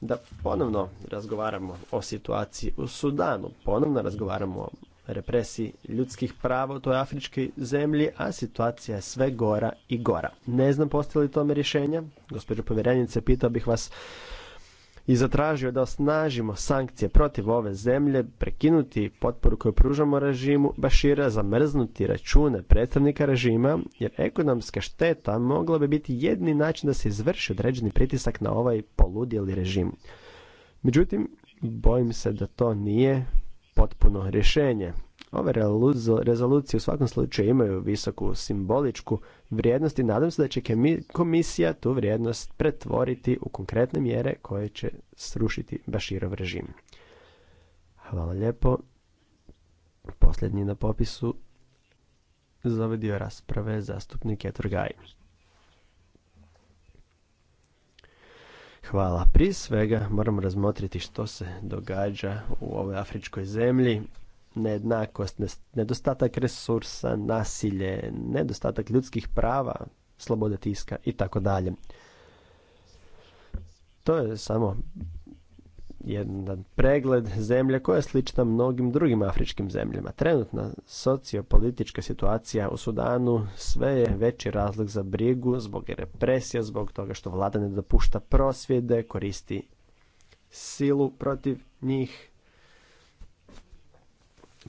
da ponovno razgovaramo o situaciji u Sudanu. Ponovno razgovaramo o represiji ljudskih prava u toj afričkoj zemlji, a situacija je sve gora i gora. Ne znam postoje li tome rješenja. Gospođo povjerenice, pitao bih vas i zatražio da osnažimo sankcije protiv ove zemlje, prekinuti potporu koju pružamo režimu Bašira, zamrznuti račune predstavnika režima, jer ekonomska šteta mogla bi biti jedni način da se izvrši određeni pritisak na ovaj poludjeli režim. Međutim, bojim se da to nije potpuno rješenje. Ove rezolucije u svakom slučaju imaju visoku simboličku vrijednost i nadam se da će komisija tu vrijednost pretvoriti u konkretne mjere koje će srušiti Baširov režim. Hvala lijepo. Posljednji na popisu za dio rasprave zastupnik Gaj. Hvala. Prije svega moramo razmotriti što se događa u ovoj afričkoj zemlji nejednakost, nedostatak resursa, nasilje, nedostatak ljudskih prava, slobode tiska i tako dalje. To je samo jedan pregled zemlje koja je slična mnogim drugim afričkim zemljama. Trenutna sociopolitička situacija u Sudanu sve je veći razlog za brigu zbog represija, zbog toga što vlada ne dopušta prosvjede, koristi silu protiv njih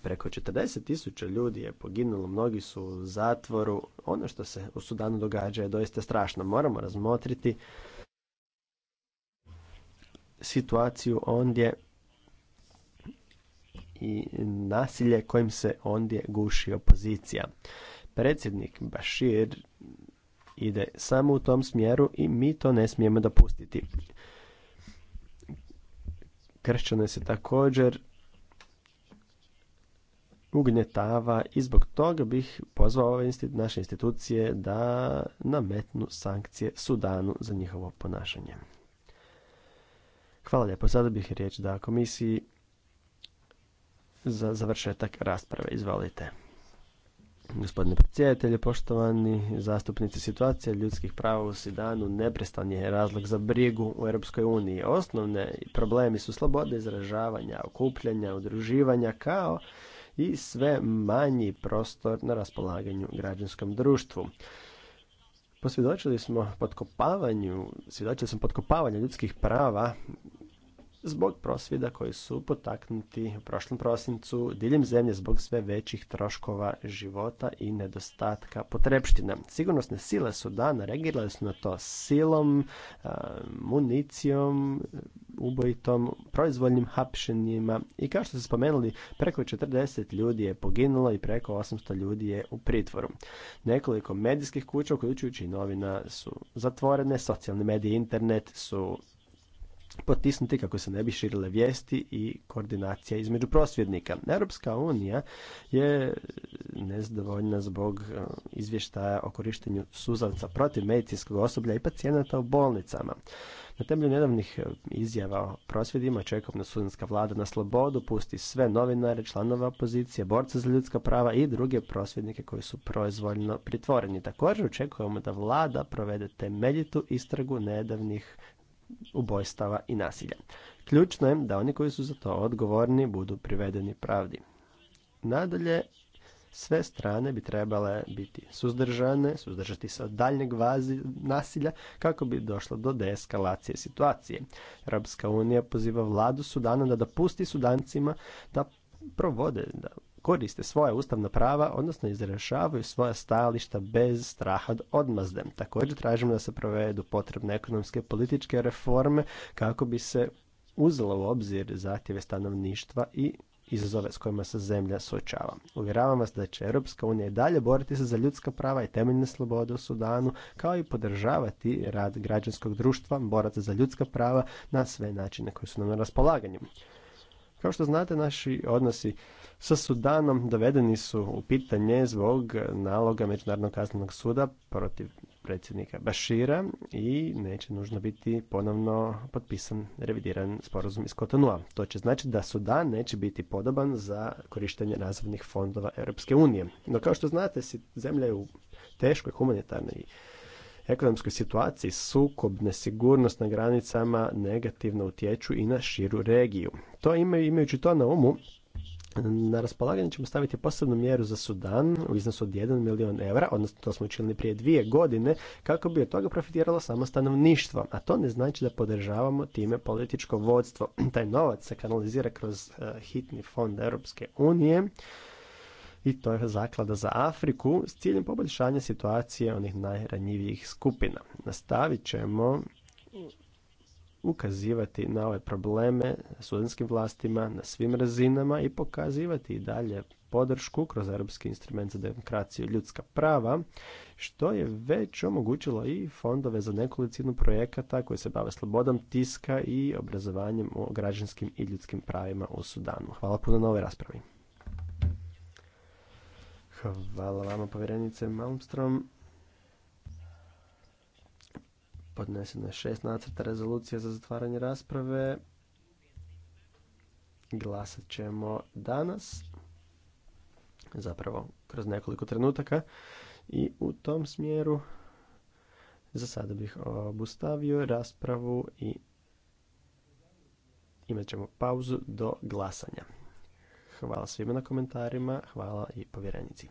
preko 40 tisuća ljudi je poginulo, mnogi su u zatvoru. Ono što se u Sudanu događa je doista strašno. Moramo razmotriti situaciju ondje i nasilje kojim se ondje guši opozicija. Predsjednik Bashir ide samo u tom smjeru i mi to ne smijemo dopustiti. Kršćane se također ugnjetava i zbog toga bih pozvao ove naše institucije da nametnu sankcije Sudanu za njihovo ponašanje. Hvala lijepo. Sada bih riječ da komisiji za završetak rasprave. Izvolite. Gospodine predsjedatelje, poštovani zastupnici, situacija ljudskih prava u Sudanu neprestan je razlog za brigu u Europskoj uniji. Osnovne problemi su slobode izražavanja, okupljanja, udruživanja kao i sve manji prostor na raspolaganju građanskom društvu. Posvjedočili smo podkopavanju svjedočili smo potkopavanju ljudskih prava zbog prosvjeda koji su potaknuti u prošlom prosincu diljem zemlje zbog sve većih troškova života i nedostatka potrepština. Sigurnosne sile su su reagirale su na to silom, e, municijom, ubojitom, proizvoljnim hapšenjima i kao što ste spomenuli, preko 40 ljudi je poginulo i preko 800 ljudi je u pritvoru. Nekoliko medijskih kuća, uključujući i novina, su zatvorene, socijalni medije i internet su potisnuti kako se ne bi širile vijesti i koordinacija između prosvjednika. Europska unija je nezadovoljna zbog e, izvještaja o korištenju suzavca protiv medicinskog osoblja i pacijenata u bolnicama. Na temelju nedavnih e, izjava o prosvjedima čekovna sudanska vlada na slobodu pusti sve novinare, članova opozicije, borce za ljudska prava i druge prosvjednike koji su proizvoljno pritvoreni. Također očekujemo da vlada provede temeljitu istragu nedavnih ubojstava i nasilja. Ključno je da oni koji su za to odgovorni budu privedeni pravdi. Nadalje, sve strane bi trebale biti suzdržane, suzdržati se od daljnjeg vazi nasilja kako bi došlo do deeskalacije situacije. Europska unija poziva vladu Sudana da dopusti Sudancima da provode, da koriste svoja ustavna prava, odnosno izrašavaju svoja stajališta bez straha od odmazdem. Također tražimo da se provedu potrebne ekonomske i političke reforme kako bi se uzelo u obzir zahtjeve stanovništva i izazove s kojima se zemlja suočava. Uvjeravam vas da će Europska unija i dalje boriti se za ljudska prava i temeljne slobode u Sudanu, kao i podržavati rad građanskog društva, boraca za ljudska prava na sve načine koji su nam na raspolaganju. Kao što znate, naši odnosi sa Sudanom dovedeni su u pitanje zbog naloga Međunarodnog kaznenog suda protiv predsjednika Bašira i neće nužno biti ponovno potpisan revidiran sporazum iz Kotonua. To će znači da Sudan neće biti podoban za korištenje razvojnih fondova Europske unije. No kao što znate, zemlja je u teškoj humanitarnoj i ekonomskoj situaciji sukob, nesigurnost na granicama negativno utječu i na širu regiju. To imajući to na umu, na raspolaganje ćemo staviti posebnu mjeru za Sudan u iznosu od 1 milijun eura, odnosno to smo učinili prije dvije godine, kako bi od toga profitiralo samo stanovništvo. A to ne znači da podržavamo time političko vodstvo. <clears throat> Taj novac se kanalizira kroz e, hitni fond Europske unije i to je zaklada za Afriku s ciljem poboljšanja situacije onih najranjivijih skupina. Nastavit ćemo ukazivati na ove probleme sudanskim vlastima na svim razinama i pokazivati i dalje podršku kroz Europski instrument za demokraciju i ljudska prava, što je već omogućilo i fondove za nekolicinu projekata koji se bave slobodom tiska i obrazovanjem o građanskim i ljudskim pravima u Sudanu. Hvala puno na ovoj raspravi. Hvala vama povjerenice Malmstrom. Podneseno je šest nacrta rezolucija za zatvaranje rasprave. Glasat ćemo danas, zapravo kroz nekoliko trenutaka. I u tom smjeru za sada bih obustavio raspravu i imat ćemo pauzu do glasanja. Hvala svima na komentarima, hvala i povjerenici.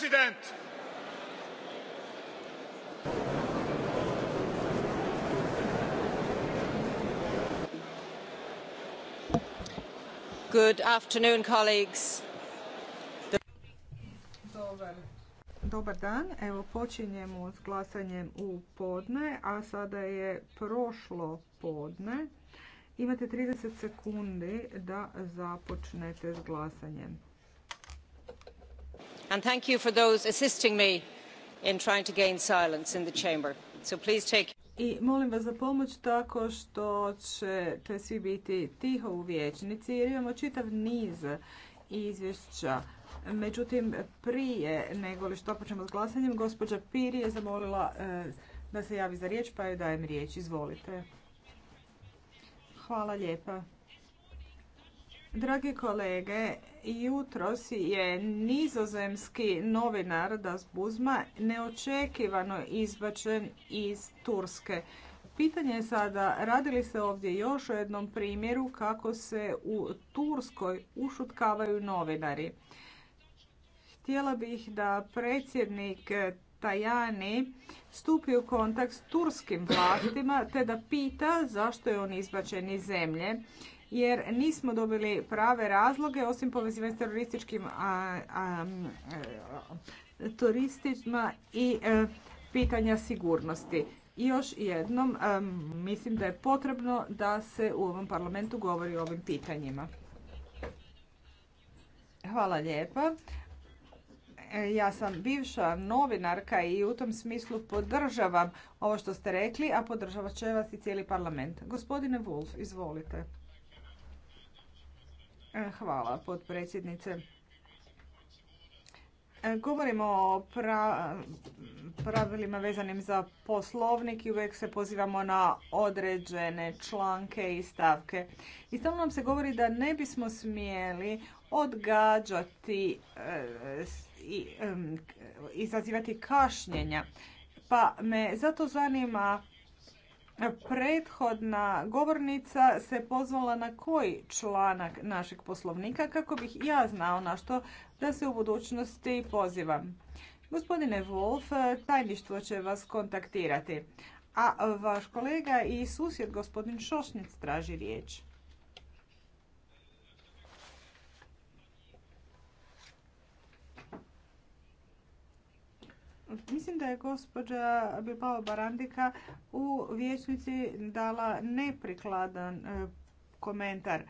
president! Good afternoon, colleagues. Dobar dan, evo počinjemo s glasanjem u podne, a sada je prošlo podne. Imate 30 sekundi da započnete s glasanjem and thank you for those assisting me in trying to gain silence in the chamber. So please take i molim vas za pomoć tako što ćete svi biti tiho u vijećnici jer imamo čitav niz izvješća. Međutim, prije nego li što počnemo s glasanjem, gospođa Piri je zamolila e, da se javi za riječ, pa joj dajem riječ. Izvolite. Hvala lijepa. Dragi kolege, jutros je nizozemski novinar Das Buzma neočekivano izbačen iz Turske. Pitanje je sada, radi li se ovdje još o jednom primjeru kako se u Turskoj ušutkavaju novinari? Htjela bih da predsjednik Tajani stupi u kontakt s turskim vlastima te da pita zašto je on izbačen iz zemlje jer nismo dobili prave razloge osim povezivanja s terorističkim a, e, turistima i e, pitanja sigurnosti. I još jednom, e, mislim da je potrebno da se u ovom parlamentu govori o ovim pitanjima. Hvala lijepa. Ja sam bivša novinarka i u tom smislu podržavam ovo što ste rekli, a podržavat će vas i cijeli parlament. Gospodine Wolf, izvolite. E, hvala, potpredsjednice. E, govorimo o pravilima vezanim za poslovnik i uvijek se pozivamo na određene članke i stavke. I stalno nam se govori da ne bismo smjeli odgađati e, i izazivati kašnjenja. Pa me zato zanima Prethodna govornica se pozvala na koji članak našeg poslovnika kako bih ja znao na što da se u budućnosti pozivam. Gospodine Wolf, tajništvo će vas kontaktirati, a vaš kolega i susjed gospodin Šošnic traži riječ. Mislim da je gospođa Bilbao Barandika u vječnici dala neprikladan e, komentar.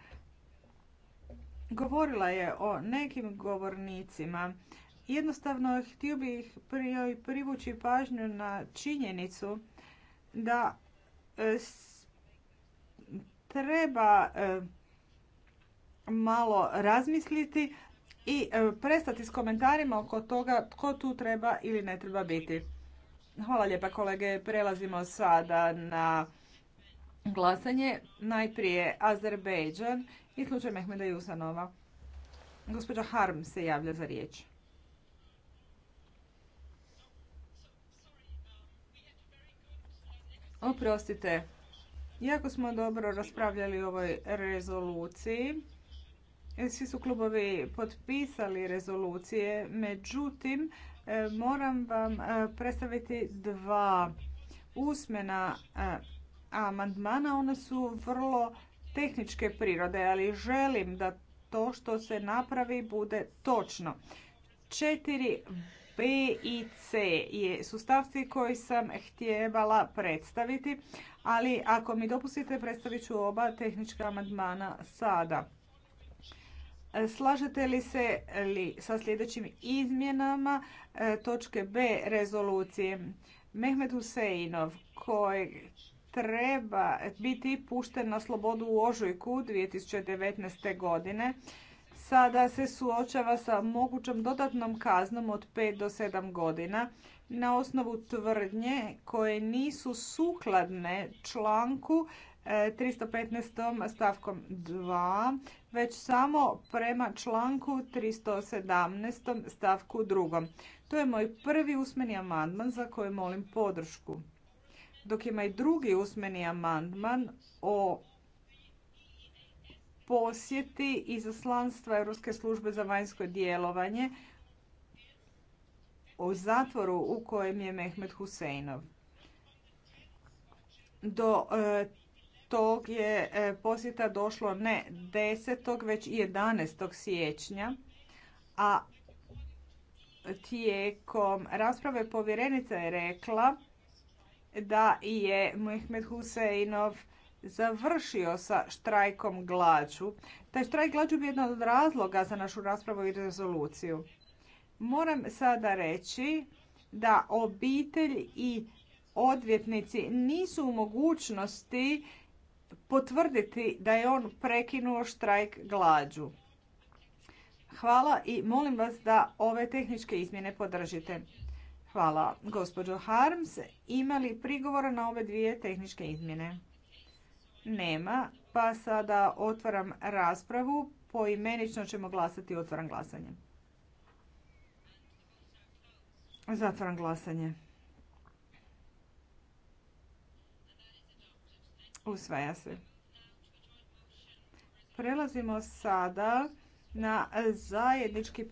Govorila je o nekim govornicima. Jednostavno, htio bih privući pažnju na činjenicu da e, treba e, malo razmisliti i e, prestati s komentarima oko toga tko tu treba ili ne treba biti. Hvala lijepa kolege. Prelazimo sada na glasanje. Najprije Azerbejdžan i slučaj Mehmeda Jusanova. Gospođa Harm se javlja za riječ. Oprostite, jako smo dobro raspravljali o ovoj rezoluciji. E, svi su klubovi potpisali rezolucije, međutim e, moram vam e, predstaviti dva usmena amandmana. Ona su vrlo tehničke prirode, ali želim da to što se napravi bude točno. 4b i c su stavci koji sam htjevala predstaviti, ali ako mi dopustite predstavit ću oba tehnička amandmana sada. Slažete li se li sa sljedećim izmjenama e, točke B rezolucije? Mehmed Huseinov, koji treba biti pušten na slobodu u ožujku 2019. godine, sada se suočava sa mogućom dodatnom kaznom od 5 do 7 godina na osnovu tvrdnje koje nisu sukladne članku 315. stavkom 2, već samo prema članku 317. stavku 2. To je moj prvi usmeni amandman za koji molim podršku. Dok ima i drugi usmeni amandman o posjeti izaslanstva Europske službe za vanjsko djelovanje o zatvoru u kojem je Mehmet Huseinov. Do e, tog je e, posjeta došlo ne 10. već 11. siječnja, a tijekom rasprave povjerenica je rekla da je Mehmet Huseinov završio sa štrajkom glađu. Taj štrajk glađu bi jedan od razloga za našu raspravu i rezoluciju. Moram sada reći da obitelj i odvjetnici nisu u mogućnosti potvrditi da je on prekinuo štrajk glađu. Hvala i molim vas da ove tehničke izmjene podržite. Hvala, gospođo Harms. Ima li prigovora na ove dvije tehničke izmjene? Nema, pa sada otvaram raspravu. Poimenično ćemo glasati. otvoran glasanje. Zatvaram glasanje. Usvaja se. Prelazimo sada na zajednički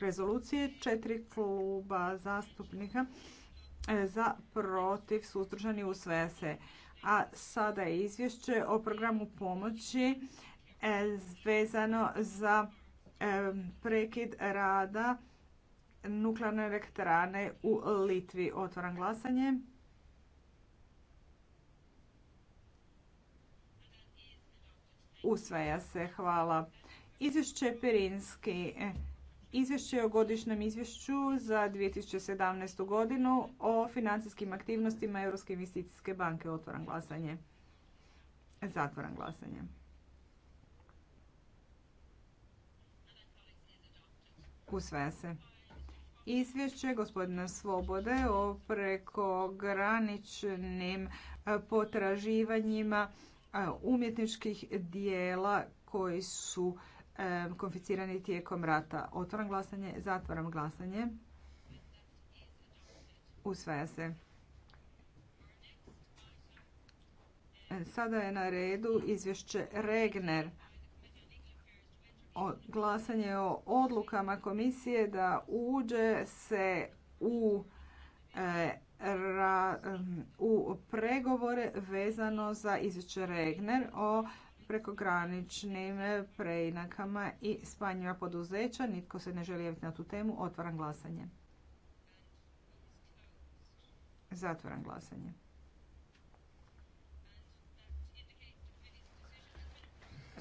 rezolucije četiri kluba zastupnika e, za protiv suzdržani usvaja se. A sada je izvješće o programu pomoći e, vezano za e, prekid rada nuklearne elektrane u Litvi. Otvaram glasanje. Usvaja se. Hvala. Izvješće Perinski. Izvješće o godišnjem izvješću za 2017. godinu o financijskim aktivnostima Europske investicijske banke. Otvoran glasanje. Zatvoran glasanje. Usvaja se. Izvješće gospodina Svobode o prekograničnim potraživanjima umjetničkih dijela koji su konficirani tijekom rata. Otvaram glasanje, zatvaram glasanje. Usvaja se. E, sada je na redu izvješće Regner. glasanje o odlukama komisije da uđe se u e, u pregovore vezano za izvješće Regner o prekograničnim preinakama i spanjima poduzeća. Nitko se ne želi javiti na tu temu. Otvaram glasanje. Zatvaram glasanje.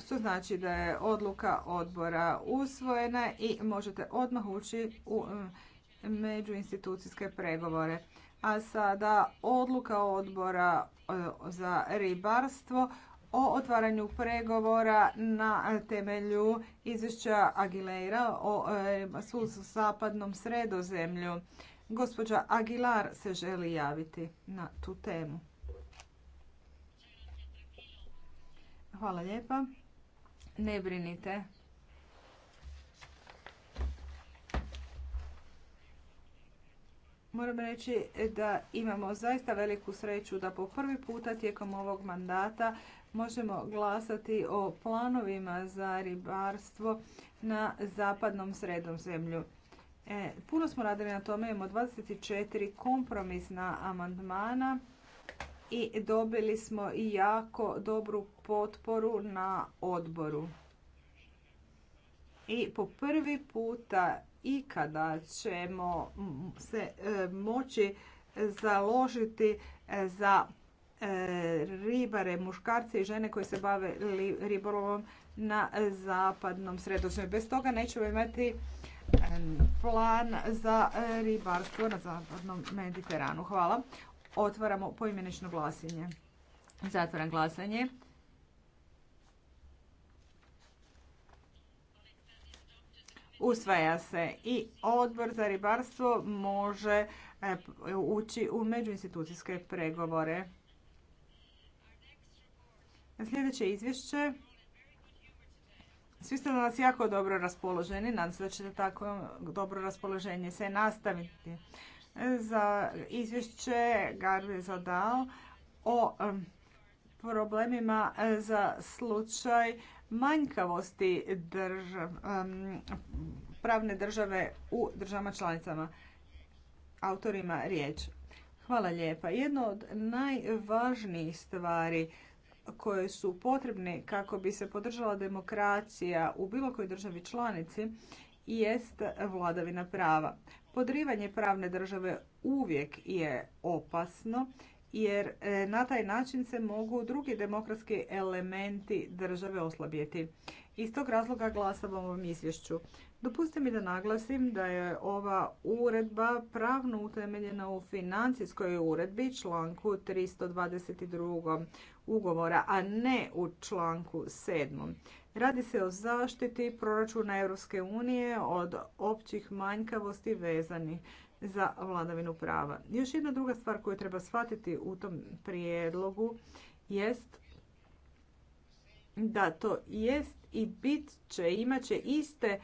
Što znači da je odluka odbora usvojena i možete odmah ući u međuinstitucijske pregovore. A sada odluka odbora e, za ribarstvo o otvaranju pregovora na temelju izvješća agilera o e, suzu zapadnom sredozemlju. Gospođa Aguilar se želi javiti na tu temu. Hvala lijepa. Ne brinite. Moram reći da imamo zaista veliku sreću da po prvi puta tijekom ovog mandata možemo glasati o planovima za ribarstvo na zapadnom sredom zemlju. E, puno smo radili na tome, imamo 24 kompromisna amandmana i dobili smo i jako dobru potporu na odboru. I po prvi puta kada ćemo se e, moći založiti e, za e, ribare, muškarce i žene koji se bave ribolovom na zapadnom sredozemlju. Bez toga nećemo imati plan za ribarstvo na zapadnom Mediteranu. Hvala. Otvaramo poimenično glasanje. Zatvaram glasanje. usvaja se i odbor za ribarstvo može e, ući u međuinstitucijske pregovore. Sljedeće izvješće. Svi ste nas jako dobro raspoloženi. Nadam se da ćete tako dobro raspoloženje se nastaviti. E, za izvješće Garve zadao o problemima e, za slučaj manjkavosti pravne države u državama članicama. Autorima riječ. Hvala lijepa. Jedna od najvažnijih stvari koje su potrebne kako bi se podržala demokracija u bilo kojoj državi članici jest vladavina prava. Podrivanje pravne države uvijek je opasno jer e, na taj način se mogu drugi demokratski elementi države oslabjeti. Iz tog razloga glasam o ovom izvješću. Dopustite mi da naglasim da je ova uredba pravno utemeljena u financijskoj uredbi članku 322. ugovora, a ne u članku 7. Radi se o zaštiti proračuna EU od općih manjkavosti vezanih za vladavinu prava. Još jedna druga stvar koju treba shvatiti u tom prijedlogu jest da to jest i bit će, imat će iste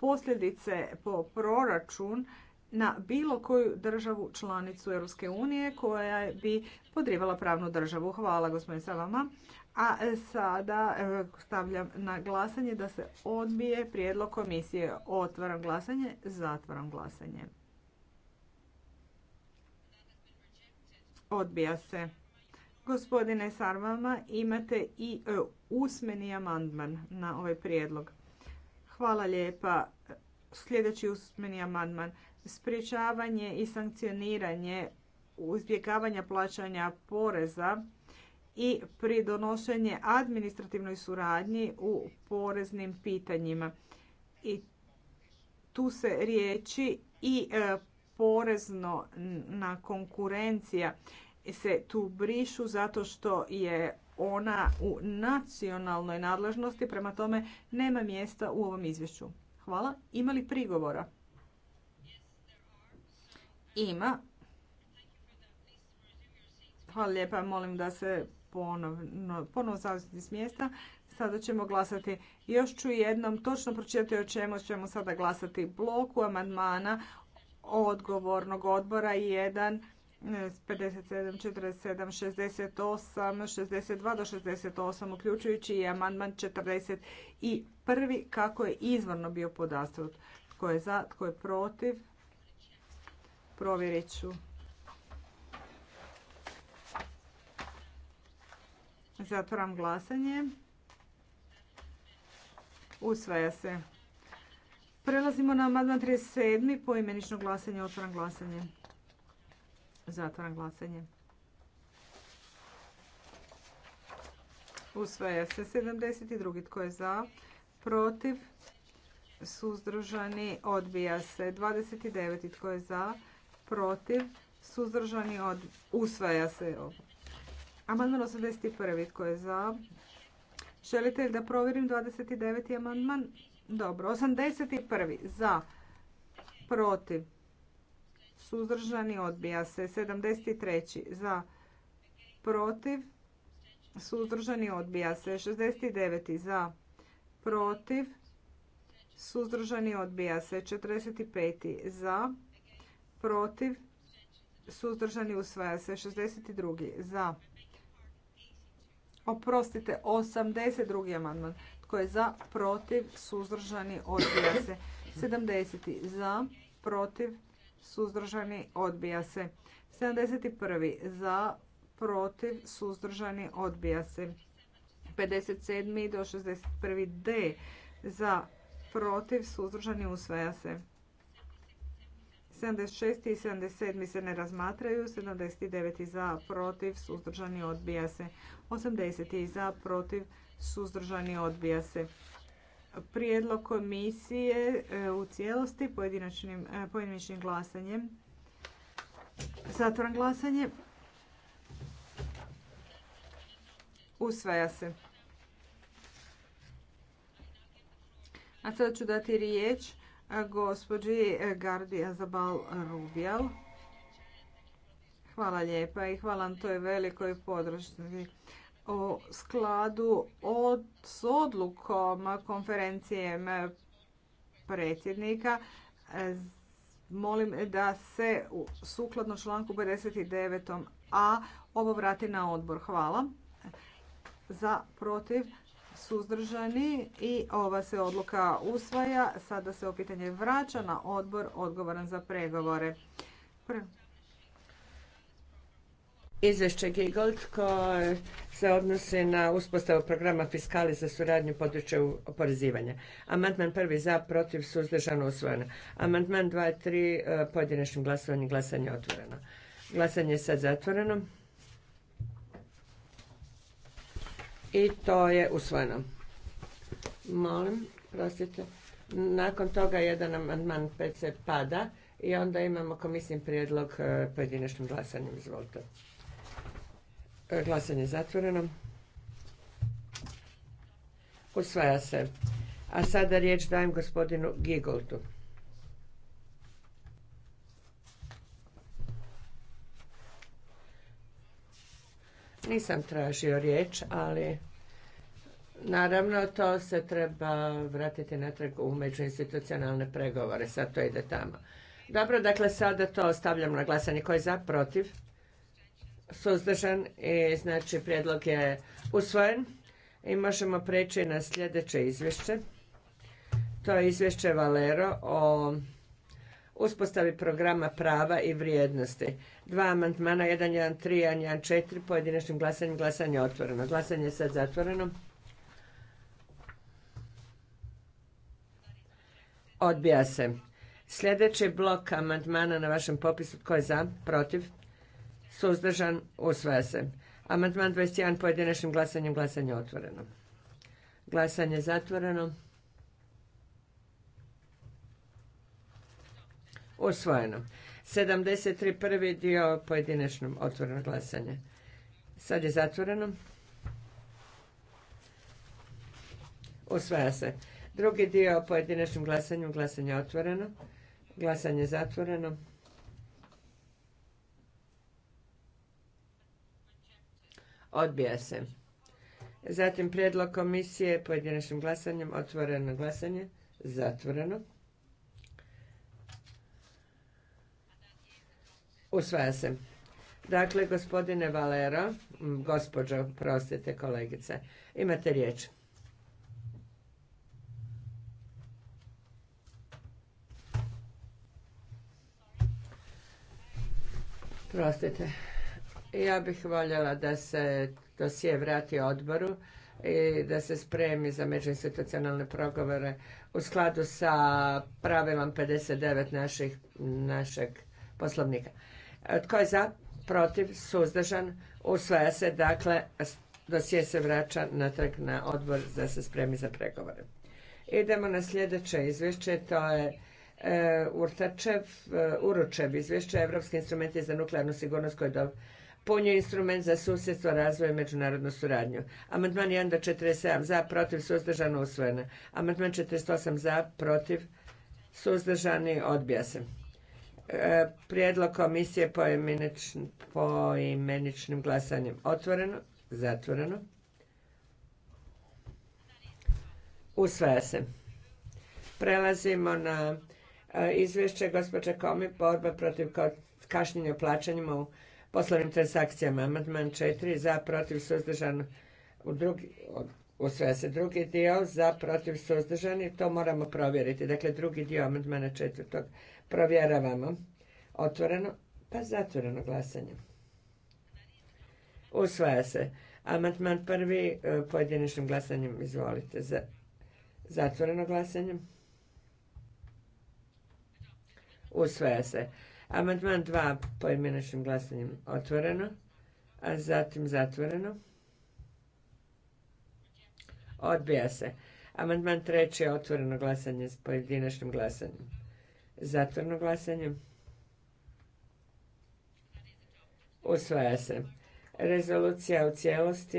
posljedice po proračun na bilo koju državu članicu Europske unije koja bi podrivala pravnu državu. Hvala gospodine sa vama. A sada stavljam na glasanje da se odbije prijedlog komisije. Otvaram glasanje, zatvaram glasanje. Odbija se. Gospodine Sarvama, imate i e, usmeni amandman na ovaj prijedlog. Hvala lijepa. Sljedeći usmeni amandman. Spriječavanje i sankcioniranje uzbjegavanja plaćanja poreza i pridonošenje administrativnoj suradnji u poreznim pitanjima. I tu se riječi i e, porezno na konkurencija se tu brišu zato što je ona u nacionalnoj nadležnosti, prema tome nema mjesta u ovom izvješću. Hvala. Ima li prigovora? Ima. Hvala lijepa, molim da se ponovno, ponovno s mjesta. Sada ćemo glasati. Još ću jednom točno pročitati o čemu ćemo sada glasati bloku amandmana odgovornog odbora 1 57, 47, 68, 62 do 68, uključujući i amandman prvi kako je izvorno bio podastrut. Tko je za, tko je protiv? Provjerit ću. Zatvoram glasanje. Usvaja se. Prelazimo na amandman 37. poimenično glasanje. Otvaram glasanje. Zatvaram glasanje. Usvaja se 72. Tko je za? Protiv? Suzdržani? Odbija se. 29. Tko je za? Protiv? Suzdržani? Od... Usvaja se. Amandman 81. Tko je za? Želite li da provjerim 29. amandman? Dobro, 81. za, protiv, suzdržani, odbija se. 73. za, protiv, suzdržani, odbija se. 69. za, protiv, suzdržani, odbija se. 45. za, protiv, suzdržani, usvaja se. 62. za, oprostite, 82. amandman. Tko je za, protiv, suzdržani, odbija se. 70. za, protiv, suzdržani, odbija se. 71. za, protiv, suzdržani, odbija se. 57. do 61. d za, protiv, suzdržani, usvaja se. 76. i 77. se ne razmatraju, 79. za, protiv, suzdržani, odbija se. 80. za, protiv, suzdržani odbija se. Prijedlog komisije e, u cijelosti pojedinačnim, e, glasanjem. Zatvoran glasanje. Usvaja se. A sada ću dati riječ e, gospođi Gardija Zabal Rubijal. Hvala lijepa i hvala na toj velikoj podršci. O skladu od, s odlukom konferencije predsjednika molim da se sukladno članku 59. a ovo vrati na odbor. Hvala. Za protiv suzdržani i ova se odluka usvaja. Sada se opitanje pitanje vraća na odbor odgovoran za pregovore. Izvješće Gigold koje se odnosi na uspostavu programa fiskali za suradnju područja oporezivanja. Amandman prvi za, protiv, suzdržano, usvojeno. Amandman 2 i 3 e, pojedinačnim glasovanjem glasanje otvoreno. Glasanje je sad zatvoreno. I to je usvojeno. Molim, prostite. Nakon toga jedan amandman se pada i onda imamo mislim prijedlog e, pojedinačnim glasanjem. Izvolite. Glasanje je zatvoreno. Usvaja se. A sada riječ dajem gospodinu Gigoltu. Nisam tražio riječ, ali naravno to se treba vratiti natrag u međuinstitucionalne pregovore. Sad to ide tamo. Dobro, dakle sada to ostavljam na glasanje. Ko je za, protiv? suzdržan i znači prijedlog je usvojen. I možemo preći na sljedeće izvješće. To je izvješće Valero o uspostavi programa prava i vrijednosti. Dva amantmana, 1.1.3 i 1.1.4, pojedinačnim glasanjem, glasanje je otvoreno. Glasanje je sad zatvoreno. Odbija se. Sljedeći blok amandmana na vašem popisu, tko je za, protiv, Suzdržan? Usvaja se. Amandman 21. Pojedinačnim glasanjem. Glasanje otvoreno. Glasanje zatvoreno. Usvojeno. 73. prvi dio pojedinačnom otvoreno glasanje. Sad je zatvoreno. Usvaja se. Drugi dio pojedinačnom glasanju. Glasanje otvoreno. Glasanje zatvoreno. Odbija se. Zatim prijedlog komisije pojedinačnim glasanjem, otvoreno glasanje, zatvoreno. Usvaja se. Dakle, gospodine Valero, gospođo, prostite kolegice, imate riječ. Prostite. Ja bih voljela da se dosije vrati odboru i da se spremi za međuinstitucionalne progovore u skladu sa pravilom 59 naših, našeg poslovnika. E, tko je za, protiv, suzdržan, usvaja se, dakle, dosije se vraća natrag na odbor da se spremi za pregovore. Idemo na sljedeće izvješće, to je e, Urtačev, e, Uručev izvješće Evropski instrumenti za nuklearnu sigurnost koji je Punje instrument za susjedstvo, razvoj i međunarodnu suradnju. Amandman 1 do 47 za, protiv, suzdržano, usvojeno. Amandman 48 za, protiv, suzdržani, odbija se. E, prijedlog komisije po imeničnim glasanjem otvoreno, zatvoreno. Usvaja se. Prelazimo na e, izvješće gospođe Komi, borba protiv kašnjenja plaćanjima u poslovnim transakcijama. Amandman četiri, za protiv suzdržan u drugi, usvaja se drugi dio za protiv suzdržani. To moramo provjeriti. Dakle, drugi dio amandmana četvrtog provjeravamo. Otvoreno pa zatvoreno glasanje. Usvaja se. Amandman prvi e, pojedinačnim glasanjem izvolite. Za, zatvoreno glasanje. Usvaja se. Amandman 2 pojedinačnim glasanjem otvoreno, a zatim zatvoreno. Odbija se. Amandman 3 je otvoreno glasanje s pojedinačnim glasanjem. Zatvoreno glasanje. Usvaja se. Rezolucija u cijelosti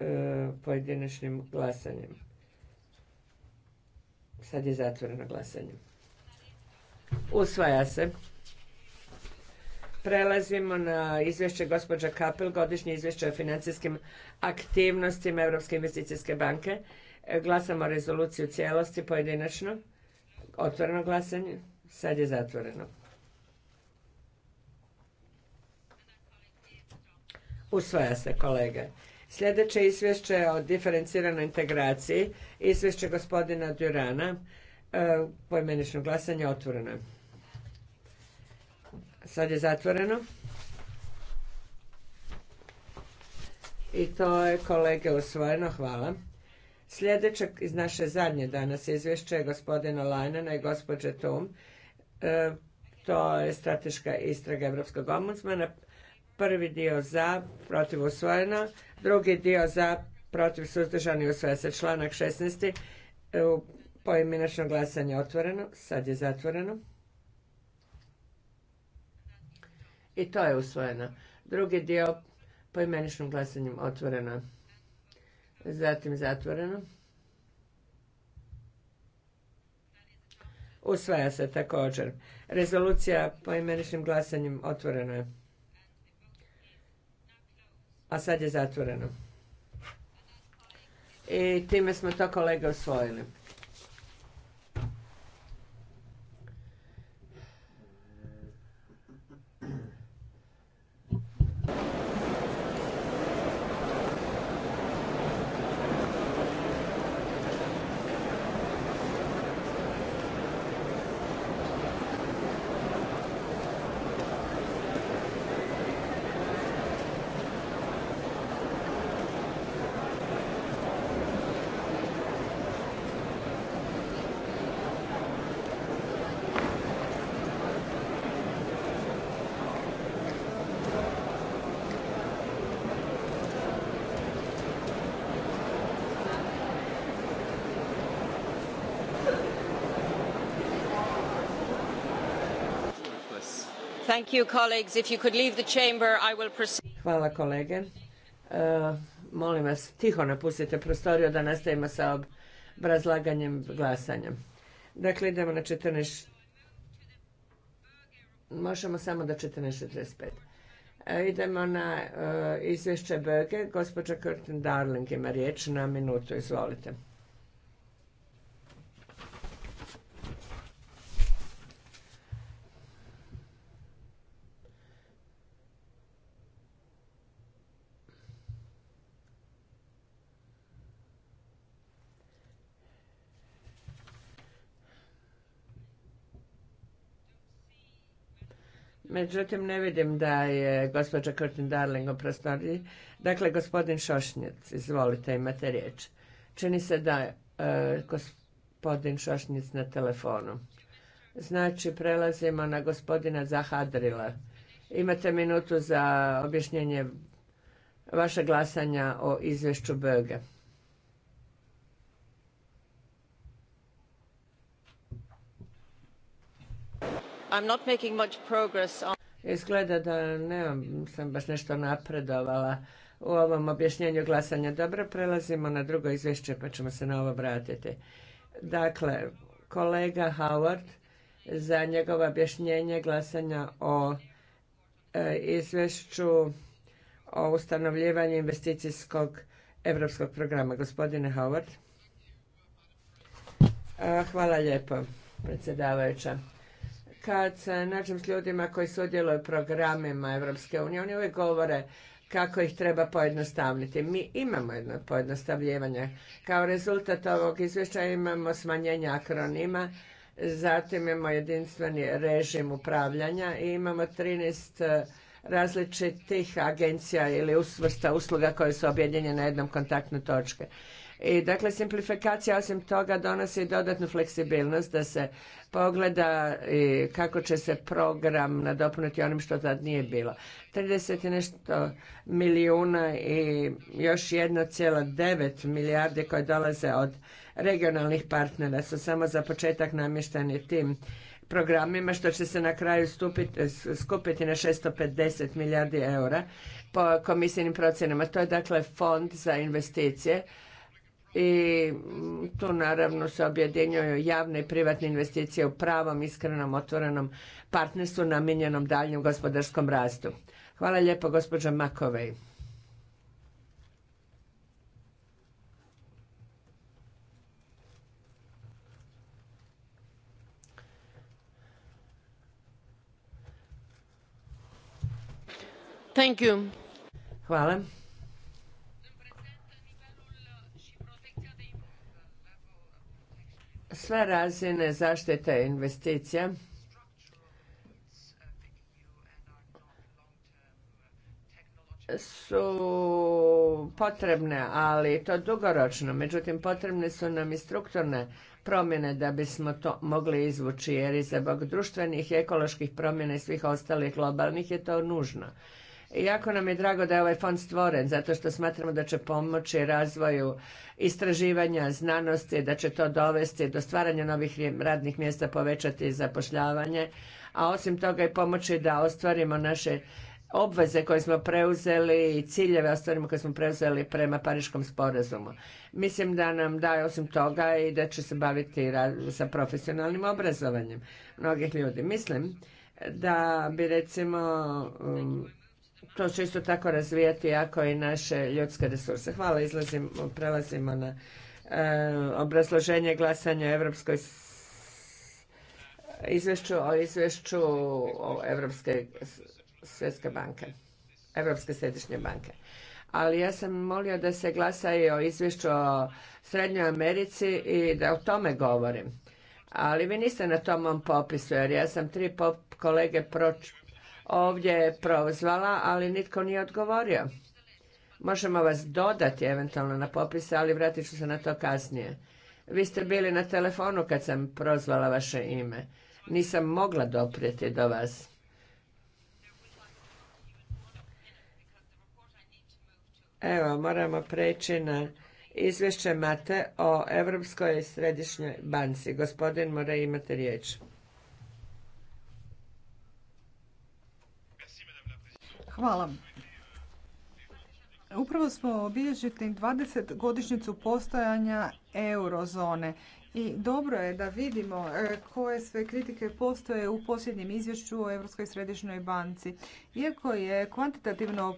e, pojedinačnim glasanjem. Sad je zatvoreno glasanje. Usvaja se. Prelazimo na izvješće gospođa Kapel, godišnje izvješće o financijskim aktivnostima Europske investicijske banke. E, glasamo rezoluciju cijelosti pojedinačno. Otvoreno glasanje. Sad je zatvoreno. Usvaja se, kolege. Sljedeće izvješće je o diferenciranoj integraciji. Izvješće gospodina Durana. E, Pojmenično glasanje otvoreno Sad je zatvoreno. I to je kolege usvojeno, hvala. Sljedeće iz naše zadnje danas izvješće je gospodina Lajnana i gospođe Tum. E, to je strateška istraga Evropskog ombudsmana. Prvi dio za, protiv usvojeno. Drugi dio za, protiv suzdržani usvoja se članak 16. E, pojedinačno glasanje otvoreno, sad je zatvoreno. I to je usvojeno. Drugi dio poimeničnim glasanjem otvoreno. Zatim zatvoreno. Usvaja se također. Rezolucija poimeničnim glasanjem otvorena je. A sad je zatvoreno. I time smo to kolege usvojili. Hvala kolege. E, molim vas, tiho napustite prostoriju da nastavimo sa obrazlaganjem glasanja. Dakle, idemo na 14... Možemo samo do 14.45. E, idemo na e, izvješće Böge. Gospođa Curtin Darling ima riječ na minutu. Izvolite. Međutim, ne vidim da je gospođa Curtin Darling u prostoriji. Dakle, gospodin Šošnjac, izvolite, imate riječ. Čini se da je gospodin Šošnjac na telefonu. Znači, prelazimo na gospodina Zahadrila. Imate minutu za objašnjenje vaše glasanja o izvješću Böge. I'm not making much progress on... Izgleda da nemam, sam baš nešto napredovala u ovom objašnjenju glasanja. Dobro, prelazimo na drugo izvješće pa ćemo se na ovo vratiti. Dakle, kolega Howard za njegovo objašnjenje glasanja o e, izvješću o ustanovljivanju investicijskog europskog programa. Gospodine Howard. E, hvala lijepo, predsjedavajuća kad se nađem s ljudima koji sudjeluju u programima Europske unije, oni uvijek govore kako ih treba pojednostavniti. Mi imamo jedno pojednostavljivanje. Kao rezultat ovog izvješća imamo smanjenje akronima, zatim imamo jedinstveni režim upravljanja i imamo 13 e, različitih agencija ili usvrsta usluga koje su objedinjene na jednom kontaktnu točki i dakle, simplifikacija osim toga donosi dodatnu fleksibilnost da se pogleda e, kako će se program nadopuniti onim što tad nije bilo. 30 i nešto milijuna i još 1,9 milijarde koje dolaze od regionalnih partnera su samo za početak namještani tim programima što će se na kraju e, skupiti na 650 milijardi eura po komisijnim procjenama. To je dakle fond za investicije i tu naravno se objedinjuju javne i privatne investicije u pravom, iskrenom, otvorenom partnerstvu namijenjenom daljnjem gospodarskom rastu. Hvala lijepo gospođa Makovej. Thank you. Hvala. sve razine zaštite investicija su potrebne, ali to dugoročno. Međutim, potrebne su nam i strukturne promjene da bismo to mogli izvući, jer i zbog društvenih i ekoloških promjena i svih ostalih globalnih je to nužno. Jako nam je drago da je ovaj fond stvoren, zato što smatramo da će pomoći razvoju istraživanja, znanosti, da će to dovesti do stvaranja novih radnih mjesta, povećati zapošljavanje, a osim toga i pomoći da ostvarimo naše obveze koje smo preuzeli i ciljeve ostvarimo koje smo preuzeli prema Pariškom sporazumu. Mislim da nam daje osim toga i da će se baviti sa profesionalnim obrazovanjem mnogih ljudi. Mislim da bi recimo um, to će isto tako razvijati jako i naše ljudske resurse. Hvala, izlazimo, prelazimo na e, obrazloženje glasanja o Evropskoj izvješću o izvješću o Evropske svjetske banke, Evropske središnje banke. Ali ja sam molio da se glasa i o izvješću o Srednjoj Americi i da o tome govorim. Ali vi niste na tom mom popisu, jer ja sam tri kolege proč, ovdje prozvala, ali nitko nije odgovorio. Možemo vas dodati eventualno na popise, ali vratit ću se na to kasnije. Vi ste bili na telefonu kad sam prozvala vaše ime. Nisam mogla doprijeti do vas. Evo, moramo preći na izvješće Mate o Europskoj središnjoj banci. Gospodin mora imati riječ. Hvala. Upravo smo obilježiti 20 godišnjicu postojanja eurozone i dobro je da vidimo e, koje sve kritike postoje u posljednjem izvješću o Europskoj središnjoj banci. Iako je kvantitativno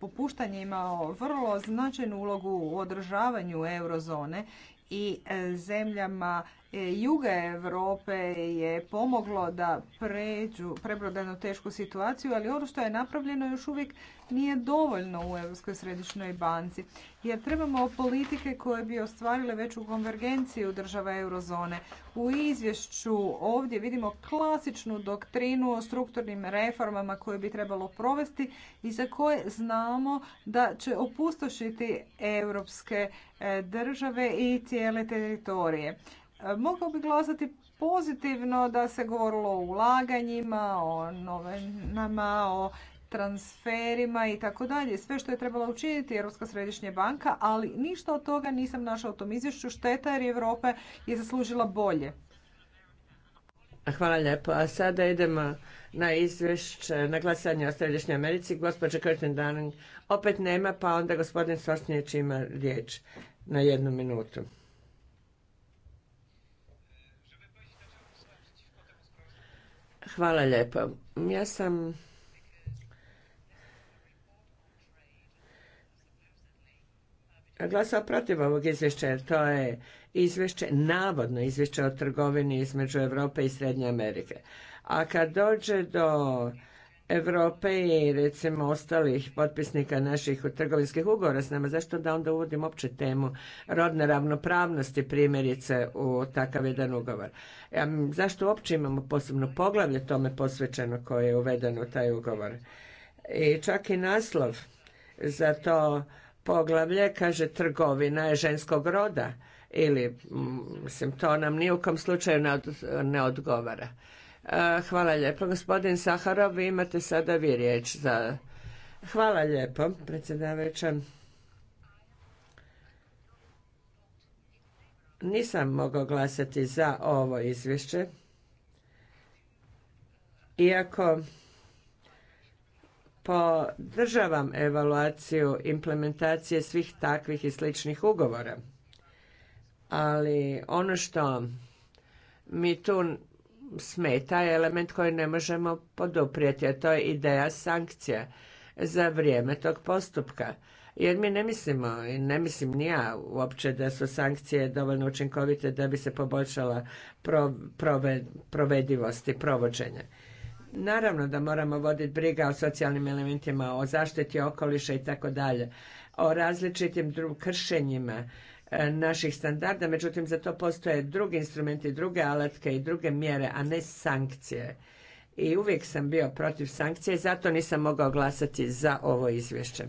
popuštanje imao vrlo značajnu ulogu u održavanju eurozone i e, zemljama e, juga Europe je pomoglo da pređu prebrodanu tešku situaciju, ali ono što je napravljeno još uvijek nije dovoljno u Europskoj središnjoj banci jer trebamo politike koje bi ostvarile veću konvergenciju država eurozone. U izvješću ovdje vidimo klasičnu doktrinu o strukturnim reformama koje bi trebalo provesti i za koje znamo da će opustošiti europske e, države i cijele teritorije. E, Mogao bi glasati pozitivno da se govorilo o ulaganjima, o novinama, o transferima i tako dalje. Sve što je trebala učiniti Europska središnja banka, ali ništa od toga nisam našla u tom izvješću. Šteta jer Europe je zaslužila bolje. Hvala lijepo. A sada idemo na izvješće, na glasanje o Središnjoj Americi. Gospodin Curtin Dunning opet nema, pa onda gospodin Sosnijeć ima riječ na jednu minutu. Hvala lijepo. Ja sam glasao protiv ovog izvješća jer to je izvješće, navodno izvješće o trgovini između Europe i Srednje Amerike. A kad dođe do Europe i recimo ostalih potpisnika naših trgovinskih ugovora s nama, zašto da onda uvodim opće temu rodne ravnopravnosti primjerice u takav jedan ugovor? E, zašto uopće imamo posebno poglavlje tome posvećeno koje je uvedeno u taj ugovor? I čak i naslov za to poglavlje kaže trgovina je ženskog roda ili mislim to nam ni u kom slučaju ne, odgovara. E, hvala lijepo. Gospodin Saharov, vi imate sada vi riječ za... Hvala lijepo, predsjedavajuća. Nisam mogao glasati za ovo izvješće, iako podržavam evaluaciju implementacije svih takvih i sličnih ugovora. Ali ono što mi tu smeta je element koji ne možemo poduprijeti, a to je ideja sankcija za vrijeme tog postupka. Jer mi ne mislimo, i ne mislim ni ja uopće da su sankcije dovoljno učinkovite da bi se poboljšala provođenja. provedivost i provođenje. Naravno da moramo voditi briga o socijalnim elementima, o zaštiti okoliša i tako dalje, o različitim kršenjima e, naših standarda, međutim za to postoje drugi instrumenti, druge alatke i druge mjere, a ne sankcije. I uvijek sam bio protiv sankcije i zato nisam mogao glasati za ovo izvješće.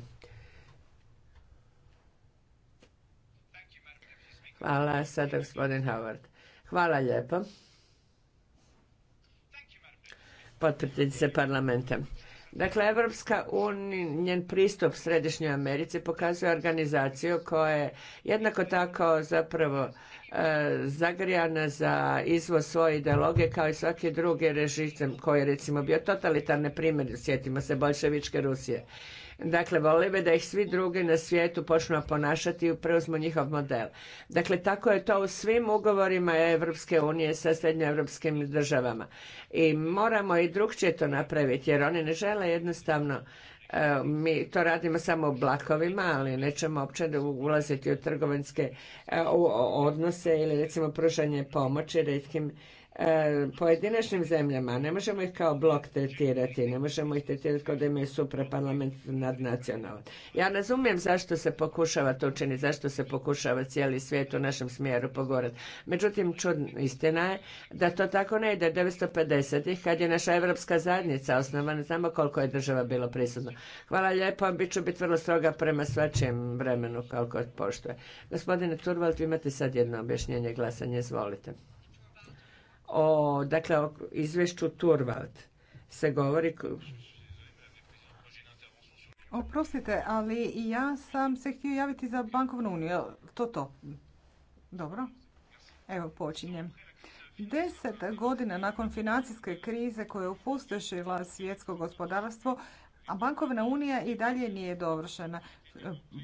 Hvala, sada gospodin Howard. Hvala lijepo potpredsjednice parlamenta. Dakle, Evropska unija, njen pristup Središnjoj Americi pokazuje organizaciju koja je jednako tako zapravo e, zagrijana za izvoz svoje ideologije kao i svaki drugi režim koji je recimo bio totalitarne primjer, sjetimo se bolševičke Rusije. Dakle, vole bi da ih svi drugi na svijetu počnu ponašati i preuzmu njihov model. Dakle, tako je to u svim ugovorima Evropske unije sa srednjoevropskim državama. I moramo i drugčije to napraviti, jer oni ne žele jednostavno e, mi to radimo samo u blakovima, ali nećemo uopće ulaziti u trgovinske e, odnose ili recimo pružanje pomoći redkim E, pojedinačnim zemljama, ne možemo ih kao blok tretirati, ne možemo ih tretirati kao da imaju supraparlament nadnacionalan. Ja razumijem zašto se pokušava to učiniti, zašto se pokušava cijeli svijet u našem smjeru pogorati. Međutim, čudna istina je da to tako ne ide. 950-ih, kad je naša evropska zajednica osnovana, znamo koliko je država bilo prisutno. Hvala lijepo, bit ću biti vrlo stroga prema svačijem vremenu, koliko poštuje. Gospodine Turvald, imate sad jedno objašnjenje glasanje, izvolite o, dakle, o izvješću Turvald se govori... Oprostite, ali ja sam se htio javiti za bankovnu uniju. To to? Dobro. Evo, počinjem. Deset godina nakon financijske krize koja je opustošila svjetsko gospodarstvo, a bankovna unija i dalje nije dovršena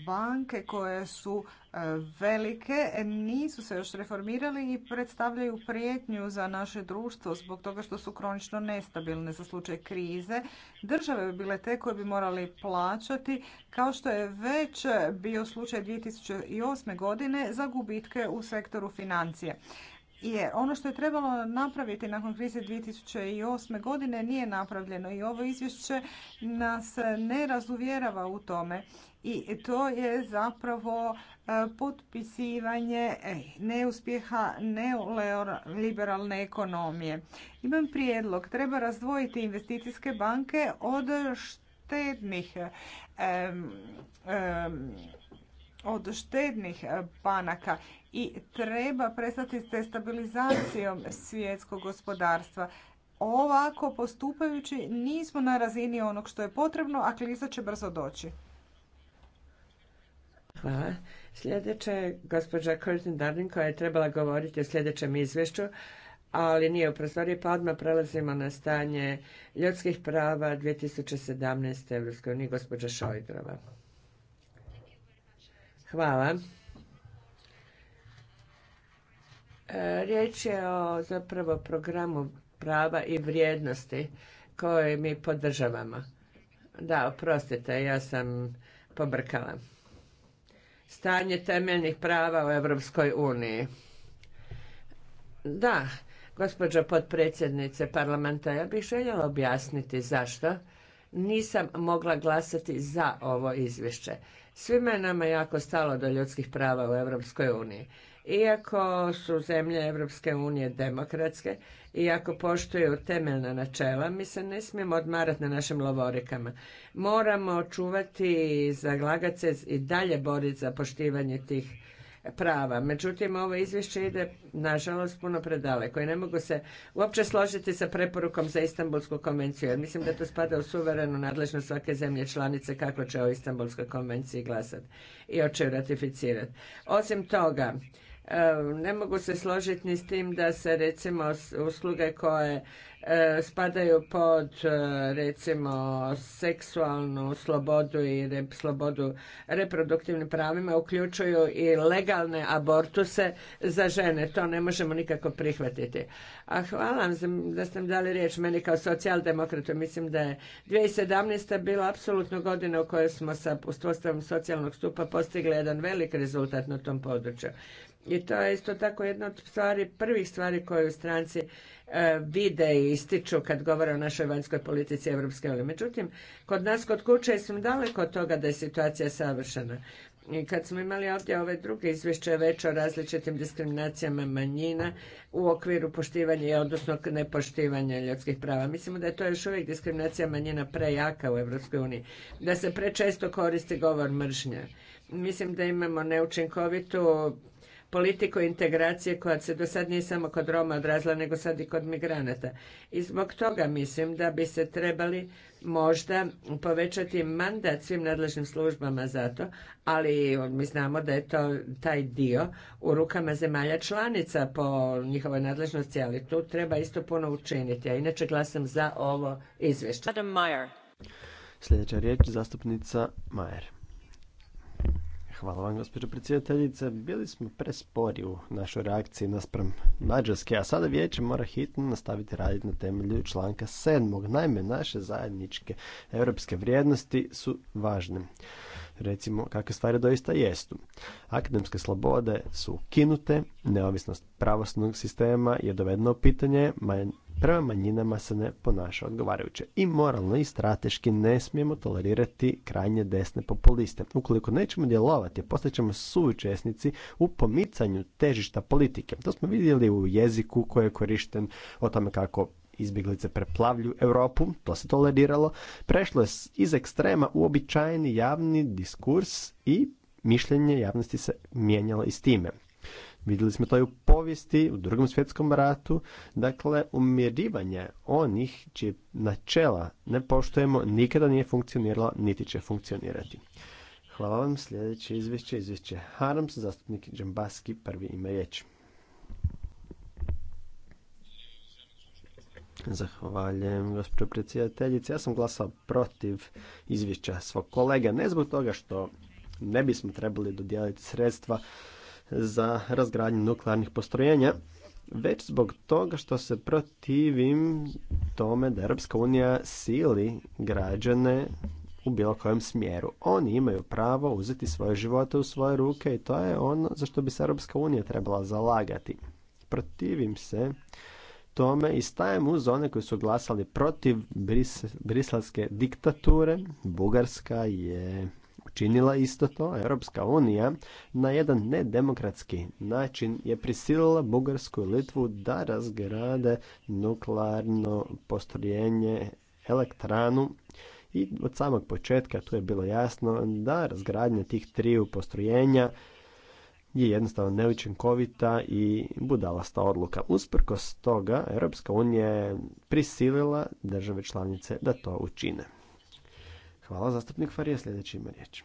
banke koje su e, velike nisu se još reformirali i predstavljaju prijetnju za naše društvo zbog toga što su kronično nestabilne za slučaj krize. Države bi bile te koje bi morali plaćati kao što je već bio slučaj 2008. godine za gubitke u sektoru financije. Jer ono što je trebalo napraviti nakon krize 2008. godine nije napravljeno i ovo izvješće nas ne razuvjerava u tome i to je zapravo e, potpisivanje e, neuspjeha neoliberalne ekonomije. Imam prijedlog, treba razdvojiti investicijske banke od štednih e, od štednih banaka i treba prestati s destabilizacijom svjetskog gospodarstva. Ovako postupajući nismo na razini onog što je potrebno, a kriza će brzo doći. Hvala. Sljedeća je gospođa Curtin Darling koja je trebala govoriti o sljedećem izvješću, ali nije u prostoriji, pa odmah prelazimo na stanje ljudskih prava 2017. Evropskoj uniji, gospođa Šojdrova. Hvala. E, riječ je o zapravo programu prava i vrijednosti koje mi podržavamo. Da, oprostite, ja sam pobrkala stanje temeljnih prava u Europskoj uniji. Da, gospođo potpredsjednice parlamenta, ja bih željela objasniti zašto nisam mogla glasati za ovo izvješće. Svima je nama jako stalo do ljudskih prava u Europskoj uniji. Iako su zemlje Europske unije demokratske, i ako poštuju temeljna načela, mi se ne smijemo odmarati na našim lovorikama. Moramo čuvati i i dalje boriti za poštivanje tih prava. Međutim, ovo izvješće ide, nažalost, puno predaleko i ne mogu se uopće složiti sa preporukom za Istanbulsku konvenciju, jer mislim da to spada u suverenu nadležnost svake zemlje članice kako će o Istanbulskoj konvenciji glasati i hoće ratificirati. Osim toga, Ehm, ne mogu se složiti ni s tim da se recimo usluge koje ehm, spadaju pod ehm, recimo seksualnu slobodu i slobodu reproduktivnim pravima uključuju i legalne abortuse za žene. To ne možemo nikako prihvatiti. A hvala da ste mi dali riječ meni kao socijaldemokratu. Mislim da je 2017. bila apsolutno godina u kojoj smo sa uspostavom socijalnog stupa postigli jedan velik rezultat na tom području. I to je isto tako jedna od stvari, prvih stvari koje stranci e, vide i ističu kad govore o našoj vanjskoj politici Evropske unije. Međutim, kod nas kod kuće smo daleko od toga da je situacija savršena. I kad smo imali ovdje ove druge izvješće već o različitim diskriminacijama manjina u okviru poštivanja, odnosno nepoštivanja ljudskih prava. Mislimo da je to još uvijek diskriminacija manjina prejaka u Evropskoj uniji, da se prečesto koristi govor mržnja. Mislim da imamo neučinkovitu politiku integracije koja se do sad nije samo kod Roma odrazila, nego sad i kod migranata. I zbog toga mislim da bi se trebali možda povećati mandat svim nadležnim službama za to, ali mi znamo da je to taj dio u rukama zemalja članica po njihovoj nadležnosti, ali tu treba isto puno učiniti. A ja inače glasam za ovo izvješće. Sljedeća riječ, zastupnica Majer. Hvala vam, gospođo predsjedateljice. Bili smo prespori u našoj reakciji naspram Mađarske, a sada vijeće mora hitno nastaviti raditi na temelju članka 7. Naime, naše zajedničke europske vrijednosti su važne. Recimo, kakve stvari doista jestu. Akademske slobode su kinute, neovisnost pravosnog sistema je dovedena pitanje, pitanje, prema manjinama se ne ponaša odgovarajuće. I moralno i strateški ne smijemo tolerirati krajnje desne populiste. Ukoliko nećemo djelovati, postaćemo suučesnici u pomicanju težišta politike. To smo vidjeli u jeziku koji je korišten o tome kako izbjeglice preplavlju Europu, to se toleriralo, prešlo je iz ekstrema u običajni javni diskurs i mišljenje javnosti se mijenjalo i s time. Vidjeli smo to i u povijesti, u drugom svjetskom ratu. Dakle, umirivanje onih čije načela ne poštujemo nikada nije funkcioniralo, niti će funkcionirati. Hvala vam. Sljedeće izvješće, izvješće Harams, zastupnik Džambaski, prvi ime riječ. Zahvaljujem, gospođo predsjedateljice. Ja sam glasao protiv izvješća svog kolega, ne zbog toga što ne bismo trebali dodijeliti sredstva za razgradnju nuklearnih postrojenja, već zbog toga što se protivim tome da Europska unija sili građane u bilo kojem smjeru. Oni imaju pravo uzeti svoje živote u svoje ruke i to je ono za što bi se Europska unija trebala zalagati. Protivim se tome i stajem uz one koji su glasali protiv bris, briselske diktature. Bugarska je Činila isto to, Europska unija na jedan nedemokratski način je prisilila Bugarsku i Litvu da razgrade nuklearno postrojenje elektranu i od samog početka tu je bilo jasno da razgradnja tih triju postrojenja je jednostavno neučinkovita i budalasta odluka. Usprkos toga, Europska unija je prisilila države članice da to učine. Hvala, zastupnik Farija, sljedeći ima riječ.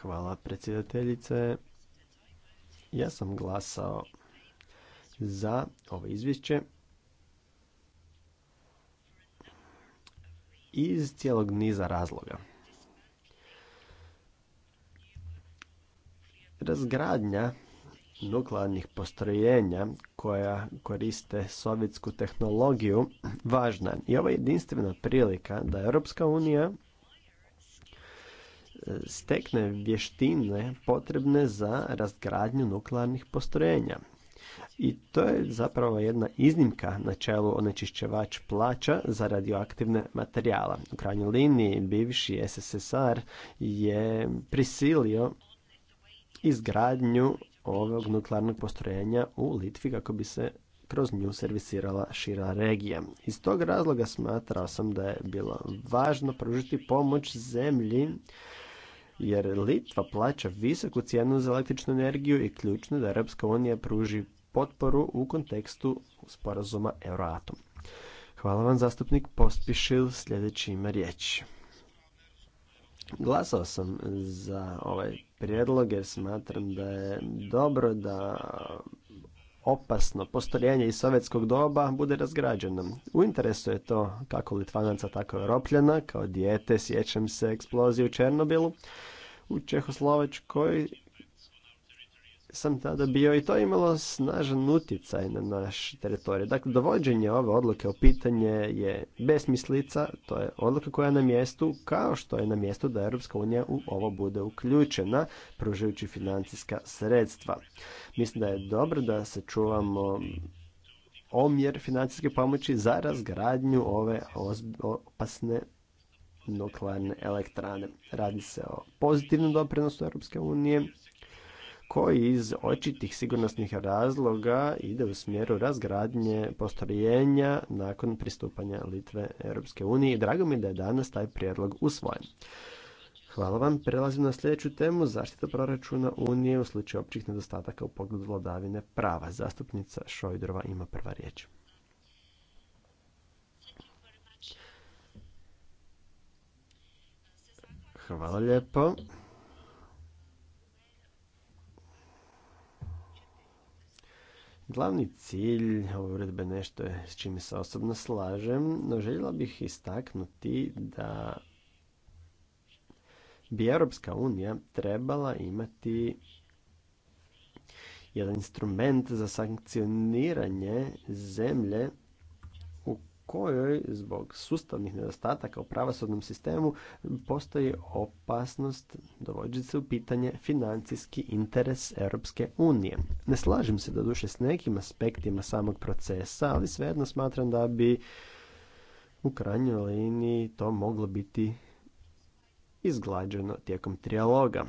Hvala, predsjedateljice. Ja sam glasao za ovo izvješće iz cijelog niza razloga. Razgradnja nuklearnih postrojenja koja koriste sovjetsku tehnologiju važna. I ovo je jedinstvena prilika da Europska unija e, stekne vještine potrebne za razgradnju nuklearnih postrojenja. I to je zapravo jedna iznimka na čelu onečišćevač plaća za radioaktivne materijala. U krajnjoj liniji bivši SSSR je prisilio izgradnju ovog nuklearnog postrojenja u Litvi kako bi se kroz nju servisirala šira regija. Iz tog razloga smatrao sam da je bilo važno pružiti pomoć zemlji jer Litva plaća visoku cijenu za električnu energiju i ključno da Europska unija pruži potporu u kontekstu sporazuma Euroatom. Hvala vam zastupnik Pospišil, sljedeći ima riječ. Glasao sam za ovaj prijedlog jer smatram da je dobro da opasno postrojenje iz sovjetskog doba bude razgrađeno. U interesu je to kako Litvanaca, tako i Europljana. Kao dijete sjećam se eksplozije u Černobilu u Čehoslovačkoj sam tada bio i to je imalo snažan utjecaj na naš teritorij. Dakle, dovođenje ove odluke o pitanje je besmislica, to je odluka koja je na mjestu, kao što je na mjestu da Europska unija u ovo bude uključena, pružajući financijska sredstva. Mislim da je dobro da se čuvamo omjer financijske pomoći za razgradnju ove opasne nuklearne elektrane. Radi se o pozitivnom doprinosu Europske unije koji iz očitih sigurnosnih razloga ide u smjeru razgradnje postrojenja nakon pristupanja Litve Europske unije. Drago mi je da je danas taj prijedlog usvojen. Hvala vam. Prelazim na sljedeću temu, zaštita proračuna Unije u slučaju općih nedostataka u pogledu vladavine prava. Zastupnica Šojdrova ima prva riječ. Hvala lijepo. Glavni cilj ove uredbe nešto je s čime se osobno slažem, no željela bih istaknuti da bi Europska unija trebala imati jedan instrument za sankcioniranje zemlje kojoj zbog sustavnih nedostataka u pravosudnom sistemu postoji opasnost dovođiti se u pitanje financijski interes Europske unije. Ne slažem se doduše s nekim aspektima samog procesa, ali svejedno smatram da bi u krajnjoj liniji to moglo biti izglađeno tijekom trijaloga.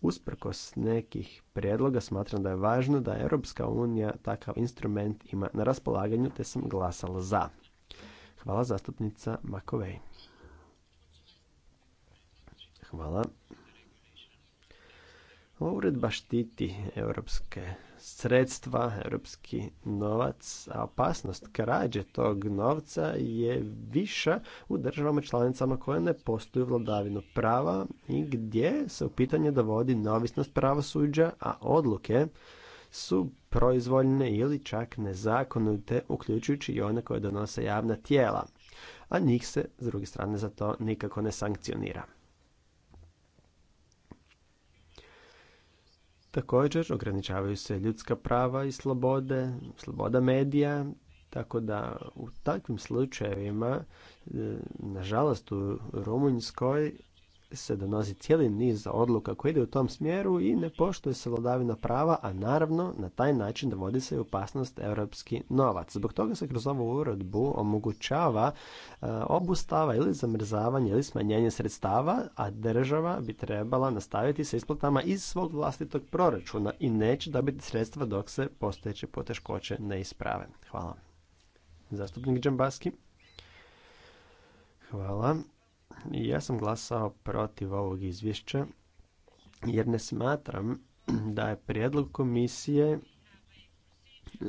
Usprkos nekih prijedloga smatram da je važno da Europska unija takav instrument ima na raspolaganju te sam glasala za. Hvala zastupnica Makovej. Hvala. Ova uredba štiti europske sredstva, europski novac, a opasnost krađe tog novca je viša u državama članicama koje ne poštuju vladavinu prava i gdje se u pitanje dovodi novisnost pravosuđa, a odluke su proizvoljne ili čak nezakonite, uključujući i one koje donose javna tijela, a njih se, s druge strane, za to nikako ne sankcionira. Također, ograničavaju se ljudska prava i slobode, sloboda medija, tako da u takvim slučajevima, e, nažalost u Rumunjskoj, se donosi cijeli niz odluka koji ide u tom smjeru i ne poštuje se vladavina prava, a naravno na taj način dovodi se i opasnost europski novac. Zbog toga se kroz ovu uredbu omogućava e, obustava ili zamrzavanje ili smanjenje sredstava, a država bi trebala nastaviti sa isplatama iz svog vlastitog proračuna i neće dobiti sredstva dok se postojeće poteškoće ne isprave. Hvala. Zastupnik Džambaski. Hvala. Ja sam glasao protiv ovog izvješća jer ne smatram da je prijedlog komisije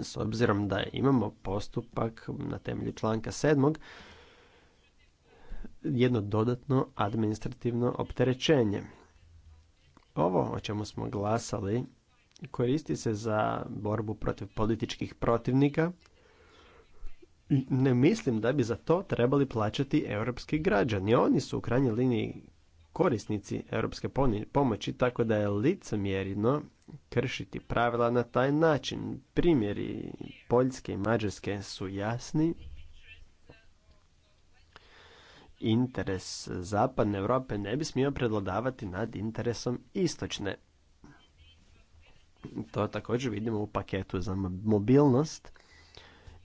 s obzirom da imamo postupak na temelju članka 7. jedno dodatno administrativno opterećenje. Ovo o čemu smo glasali koristi se za borbu protiv političkih protivnika ne mislim da bi za to trebali plaćati europski građani. Oni su u krajnjoj liniji korisnici europske pomoći, tako da je licemjerno kršiti pravila na taj način. Primjeri Poljske i Mađarske su jasni. Interes zapadne Europe ne bi smio predlodavati nad interesom istočne. To također vidimo u paketu za mobilnost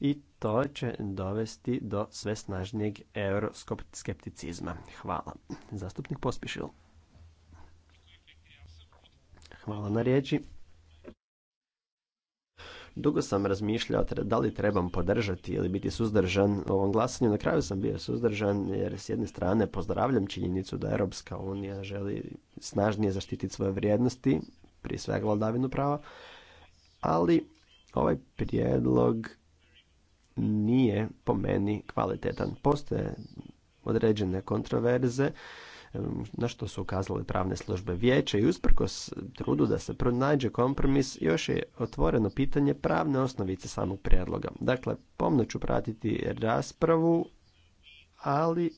i to će dovesti do sve snažnijeg euroskepticizma. Hvala. Zastupnik Pospišil. Hvala na riječi. Dugo sam razmišljao da li trebam podržati ili biti suzdržan u ovom glasanju. Na kraju sam bio suzdržan jer s jedne strane pozdravljam činjenicu da Europska unija želi snažnije zaštititi svoje vrijednosti, prije svega vladavinu prava, ali ovaj prijedlog nije po meni kvalitetan. Postoje određene kontroverze na što su ukazale pravne službe vijeća i usprkos trudu da se pronađe kompromis još je otvoreno pitanje pravne osnovice samog prijedloga. Dakle, pomno ću pratiti raspravu, ali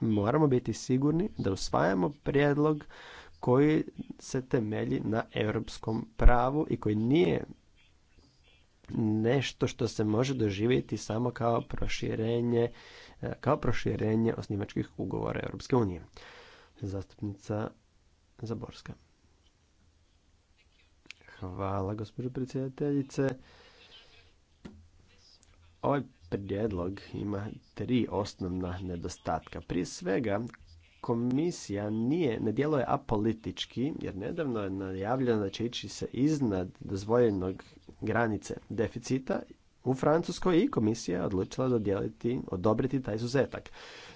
moramo biti sigurni da usvajamo prijedlog koji se temelji na europskom pravu i koji nije nešto što se može doživjeti samo kao proširenje, e, kao proširenje osnivačkih ugovora Europske unije. Zastupnica Zaborska. Hvala, gospođo predsjedateljice. Ovaj prijedlog ima tri osnovna nedostatka. Prije svega, komisija nije, ne djeluje apolitički, jer nedavno je najavljeno da će ići se iznad dozvoljenog granice deficita u Francuskoj i komisija odlučila dodijeliti, odobriti taj izuzetak.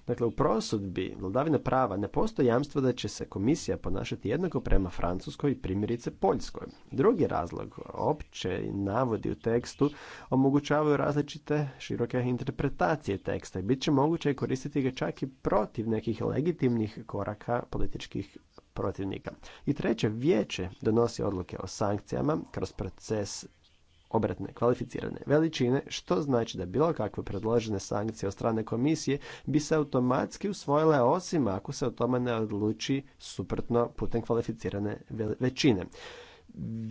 Dakle, u prosudbi vladavine prava ne postoji jamstvo da će se komisija ponašati jednako prema Francuskoj i primjerice Poljskoj. Drugi razlog, opće navodi u tekstu omogućavaju različite široke interpretacije teksta i bit će moguće koristiti ga čak i protiv nekih legitimnih koraka političkih protivnika. I treće, vijeće donosi odluke o sankcijama kroz proces obratne kvalificirane veličine, što znači da bilo kakve predložene sankcije od strane komisije bi se automatski usvojile osim ako se o tome ne odluči suprotno putem kvalificirane većine.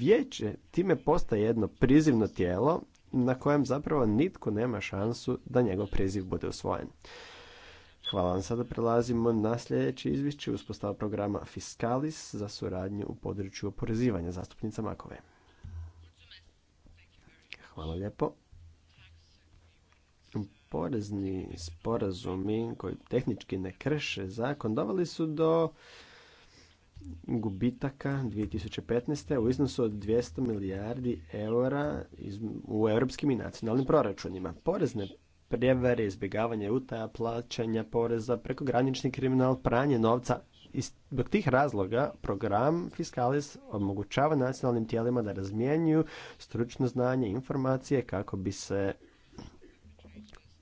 Vijeće time postaje jedno prizivno tijelo na kojem zapravo nitko nema šansu da njegov priziv bude usvojen. Hvala vam. Sada prelazimo na sljedeće izvješće uspostava programa Fiskalis za suradnju u području oporezivanja zastupnica Makove. Hvala lijepo. Porezni sporazumi koji tehnički ne krše zakon doveli su do gubitaka 2015. u iznosu od 200 milijardi eura u europskim i nacionalnim proračunima. Porezne prijevare, izbjegavanje utaja plaćanja poreza, prekogranični kriminal, pranje novca zbog tih razloga program Fiskalis omogućava nacionalnim tijelima da razmijenju stručno znanje i informacije kako bi se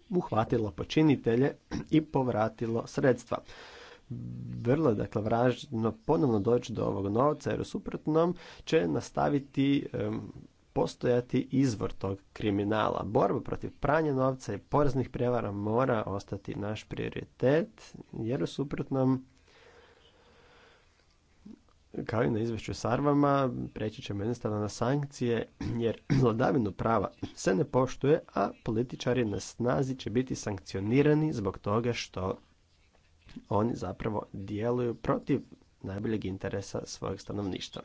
uhvatilo počinitelje i povratilo sredstva. Vrlo je, dakle vražno ponovno doći do ovog novca jer u suprotnom će nastaviti postojati izvor tog kriminala. Borba protiv pranja novca i poreznih prijevara mora ostati naš prioritet jer u suprotnom kao i na izvješću Sarvama, preći ćemo jednostavno na sankcije jer <clears throat> vladavinu prava se ne poštuje, a političari na snazi će biti sankcionirani zbog toga što oni zapravo djeluju protiv najboljeg interesa svojeg stanovništva.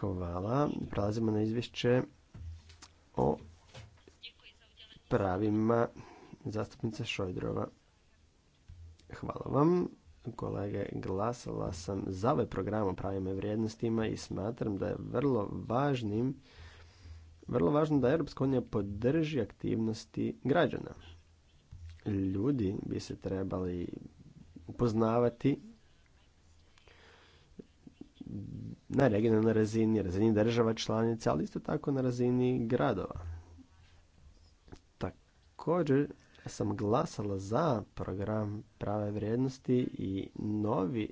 Hvala. Prelazimo na izvješće o pravima zastupnice Šojdrova. Hvala vam kolege, glasala sam za ovaj program o pravima i vrijednostima i smatram da je vrlo važnim vrlo važno da Europska unija podrži aktivnosti građana. Ljudi bi se trebali upoznavati na regionalnoj razini, razini država članica, ali isto tako na razini gradova. Također sam glasala za program prave vrijednosti i novi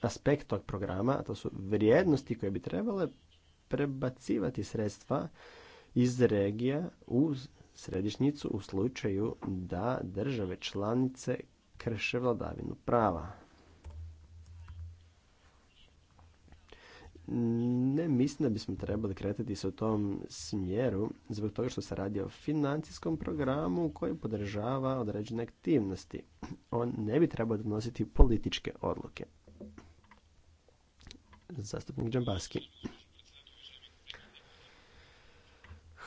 aspekt tog programa, a to su vrijednosti koje bi trebale prebacivati sredstva iz regija u središnjicu u slučaju da države članice krše vladavinu prava. ne mislim da bismo trebali kretati se u tom smjeru zbog toga što se radi o financijskom programu koji podržava određene aktivnosti. On ne bi trebao donositi političke odluke. Zastupnik Džambaski.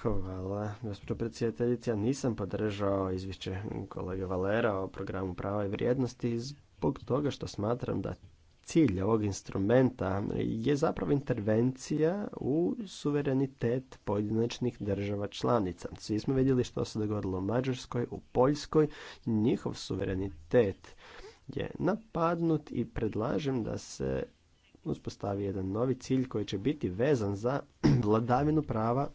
Hvala, gospođo predsjedateljice. Ja nisam podržao izvješće kolege Valera o programu prava i vrijednosti zbog toga što smatram da cilj ovog instrumenta je zapravo intervencija u suverenitet pojedinačnih država članica. Svi smo vidjeli što se dogodilo u Mađarskoj, u Poljskoj, njihov suverenitet je napadnut i predlažem da se uspostavi jedan novi cilj koji će biti vezan za <clears throat> vladavinu prava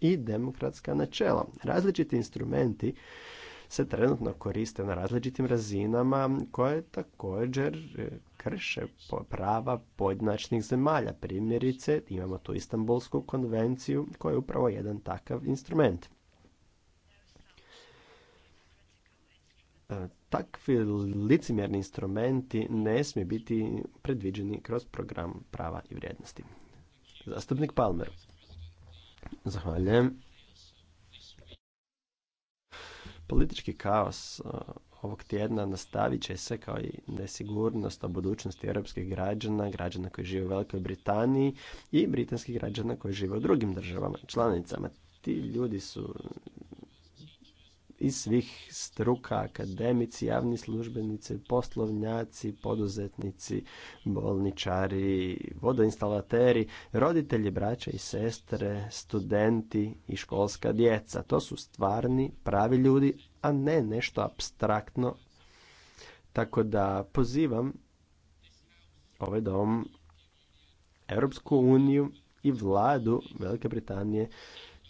i demokratska načela. Različiti instrumenti se trenutno koriste na različitim razinama koje također e, krše prava pojedinačnih zemalja. Primjerice, imamo tu Istanbulsku konvenciju koja je upravo jedan takav instrument. E, takvi licimjerni instrumenti ne smiju biti predviđeni kroz program prava i vrijednosti. Zastupnik Palmer. Zahvaljujem. Politički kaos e, ovog tjedna nastavit će se kao i nesigurnost o budućnosti europskih građana, građana koji žive u Velikoj Britaniji i britanskih građana koji žive u drugim državama, članicama. Ti ljudi su iz svih struka, akademici, javni službenici, poslovnjaci, poduzetnici, bolničari, vodoinstalateri, roditelji, braća i sestre, studenti i školska djeca. To su stvarni, pravi ljudi, a ne nešto abstraktno. Tako da pozivam ovaj dom, Europsku uniju i vladu Velike Britanije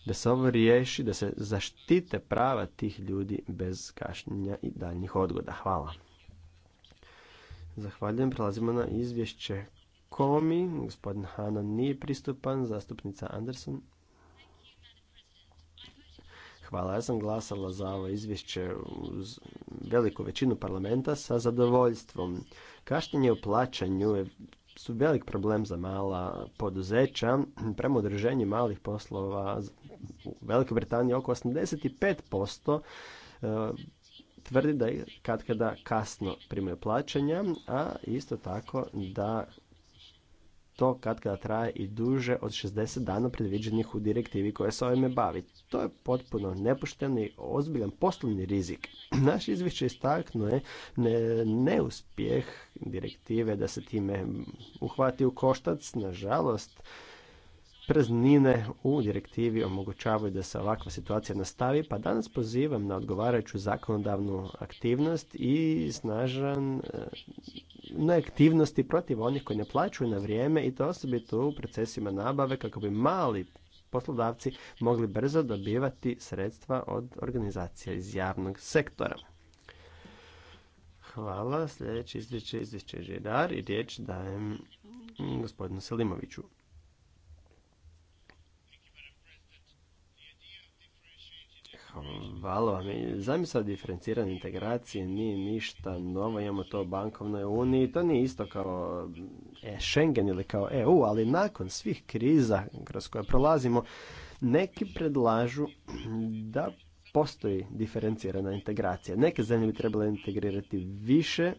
da se ovo riješi, da se zaštite prava tih ljudi bez kašnjenja i daljnjih odgoda. Hvala. Zahvaljujem, prelazimo na izvješće Komi. Gospodin Hanan nije pristupan, zastupnica Anderson. Hvala, ja sam glasala za ovo izvješće uz veliku većinu parlamenta sa zadovoljstvom. Kašnjenje u plaćanju je su velik problem za mala poduzeća. <clears throat> Prema udruženju malih poslova u Velikoj Britaniji oko 85% eh, tvrdi da kad kada kasno primaju plaćanja, a isto tako da to kad kada traje i duže od 60 dana predviđenih u direktivi koje se ovime bavi. To je potpuno nepošten i ozbiljan poslovni rizik. <clears throat> Naš izvješće istaknuo je neuspjeh direktive da se time uhvati u koštac. Nažalost, praznine u direktivi omogućavaju da se ovakva situacija nastavi, pa danas pozivam na odgovarajuću zakonodavnu aktivnost i snažan eh, na aktivnosti protiv onih koji ne plaćaju na vrijeme i to osobito u procesima nabave kako bi mali poslodavci mogli brzo dobivati sredstva od organizacija iz javnog sektora. Hvala. Sljedeći izvješće izvješće Židar i riječ dajem gospodinu Selimoviću. Hvala vam. o diferencirane integracije nije ništa novo, imamo to u bankovnoj uniji, to nije isto kao e, Schengen ili kao EU, ali nakon svih kriza kroz koje prolazimo, neki predlažu da postoji diferencirana integracija. Neke zemlje bi trebale integrirati više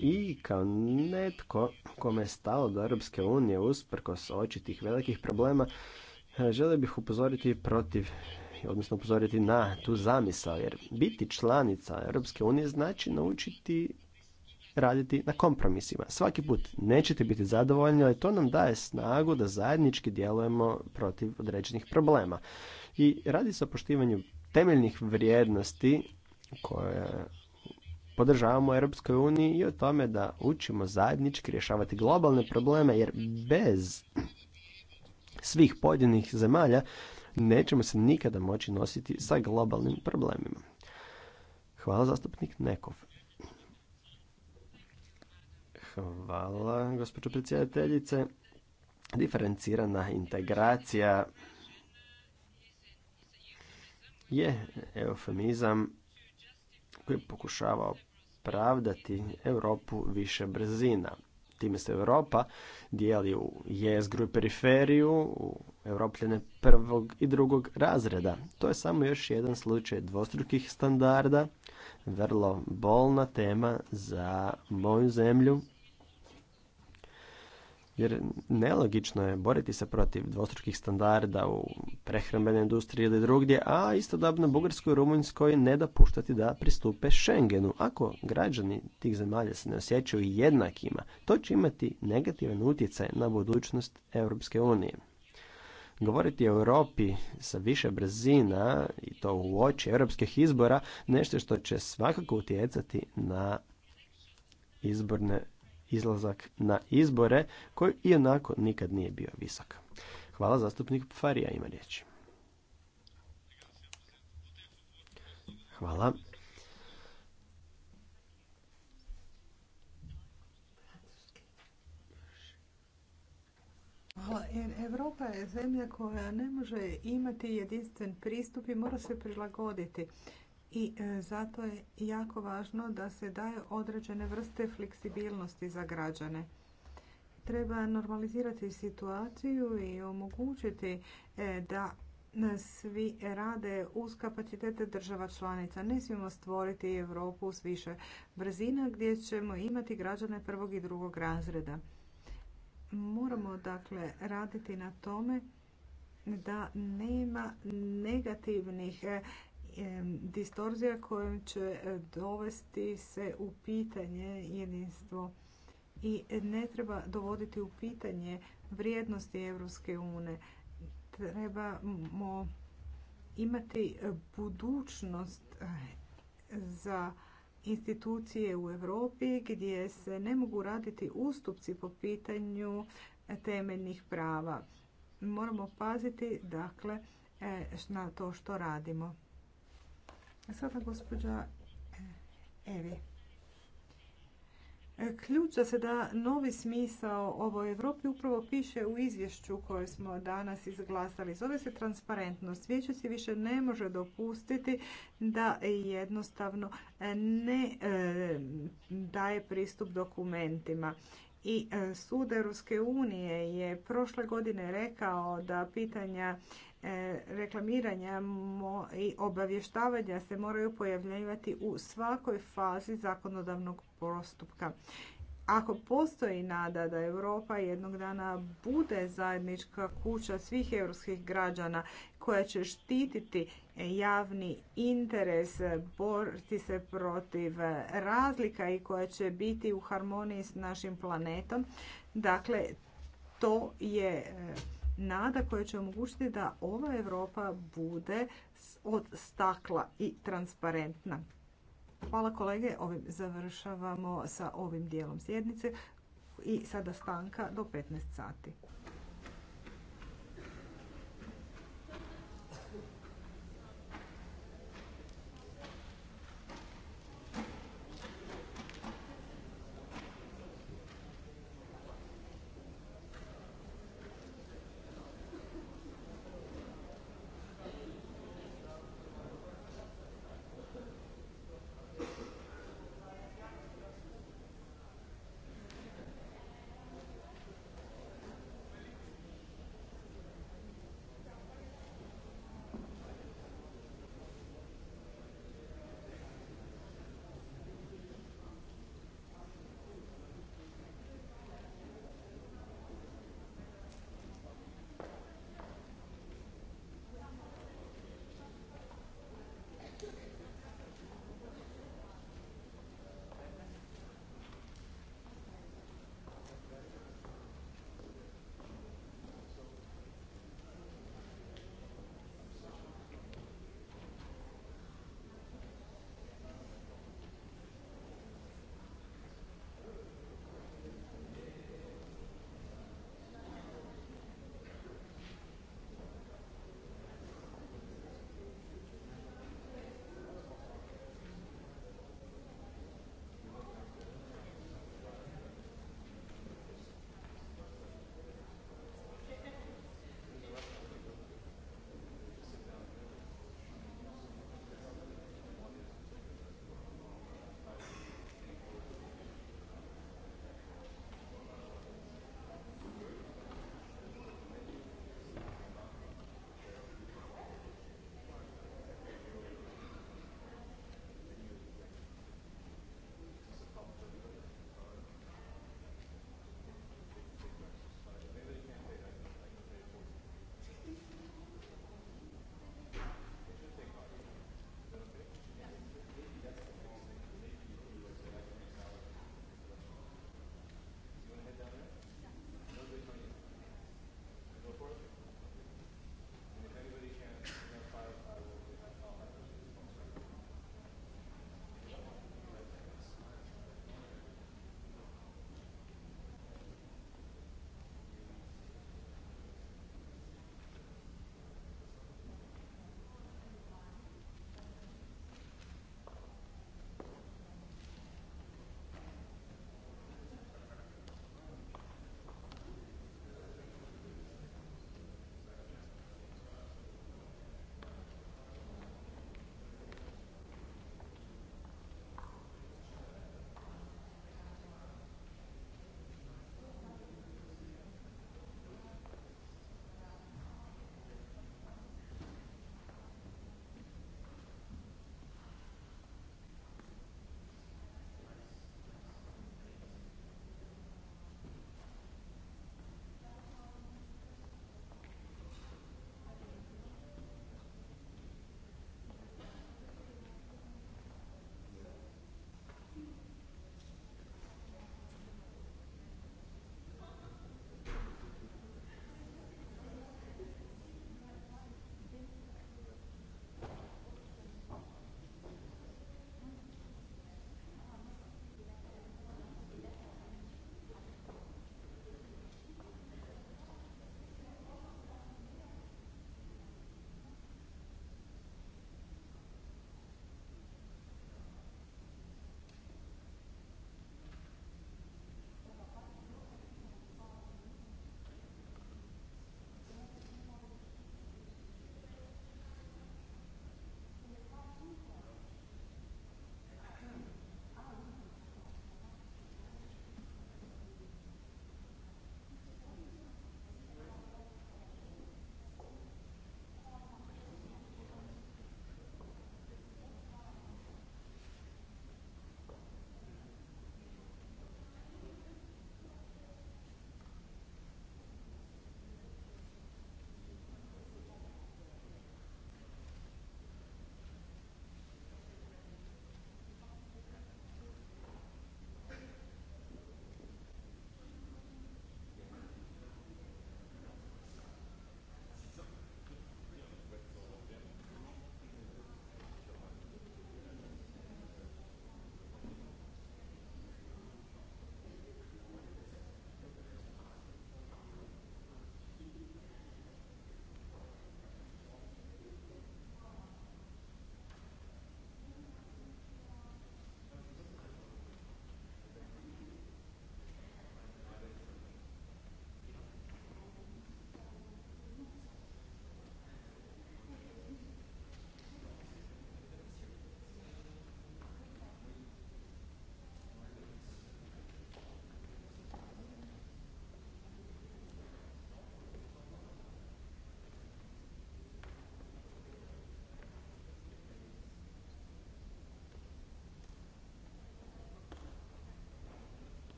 i kao netko kome je stalo do Europske unije usprkos očitih velikih problema, želio bih upozoriti protiv odnosno upozoriti na tu zamisao, jer biti članica Europske unije znači naučiti raditi na kompromisima. Svaki put nećete biti zadovoljni, ali to nam daje snagu da zajednički djelujemo protiv određenih problema. I radi se o poštivanju temeljnih vrijednosti koje podržavamo Europskoj uniji i o tome da učimo zajednički rješavati globalne probleme, jer bez svih pojedinih zemalja nećemo se nikada moći nositi sa globalnim problemima. Hvala zastupnik Nekov. Hvala gospođo predsjedateljice. Diferencirana integracija je eufemizam koji pokušavao pravdati Europu više brzina. Time se Europa dijeli u jezgru i periferiju, u europljene prvog i drugog razreda. To je samo još jedan slučaj dvostrukih standarda, vrlo bolna tema za moju zemlju jer nelogično je boriti se protiv dvostrukih standarda u prehrambenoj industriji ili drugdje, a istodobno Bugarskoj i Rumunjskoj ne dopuštati da pristupe Schengenu. Ako građani tih zemalja se ne osjećaju jednakima, to će imati negativan utjecaj na budućnost Europske unije. Govoriti o Europi sa više brzina i to u oči europskih izbora nešto što će svakako utjecati na izborne izlazak na izbore koji i nikad nije bio visok. Hvala zastupnik Farija ima riječ. Hvala. Europa je zemlja koja ne može imati jedinstven pristup i mora se prilagoditi i e, zato je jako važno da se daju određene vrste fleksibilnosti za građane. Treba normalizirati situaciju i omogućiti e, da svi rade uz kapacitete država članica. Ne smijemo stvoriti Europu s više brzina gdje ćemo imati građane prvog i drugog razreda. Moramo dakle raditi na tome da nema negativnih e, distorzija kojom će e, dovesti se u pitanje jedinstvo i ne treba dovoditi u pitanje vrijednosti Europske Trebamo imati e, budućnost e, za institucije u Europi gdje se ne mogu raditi ustupci po pitanju temeljnih prava. Moramo paziti dakle na to što radimo. Sada gospođa e, Evi. E, ključ da se da novi smisao ovoj Evropi upravo piše u izvješću koje smo danas izglasali. Zove se transparentnost. Vijeće se više ne može dopustiti da jednostavno e, ne daje pristup dokumentima. I sud Europske unije je prošle godine rekao da pitanja E, reklamiranja i obavještavanja se moraju pojavljivati u svakoj fazi zakonodavnog postupka. Ako postoji nada da Europa jednog dana bude zajednička kuća svih europskih građana koja će štititi javni interes, boriti se protiv razlika i koja će biti u harmoniji s našim planetom, dakle to je nada koja će omogućiti da ova Europa bude od stakla i transparentna. Hvala kolege, ovim završavamo sa ovim dijelom sjednice i sada stanka do 15 sati.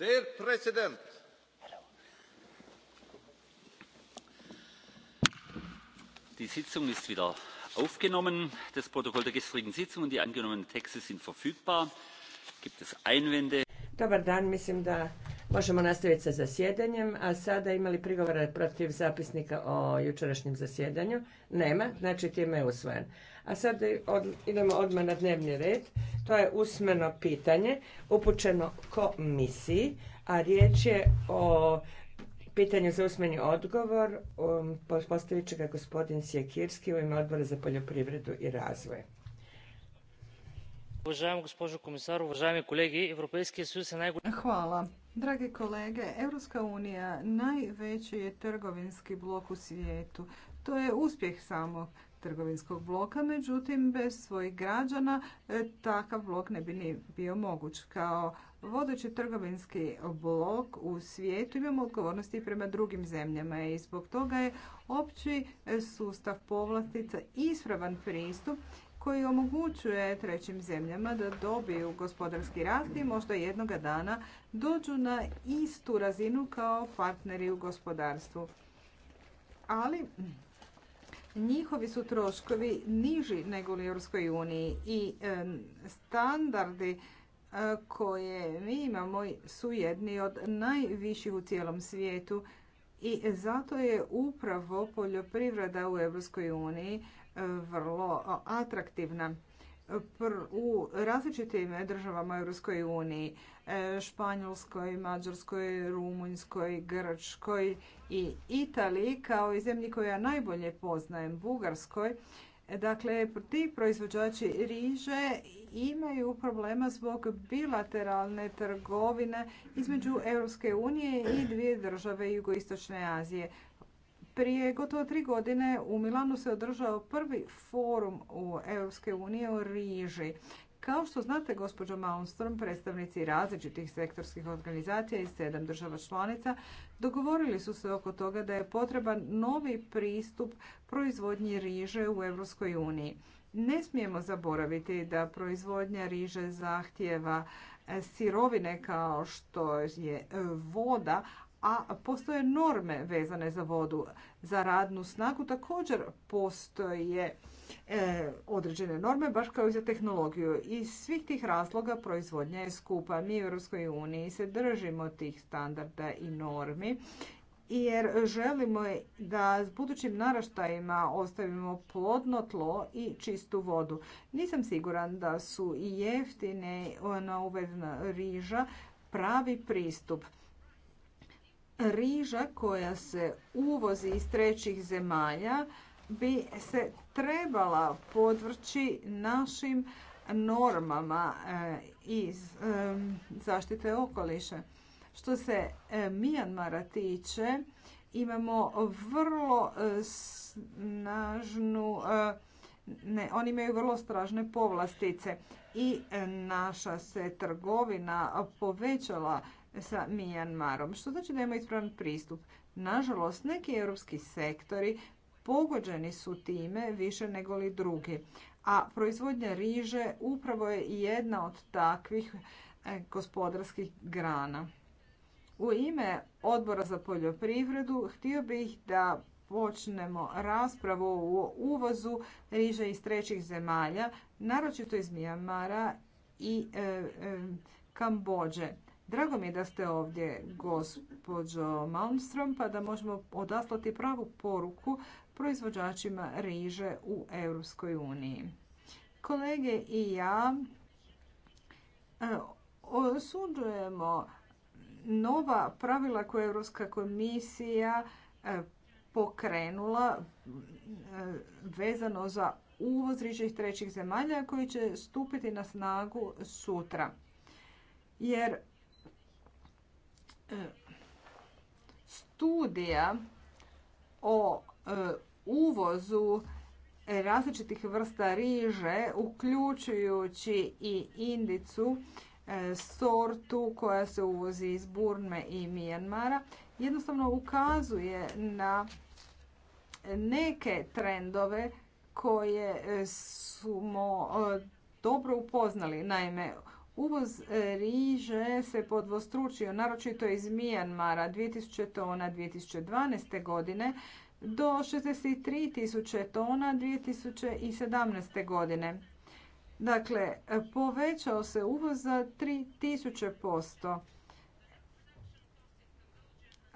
Der Präsident. Die Sitzung ist wieder aufgenommen. Das Protokoll der gestrigen Sitzung und die angenommenen Texte sind verfügbar. Gibt es Einwände? Dobar dan, mislim da možemo nastaviti sa zasjedanjem, a sada imali prigovore protiv zapisnika o jučerašnjem zasjedanju? Nema, znači time je usvojen. A sada od, idemo odmah na dnevni red. To je usmeno pitanje upućeno komisiji, a riječ je o pitanju za usmeni odgovor. Um, postavit će ga gospodin Sjekirski u ime odbora za poljoprivredu i razvoj. Уважаема gospođu komisaru, kolegi, hvala Dragi kolege, Europska unija najveći je trgovinski blok u svijetu. To je uspjeh samog trgovinskog bloka, međutim bez svojih građana e, takav blok ne bi ni bio moguć. Kao vodeći trgovinski blok u svijetu imamo odgovornosti prema drugim zemljama i zbog toga je opći e, sustav povlastica ispravan pristup koji omogućuje trećim zemljama da dobiju gospodarski rast i možda jednoga dana dođu na istu razinu kao partneri u gospodarstvu. Ali njihovi su troškovi niži nego u Europskoj uniji i standardi e, koje mi imamo su jedni od najviših u cijelom svijetu i zato je upravo poljoprivreda u Europskoj uniji e, vrlo atraktivna u različitim državama Europskoj uniji, e, Španjolskoj, Mađarskoj, Rumunjskoj, Grčkoj i Italiji, kao i zemlji koju ja najbolje poznajem, Bugarskoj, e, Dakle, ti proizvođači riže imaju problema zbog bilateralne trgovine između Europske unije i dvije države Jugoistočne Azije. Prije gotovo tri godine u Milanu se održao prvi forum u Europske unije o riži. Kao što znate, gospođo Malmström, predstavnici različitih sektorskih organizacija iz sedam država članica dogovorili su se oko toga da je potreban novi pristup proizvodnji riže u Europskoj uniji. Ne smijemo zaboraviti da proizvodnja riže zahtjeva sirovine kao što je voda, a postoje norme vezane za vodu. Za radnu snagu također postoje e, određene norme, baš kao i za tehnologiju. Iz svih tih razloga proizvodnja je skupa. Mi u EU se držimo tih standarda i normi jer želimo da s budućim naraštajima ostavimo plodno tlo i čistu vodu. Nisam siguran da su i jeftine ona uvezna riža pravi pristup riža koja se uvozi iz trećih zemalja bi se trebala podvrći našim normama eh, iz zaštite okoliša. Što se eh, Mijanmara tiče, imamo vrlo eh, snažnu, ne, oni imaju vrlo stražne povlastice i naša se trgovina povećala sa Mijanmarom, što znači da ima ispravan pristup. Nažalost, neki europski sektori pogođeni su time više nego li drugi. A proizvodnja riže upravo je jedna od takvih e, gospodarskih grana. U ime odbora za poljoprivredu htio bih da počnemo raspravu o uvozu riže iz trećih zemalja, naročito iz Mijanmara i e, e, Kambođe. Drago mi je da ste ovdje, gospođo Malmström, pa da možemo odaslati pravu poruku proizvođačima riže u Europskoj uniji. Kolege i ja eh, osuđujemo nova pravila koja je Europska komisija eh, pokrenula eh, vezano za uvoz rižih trećih zemalja koji će stupiti na snagu sutra. Jer E, studija o e, uvozu različitih vrsta riže, uključujući i indicu, e, sortu koja se uvozi iz Burme i Mijanmara, jednostavno ukazuje na neke trendove koje smo dobro upoznali. Naime, Uvoz e, riže se podvostručio, naročito iz Mijanmara 2000 tona 2012. godine do 63 tisuće tona 2017. godine. Dakle, povećao se uvoz za 3000 posto.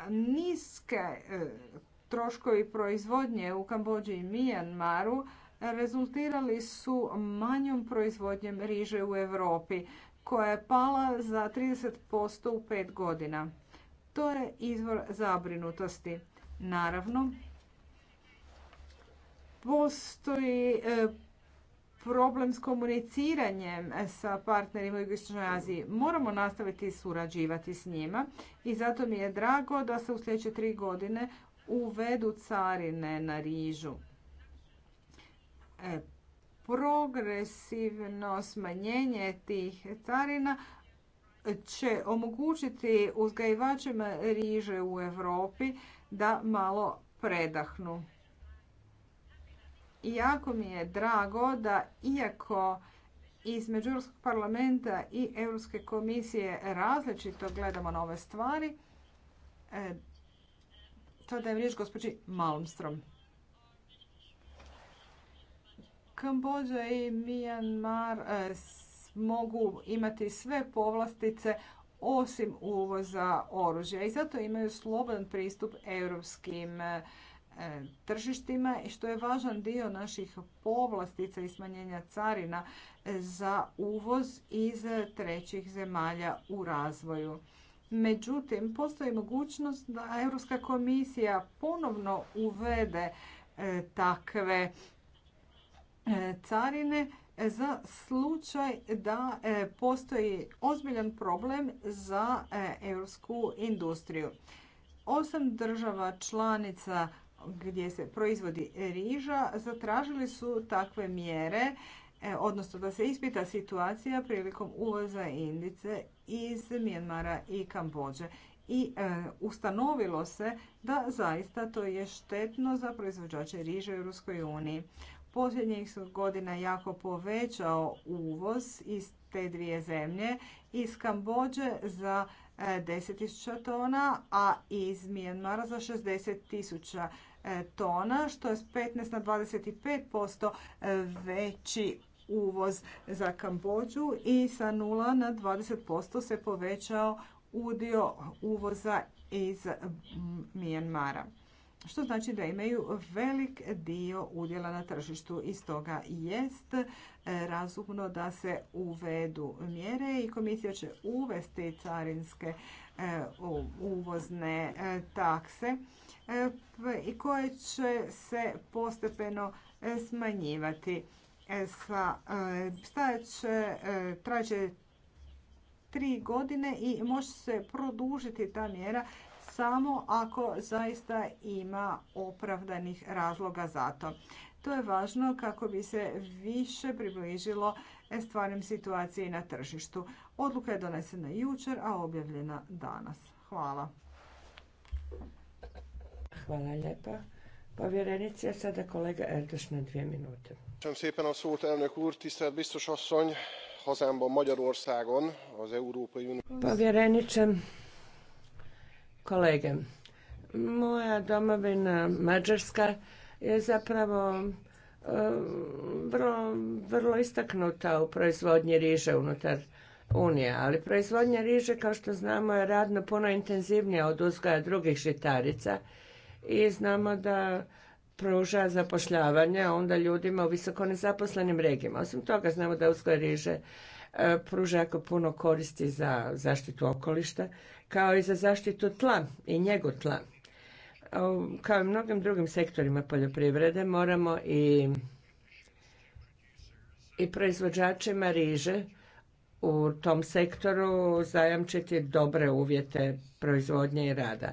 Niske e, troškovi proizvodnje u Kambođi i Mijanmaru rezultirali su manjom proizvodnjem riže u Europi koja je pala za 30% u pet godina. To je izvor zabrinutosti. Naravno, postoji e, problem s komuniciranjem sa partnerima u Jugoistočnoj Aziji. Moramo nastaviti surađivati s njima i zato mi je drago da se u sljedeće tri godine uvedu carine na rižu. E, progresivno smanjenje tih carina će omogućiti uzgajivačima riže u Europi da malo predahnu. I jako mi je drago da iako između Europskog parlamenta i Europske komisije različito gledamo na ove stvari, e, to da je riječ gospođi Malmstrom. Kambodža i Mijanmar e, mogu imati sve povlastice osim uvoza oružja i zato imaju slobodan pristup europskim e, e, tržištima i što je važan dio naših povlastica i smanjenja carina za uvoz iz trećih zemalja u razvoju. Međutim, postoji mogućnost da Europska komisija ponovno uvede takve E, carine e, za slučaj da e, postoji ozbiljan problem za europsku industriju. Osam država članica gdje se proizvodi riža zatražili su takve mjere, odnosno da se ispita situacija prilikom uvoza indice iz Mijenmara i Kambođe. I ustanovilo se da zaista to je štetno za proizvođače riže u Europskoj uniji posljednjih su godina jako povećao uvoz iz te dvije zemlje, iz Kambođe za 10.000 e, tona, a iz Mijenmara za 60.000 e, tona, što je s 15 na 25% e, veći uvoz za Kambođu i sa 0 na 20% se povećao udio uvoza iz Mijenmara što znači da imaju velik dio udjela na tržištu. I stoga jest e, razumno da se uvedu mjere i komisija će uvesti carinske e, uvozne e, takse i koje će se postepeno smanjivati. Stajeće, će, traće tri godine i može se produžiti ta mjera samo ako zaista ima opravdanih razloga za to. To je važno kako bi se više približilo stvarnim situaciji na tržištu. Odluka je donesena jučer, a objavljena danas. Hvala. Hvala lijepa. je sada kolega Erdoš na dvije minute. Čem szépen szót, úr, bistoš asszony, hazámban Magyarországon, az Európai Unió kolege. Moja domovina Mađarska je zapravo e, vrlo, vrlo istaknuta u proizvodnji riže unutar Unije, ali proizvodnja riže, kao što znamo, je radno puno intenzivnija od uzgoja drugih žitarica i znamo da pruža zapošljavanje onda ljudima u visoko nezaposlenim regijama. Osim toga, znamo da uzgoj riže E, pruža jako puno koristi za zaštitu okolišta, kao i za zaštitu tla i njegu tla. E, kao i mnogim drugim sektorima poljoprivrede moramo i, i proizvođačima riže u tom sektoru zajamčiti dobre uvjete proizvodnje i rada.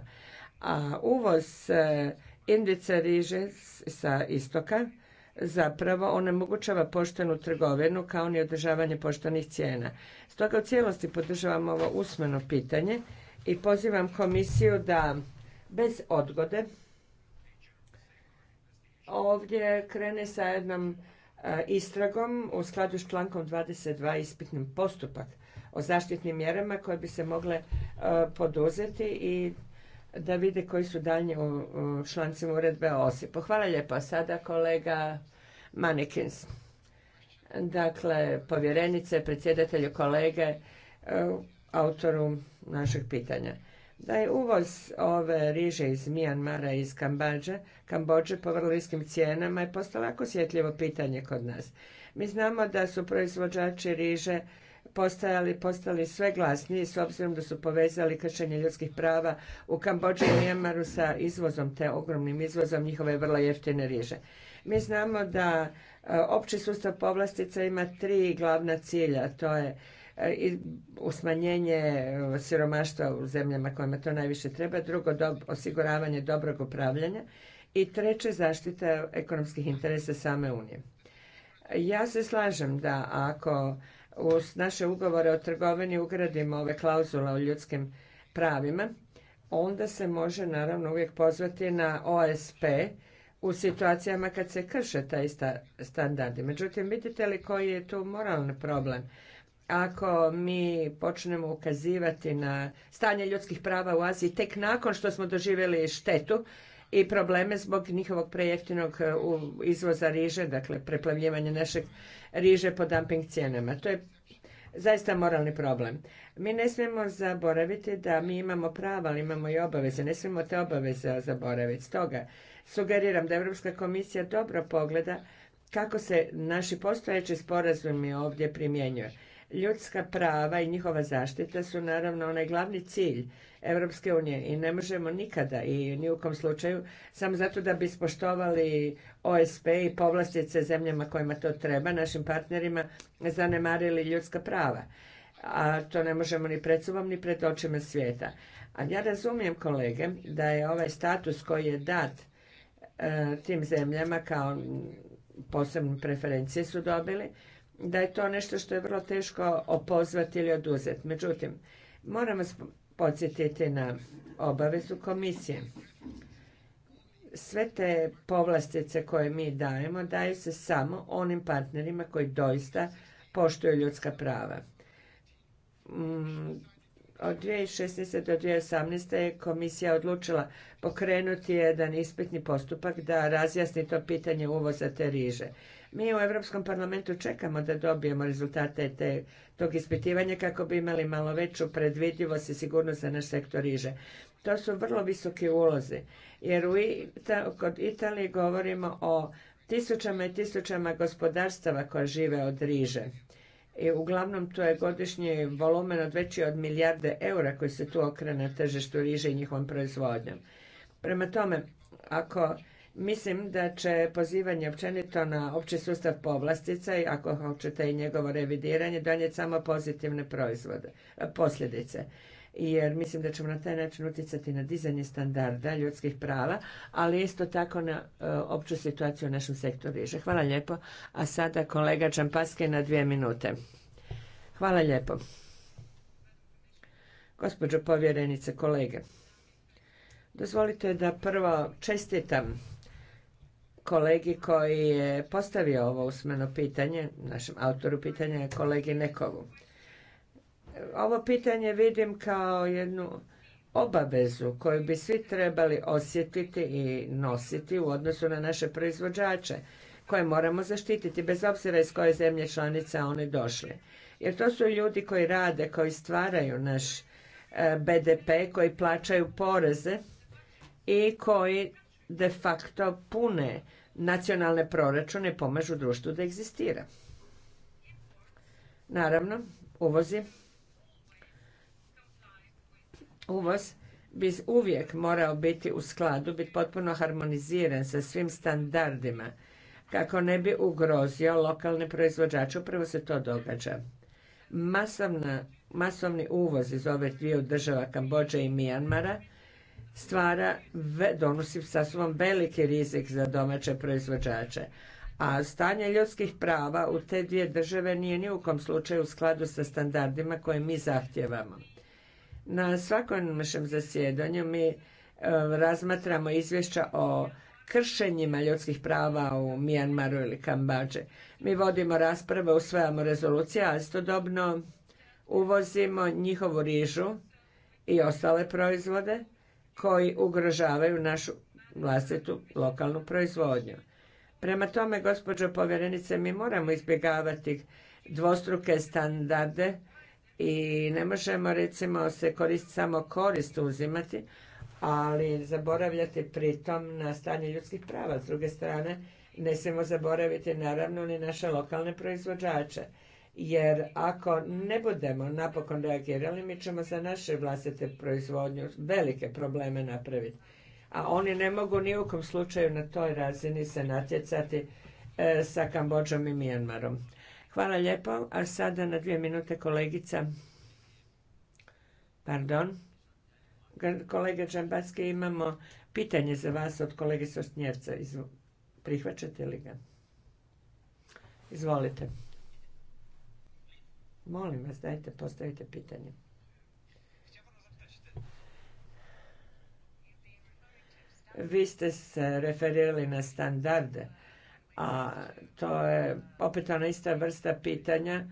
A uvoz e, indice riže sa istoka zapravo onemogućava poštenu trgovinu kao ni održavanje poštenih cijena. Stoga u cijelosti podržavam ovo usmeno pitanje i pozivam komisiju da bez odgode ovdje krene sa jednom e, istragom u skladu s člankom 22 ispitnim postupak o zaštitnim mjerama koje bi se mogle e, poduzeti i da vide koji su daljnji člancima uredbe o osipu. Hvala lijepo. Sada kolega Manikins. Dakle, povjerenice, predsjedatelju kolege, e, autoru našeg pitanja. Da je uvoz ove riže iz Mijanmara i iz Kambađe, Kambođe po vrlo cijenama je postalo jako osjetljivo pitanje kod nas. Mi znamo da su proizvođači riže postajali, postali sve glasniji s obzirom da su povezali kršenje ljudskih prava u Kambođi i Jemaru sa izvozom, te ogromnim izvozom njihove vrlo jeftine riže. Mi znamo da e, opći sustav povlastica ima tri glavna cilja, to je e, usmanjenje e, siromaštva u zemljama kojima to najviše treba, drugo osiguravanje dobrog upravljanja i treće zaštita ekonomskih interesa same Unije. Ja se slažem da ako u naše ugovore o trgovini ugradimo ove klauzule o ljudskim pravima, onda se može naravno uvijek pozvati na OSP u situacijama kad se krše ista standardi. Međutim, vidite li koji je tu moralni problem? Ako mi počnemo ukazivati na stanje ljudskih prava u Aziji tek nakon što smo doživjeli štetu, i probleme zbog njihovog prejeftinog e, izvoza riže, dakle preplavljivanje našeg riže po dumping cijenama. To je zaista moralni problem. Mi ne smijemo zaboraviti da mi imamo prava, ali imamo i obaveze. Ne smijemo te obaveze zaboraviti. Stoga sugeriram da Europska komisija dobro pogleda kako se naši postojeći sporazumi ovdje primjenjuju Ljudska prava i njihova zaštita su naravno onaj glavni cilj Europske unije i ne možemo nikada i ni u kom slučaju samo zato da bi spoštovali OSP i povlastice zemljama kojima to treba, našim partnerima, zanemarili ljudska prava. A to ne možemo ni pred sobom ni pred očima svijeta. A ja razumijem kolege da je ovaj status koji je dat e, tim zemljama kao posebne preferencije su dobili, da je to nešto što je vrlo teško opozvati ili oduzeti. Međutim, moram vas podsjetiti na obavezu komisije. Sve te povlastice koje mi dajemo, daju se samo onim partnerima koji doista poštuju ljudska prava. Mm, od 2016. do 2018. je komisija odlučila pokrenuti jedan ispitni postupak da razjasni to pitanje uvoza te riže. Mi u Europskom parlamentu čekamo da dobijemo rezultate te, tog ispitivanja kako bi imali malo veću predvidljivost i sigurnost za naš sektor riže. To su vrlo visoki ulozi, jer u Ita, kod Italije govorimo o tisućama i tisućama gospodarstava koja žive od riže. I uglavnom to je godišnji volumen od veći od milijarde eura koji se tu okrene na tržištu riže i njihovom proizvodnjom. Prema tome, ako Mislim da će pozivanje općenito na opći sustav povlastica i ako hoćete i njegovo revidiranje donijeti samo pozitivne proizvode, e, posljedice. Jer mislim da ćemo na taj način utjecati na dizanje standarda ljudskih prava, ali isto tako na e, opću situaciju u našem sektoru riže. Hvala lijepo. A sada kolega Čampaske na dvije minute. Hvala lijepo. Gospođo povjerenice, kolege. Dozvolite da prvo čestitam kolegi koji je postavio ovo usmeno pitanje, našem autoru pitanja, kolegi Nekovu. Ovo pitanje vidim kao jednu obavezu koju bi svi trebali osjetiti i nositi u odnosu na naše proizvođače koje moramo zaštititi bez obzira iz koje zemlje članica oni došli. Jer to su ljudi koji rade, koji stvaraju naš e, BDP, koji plaćaju poreze i koji de facto pune nacionalne proračune i pomažu društvu da egzistira. Naravno, uvozi uvoz bi uvijek morao biti u skladu, biti potpuno harmoniziran sa svim standardima kako ne bi ugrozio lokalne proizvođače. Upravo se to događa. masovni uvoz iz ove dviju država Kambođe i Mijanmara stvara, donosi sa svom veliki rizik za domaće proizvođače. A stanje ljudskih prava u te dvije države nije ni u kom slučaju u skladu sa standardima koje mi zahtjevamo. Na svakom našem zasjedanju mi e, razmatramo izvješća o kršenjima ljudskih prava u Mijanmaru ili Kambađe. Mi vodimo rasprave, usvajamo rezolucije, a istodobno uvozimo njihovu rižu i ostale proizvode koji ugrožavaju našu vlastitu lokalnu proizvodnju. Prema tome, gospođo povjerenice, mi moramo izbjegavati dvostruke standarde i ne možemo recimo se korist, samo korist uzimati, ali zaboravljati pritom na stanje ljudskih prava. S druge strane, ne smijemo zaboraviti naravno ni naše lokalne proizvođače jer ako ne budemo napokon reagirali, mi ćemo za naše vlastite proizvodnju velike probleme napraviti. A oni ne mogu ni u kom slučaju na toj razini se natjecati e, sa Kambođom i Mijanmarom. Hvala lijepo, a sada na dvije minute kolegica, pardon, kolega Džambatske imamo pitanje za vas od kolege Sostnjevca. Prihvaćate li ga? Izvolite. Molim vas, dajte, postavite pitanje. Vi ste se referirali na standarde, a to je opet ona ista vrsta pitanja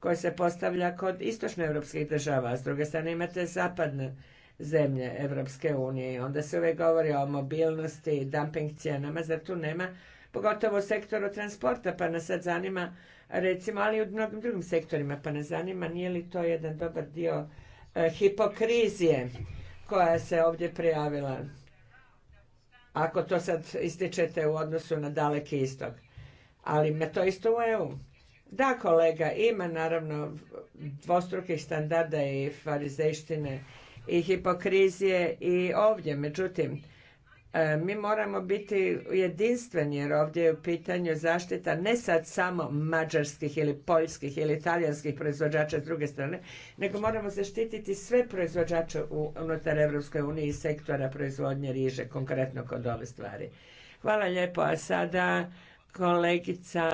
koja se postavlja kod istočnoevropskih država, a s druge strane imate zapadne zemlje Evropske unije i onda se uvijek govori o mobilnosti i dumping cijenama, zar tu nema, pogotovo u sektoru transporta, pa nas sad zanima recimo, ali i u mnogim drugim sektorima, pa ne zanima nije li to jedan dobar dio e, hipokrizije koja se ovdje prijavila, ako to sad ističete u odnosu na daleki istok. Ali me to isto u EU. Da, kolega, ima naravno dvostrukih standarda i farizejštine i hipokrizije i ovdje, međutim, E, mi moramo biti jedinstveni jer ovdje je u pitanju zaštita ne sad samo mađarskih ili poljskih ili talijanskih proizvođača s druge strane, nego moramo zaštititi sve proizvođače unutar Europske unije i sektora proizvodnje riže, konkretno kod ove stvari. Hvala lijepo, a sada kolegica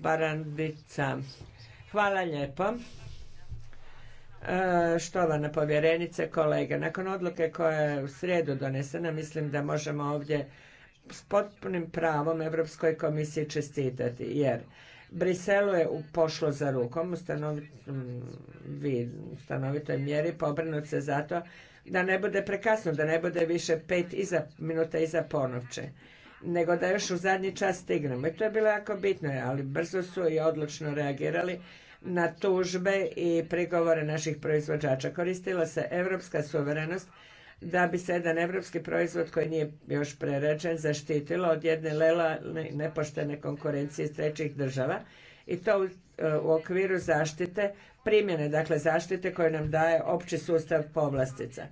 Barandica. Hvala lijepo. E, štovana povjerenice, kolege, nakon odluke koja je u srijedu donesena, mislim da možemo ovdje s potpunim pravom Europskoj komisiji čestitati, jer Briselu je pošlo za rukom mm, u stanovitoj mjeri pobrinut se zato da ne bude prekasno, da ne bude više pet minuta iza ponovće nego da još u zadnji čas stignemo. I to je bilo jako bitno, ali brzo su i odlučno reagirali na tužbe i prigovore naših proizvođača. Koristila se evropska suverenost da bi se jedan evropski proizvod koji nije još prerađen zaštitilo od jedne lela nepoštene konkurencije iz trećih država i to u e, okviru zaštite primjene, dakle zaštite koje nam daje opći sustav povlastica.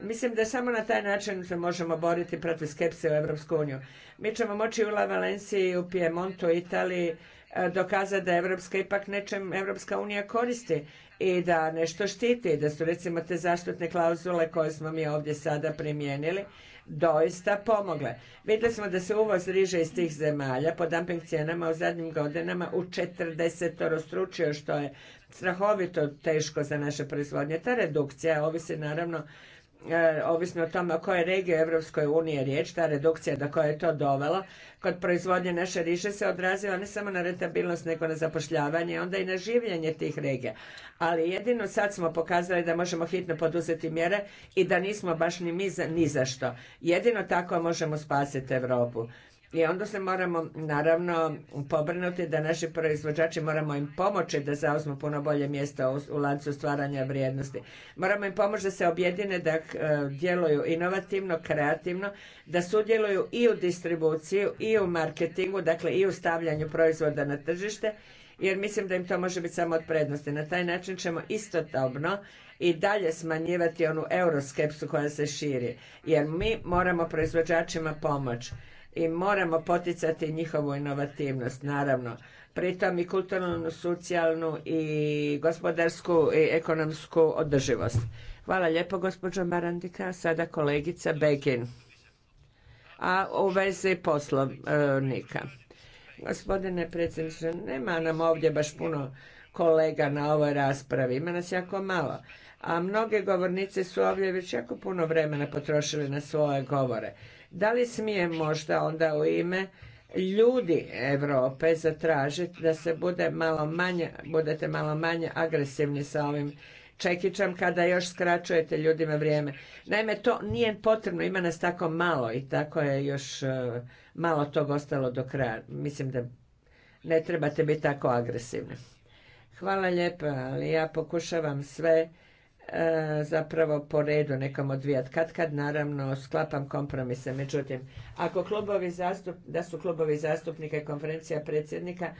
Mislim da samo na taj način se možemo boriti protiv skepse u EU. uniju. Mi ćemo moći u La Valenciji, u Piemontu, Italiji, dokazati da Evropska ipak nečem Evropska unija koristi i da nešto štiti, da su recimo te zaštitne klauzule koje smo mi ovdje sada primijenili doista pomogle. Vidjeli smo da se uvoz riže iz tih zemalja po dumping cijenama u zadnjim godinama u 40 roztručio, što je strahovito teško za naše proizvodnje. Ta redukcija ovisi naravno E, ovisno o tome o kojoj regiji Evropskoj uniji je riječ, ta redukcija do koje je to dovela, kod proizvodnje naše riže se odrazila ne samo na rentabilnost, nego na zapošljavanje, onda i na življenje tih regija. Ali jedino sad smo pokazali da možemo hitno poduzeti mjere i da nismo baš ni mi ni za što. Jedino tako možemo spasiti Europu. I onda se moramo naravno pobrinuti da naši proizvođači moramo im pomoći da zauzmu puno bolje mjesto u lancu stvaranja vrijednosti. Moramo im pomoći da se objedine, da eh, djeluju inovativno, kreativno, da sudjeluju i u distribuciju i u marketingu, dakle i u stavljanju proizvoda na tržište jer mislim da im to može biti samo od prednosti. Na taj način ćemo istodobno i dalje smanjivati onu euroskepsu koja se širi, jer mi moramo proizvođačima pomoći i moramo poticati njihovu inovativnost, naravno. Pritom i kulturalnu, socijalnu i gospodarsku i ekonomsku održivost. Hvala lijepo gospođo Marandika. Sada kolegica Begin. A u vezi poslovnika. Gospodine predsjedniče, nema nam ovdje baš puno kolega na ovoj raspravi. Ima nas jako malo. A mnoge govornice su ovdje već jako puno vremena potrošile na svoje govore. Da li smije možda onda u ime ljudi Europe zatražiti da se bude malo manje, budete malo manje agresivni sa ovim čekićem kada još skraćujete ljudima vrijeme. Naime, to nije potrebno, ima nas tako malo i tako je još e, malo tog ostalo do kraja. Mislim da ne trebate biti tako agresivni. Hvala lijepa, ali ja pokušavam sve E, zapravo po redu nekom odvijat Kad kad naravno sklapam kompromise. Međutim, ako klubovi zastup, da su klubovi zastupnika i konferencija predsjednika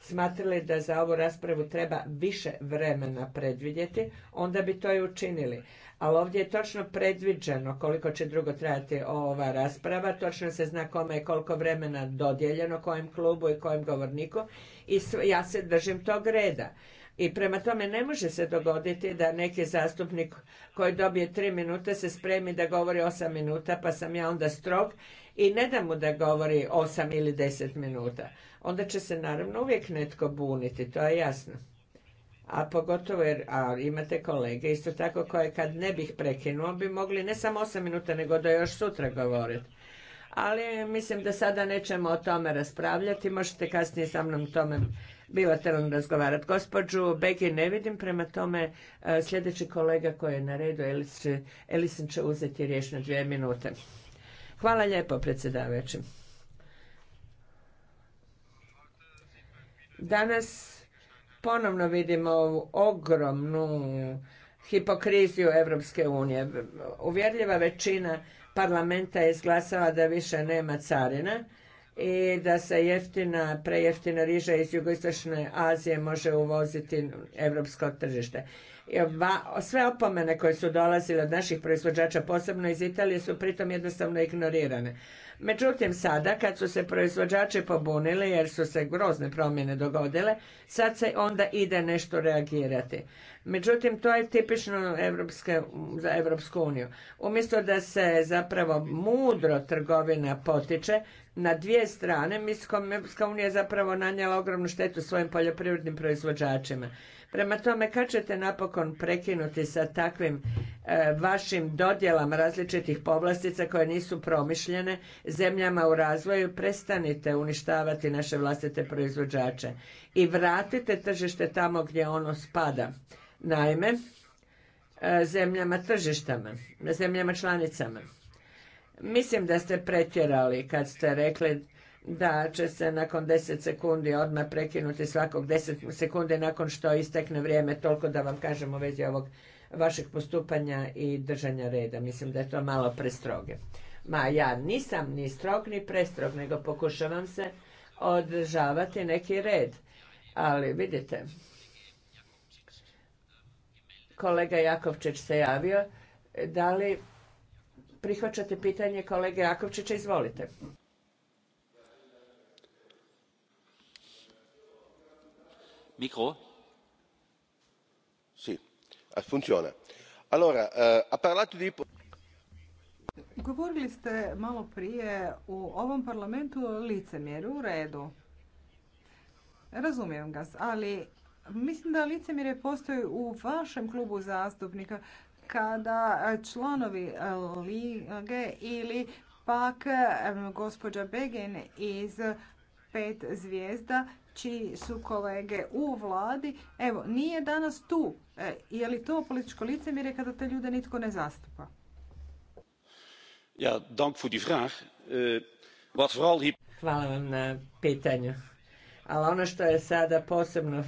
smatrali da za ovu raspravu treba više vremena predvidjeti, onda bi to i učinili. Ali ovdje je točno predviđeno koliko će drugo trajati ova rasprava, točno se zna kome je koliko vremena dodijeljeno, kojem klubu i kojem govorniku i ja se držim tog reda. I prema tome ne može se dogoditi da neki zastupnik koji dobije tri minute se spremi da govori osam minuta pa sam ja onda strog i ne da mu da govori osam ili deset minuta. Onda će se naravno uvijek netko buniti, to je jasno. A pogotovo jer a, imate kolege isto tako koje kad ne bih prekinuo bi mogli ne samo osam minuta nego da još sutra govoriti ali mislim da sada nećemo o tome raspravljati. Možete kasnije sa mnom tome bilateralno razgovarati. Gospođu Begi ne vidim, prema tome e, sljedeći kolega koji je na redu, Elisin će uzeti riječ na dvije minute. Hvala lijepo, predsjedavajući. Danas ponovno vidimo ovu ogromnu hipokriziju Evropske unije. Uvjerljiva većina parlamenta je izglasala da više nema carina, i da se jeftina, prejeftina riža iz jugoistočne Azije može uvoziti europsko tržište. Sve opomene koje su dolazile od naših proizvođača, posebno iz Italije, su pritom jednostavno ignorirane. Međutim, sada kad su se proizvođači pobunili jer su se grozne promjene dogodile, sad se onda ide nešto reagirati. Međutim, to je tipično za Evropsku uniju. Umjesto da se zapravo mudro trgovina potiče, na dvije strane, Mislim, unija je zapravo nanijela ogromnu štetu svojim poljoprivrednim proizvođačima. Prema tome, kad ćete napokon prekinuti sa takvim e, vašim dodjelama različitih povlastica koje nisu promišljene zemljama u razvoju, prestanite uništavati naše vlastite proizvođače i vratite tržište tamo gdje ono spada. Naime, e, zemljama tržištama, zemljama članicama. Mislim da ste pretjerali kad ste rekli da će se nakon 10 sekundi odmah prekinuti svakog 10 sekundi nakon što istekne vrijeme, toliko da vam kažem u vezi ovog vašeg postupanja i držanja reda. Mislim da je to malo prestroge. Ma ja nisam ni strog ni prestrog, nego pokušavam se održavati neki red. Ali vidite, kolega Jakovčić se javio, da li prihvaćate pitanje kolege Jakovčića, izvolite. Mikro. Si, eh, parlato di... Govorili ste malo prije u ovom parlamentu o licemjeru u redu. Razumijem ga, ali mislim da licemjere postoji u vašem klubu zastupnika kada e, članovi e, lige ili pak e, gospođa Begin iz pet zvijezda čiji su kolege u vladi. Evo, nije danas tu. je li to političko licemjerje kada te ljude nitko ne zastupa? Hvala vam na pitanju. Ali ono što je sada posebno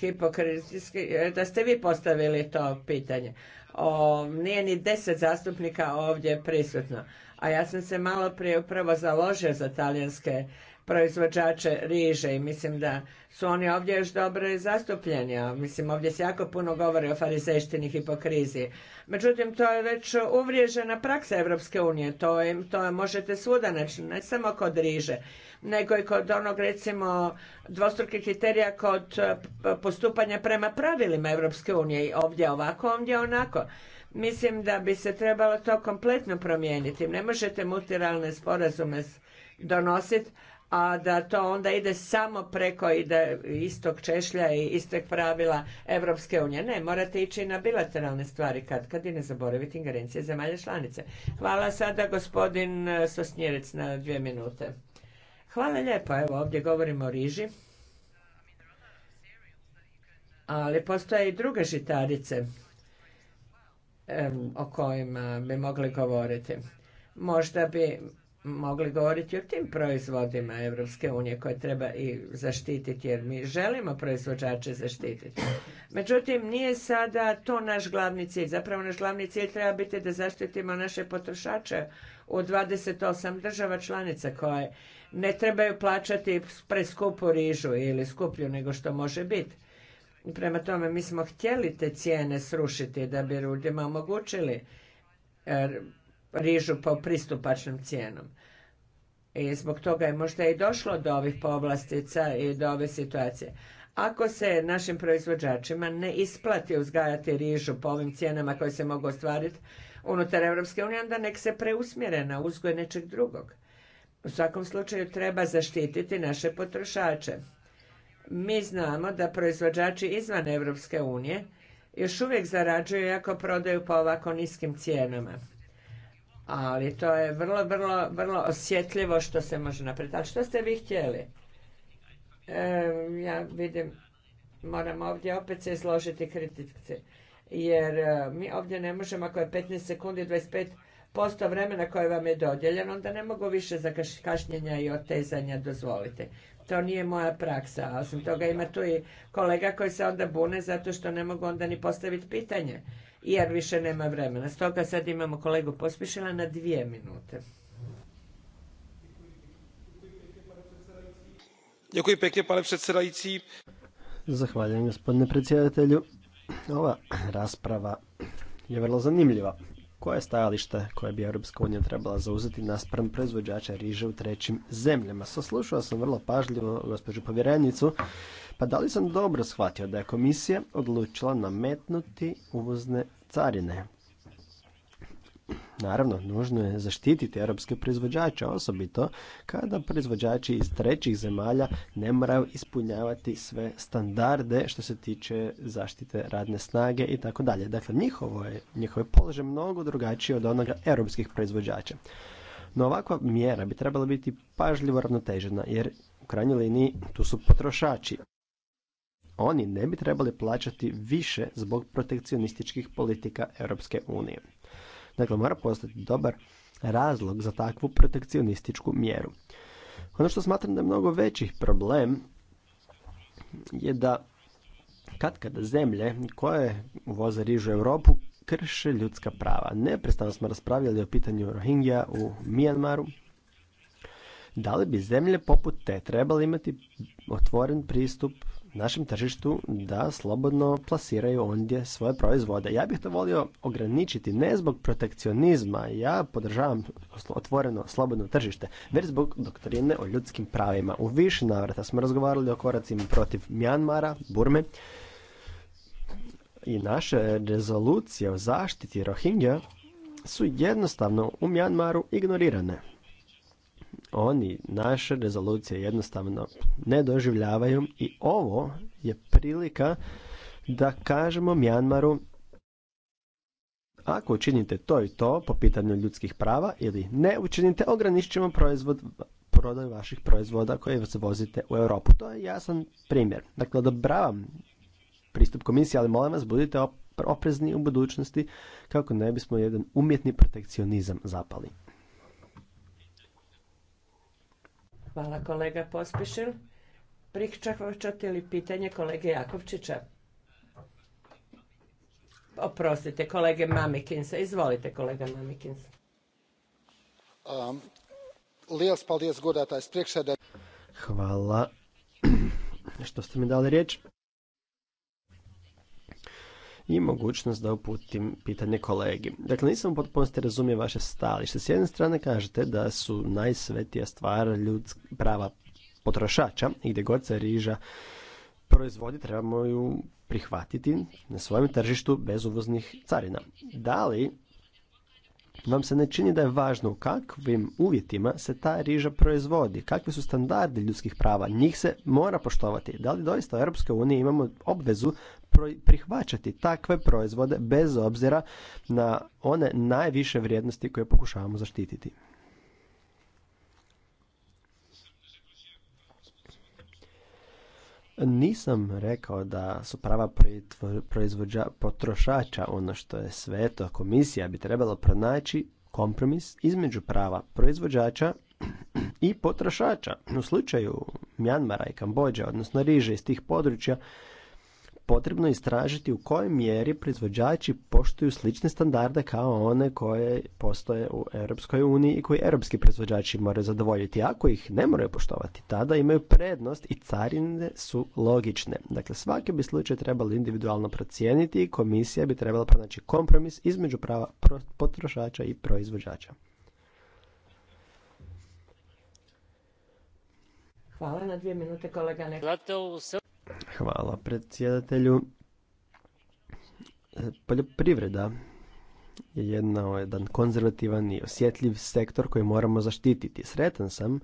hipokritski, da ste vi postavili to pitanje o, nije ni deset zastupnika ovdje prisutno. A ja sam se malo prije upravo založio za talijanske proizvođače riže i mislim da su oni ovdje još dobro zastupljeni. mislim, ovdje se jako puno govori o farizejštini krizi. Međutim, to je već uvriježena praksa Evropske unije. To, je, to je, možete svuda naći, ne samo kod riže, nego i kod onog, recimo, dvostrukih kriterija kod eh, postupanja prema pravilima Evropske unije. ovdje ovako, ovdje onako. Mislim da bi se trebalo to kompletno promijeniti. Ne možete multiralne sporazume donositi, a da to onda ide samo preko ide istog češlja i istog pravila Evropske unije. Ne, morate ići na bilateralne stvari kad, kad i ne zaboraviti ingerencije zemalja članice. Hvala sada gospodin e, Sosnjerec na dvije minute. Hvala lijepo, evo ovdje govorimo o riži. Ali postoje i druge žitarice o kojima bi mogli govoriti. Možda bi mogli govoriti o tim proizvodima Evropske unije koje treba i zaštititi jer mi želimo proizvođače zaštititi. Međutim, nije sada to naš glavni cilj. Zapravo naš glavni cilj treba biti da zaštitimo naše potrošače u 28 država članica koje ne trebaju plaćati preskupu rižu ili skuplju nego što može biti. Prema tome, mi smo htjeli te cijene srušiti da bi ljudima omogućili rižu po pristupačnom cijenom. I zbog toga je možda i došlo do ovih povlastica i do ove situacije. Ako se našim proizvođačima ne isplati uzgajati rižu po ovim cijenama koje se mogu ostvariti unutar Europske unije, onda nek se preusmjere na uzgoj nečeg drugog. U svakom slučaju treba zaštititi naše potrošače. Mi znamo da proizvođači izvan Europske unije još uvijek zarađuju ako prodaju po ovako niskim cijenama ali to je vrlo, vrlo, vrlo osjetljivo što se može napraviti. Ali što ste vi htjeli? E, ja vidim, moram ovdje opet se izložiti kritice. Jer e, mi ovdje ne možemo, ako je 15 sekundi, 25 vremena koje vam je dodjeljeno, onda ne mogu više za kašnjenja i otezanja dozvoliti. To nije moja praksa, a osim toga ima tu i kolega koji se onda bune zato što ne mogu onda ni postaviti pitanje jer više nema vremena. Stoga sad imamo kolegu Pospišila na dvije minute. Zahvaljujem gospodine predsjedatelju. Ova rasprava je vrlo zanimljiva koje je stajalište koje bi Europska unija trebala zauzeti naspram proizvođača riže u trećim zemljama. Soslušao sam vrlo pažljivo gospođu povjerenicu, pa da li sam dobro shvatio da je komisija odlučila nametnuti uvozne carine Naravno, nužno je zaštititi europske proizvođače, osobito kada proizvođači iz trećih zemalja ne moraju ispunjavati sve standarde što se tiče zaštite radne snage i tako dalje. Dakle, njihovo je, njihovo je položaj mnogo drugačije od onoga europskih proizvođača. No ovakva mjera bi trebala biti pažljivo ravnotežena, jer u krajnjoj liniji tu su potrošači. Oni ne bi trebali plaćati više zbog protekcionističkih politika Europske unije. Dakle, mora postati dobar razlog za takvu protekcionističku mjeru. Ono što smatram da je mnogo većih problem je da kad kada zemlje koje uvoze rižu Europu krše ljudska prava. Neprestano smo raspravljali o pitanju Rohingja u Mijanmaru. Da li bi zemlje poput te trebali imati otvoren pristup našem tržištu da slobodno plasiraju ondje svoje proizvode. Ja bih to volio ograničiti ne zbog protekcionizma, ja podržavam otvoreno slobodno tržište, već zbog doktrine o ljudskim pravima. U više navrata smo razgovarali o koracima protiv Mjanmara, Burme i naše rezolucije o zaštiti Rohingya su jednostavno u Mjanmaru ignorirane oni naše rezolucije jednostavno ne doživljavaju i ovo je prilika da kažemo Mjanmaru ako učinite to i to po pitanju ljudskih prava ili ne učinite, ograničimo proizvod, prodaju vaših proizvoda koje vozite u Europu. To je jasan primjer. Dakle, odobravam pristup komisije, ali molim vas budite oprezni u budućnosti kako ne bismo jedan umjetni protekcionizam zapali. Hvala kolega Pospišil. Prihčahvaćate li pitanje kolege Jakovčića? Oprostite, kolege Mamikinsa. Izvolite, kolega Mamikins. Um, Hvala <clears throat> što ste mi dali riječ i mogućnost da uputim pitanje kolegi. Dakle, nisam u potpunosti razumio vaše stajalište. S jedne strane kažete da su najsvetija stvar ljudska prava potrošača i gdje god se riža proizvodi trebamo ju prihvatiti na svojem tržištu bez uvoznih carina. Da li vam se ne čini da je važno u kakvim uvjetima se ta riža proizvodi, kakvi su standardi ljudskih prava, njih se mora poštovati. Da li doista u EU imamo obvezu prihvaćati takve proizvode bez obzira na one najviše vrijednosti koje pokušavamo zaštititi. Nisam rekao da su prava proizvođa, potrošača ono što je sveto. Komisija bi trebala pronaći kompromis između prava proizvođača i potrošača. U slučaju Mjanmara i Kambođa, odnosno riže iz tih područja, potrebno istražiti u kojoj mjeri proizvođači poštuju slične standarde kao one koje postoje u Europskoj uniji i koji europski proizvođači moraju zadovoljiti. Ako ih ne moraju poštovati, tada imaju prednost i carine su logične. Dakle, svaki bi slučaj trebalo individualno procijeniti i komisija bi trebala pronaći kompromis između prava potrošača i proizvođača. Hvala na dvije minute kolega Nek. Hvala predsjedatelju. E, poljoprivreda je jedna, jedan konzervativan i osjetljiv sektor koji moramo zaštititi. Sretan sam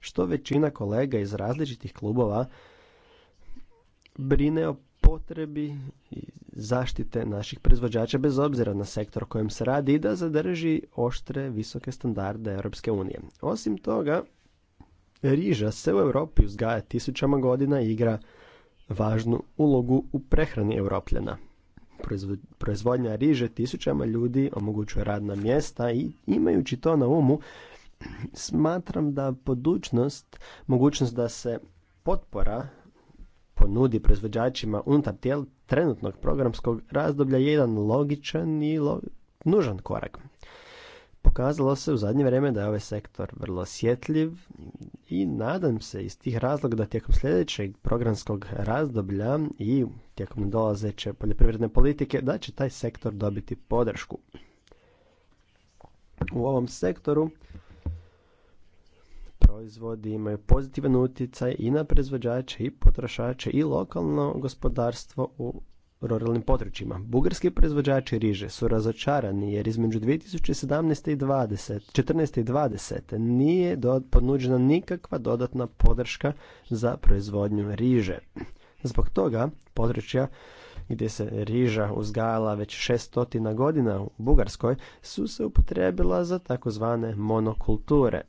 što većina kolega iz različitih klubova brine o potrebi i zaštite naših proizvođača bez obzira na sektor o kojem se radi i da zadrži oštre visoke standarde Europske unije. Osim toga, riža se u Europi uzgaja tisućama godina igra važnu ulogu u prehrani europljana. Proizvodnja riže tisućama ljudi omogućuje radna mjesta i imajući to na umu, smatram da budućnost, mogućnost da se potpora ponudi proizvođačima unutar trenutnog programskog razdoblja je jedan logičan i nužan korak. Pokazalo se u zadnje vrijeme da je ovaj sektor vrlo osjetljiv i nadam se iz tih razloga da tijekom sljedećeg programskog razdoblja i tijekom dolazeće poljoprivredne politike da će taj sektor dobiti podršku. U ovom sektoru proizvodi imaju pozitivan utjecaj i na proizvođače i potrošače i lokalno gospodarstvo u ruralnim područjima. Bugarski proizvođači riže su razočarani jer između 2017. i 20, i 20. nije ponuđena nikakva dodatna podrška za proizvodnju riže. Zbog toga područja gdje se riža uzgajala već 600 godina u Bugarskoj su se upotrebila za takozvane monokulture,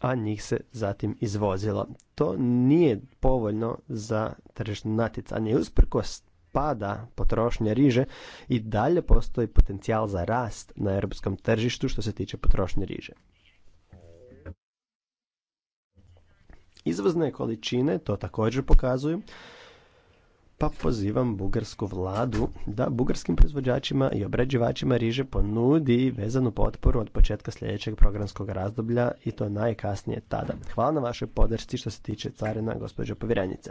a njih se zatim izvozilo. To nije povoljno za tržišno natjecanje. Usprkos pada potrošnje riže i dalje postoji potencijal za rast na europskom tržištu što se tiče potrošnje riže. Izvozne količine to također pokazuju, pa pozivam bugarsku vladu da bugarskim proizvođačima i obrađivačima riže ponudi vezanu potporu od početka sljedećeg programskog razdoblja i to najkasnije tada. Hvala na vašoj podršci što se tiče carina, gospođo povjerenice.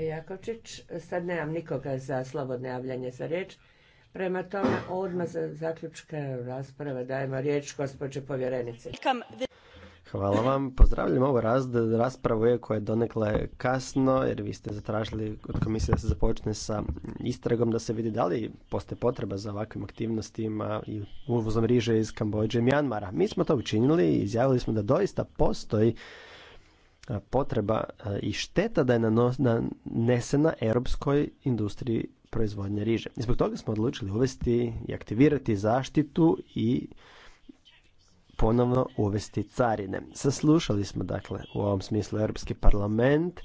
Jakovčić. Sad nemam nikoga za slobodno javljanje za riječ. Prema tome, odmah za zaključke rasprave dajemo riječ gospođe povjerenice. Hvala vam. Pozdravljam ovu raspravu, iako je donekle kasno, jer vi ste zatražili od komisije da se započne sa istragom, da se vidi da li postoje potreba za ovakvim aktivnostima i uvozom riže iz Kambođe i Mjanmara. Mi smo to učinili i izjavili smo da doista postoji E, potreba e, i šteta da je nanesena europskoj industriji proizvodnje riže. I zbog toga smo odlučili uvesti i aktivirati zaštitu i ponovno uvesti carine. Saslušali smo dakle u ovom smislu Europski parlament.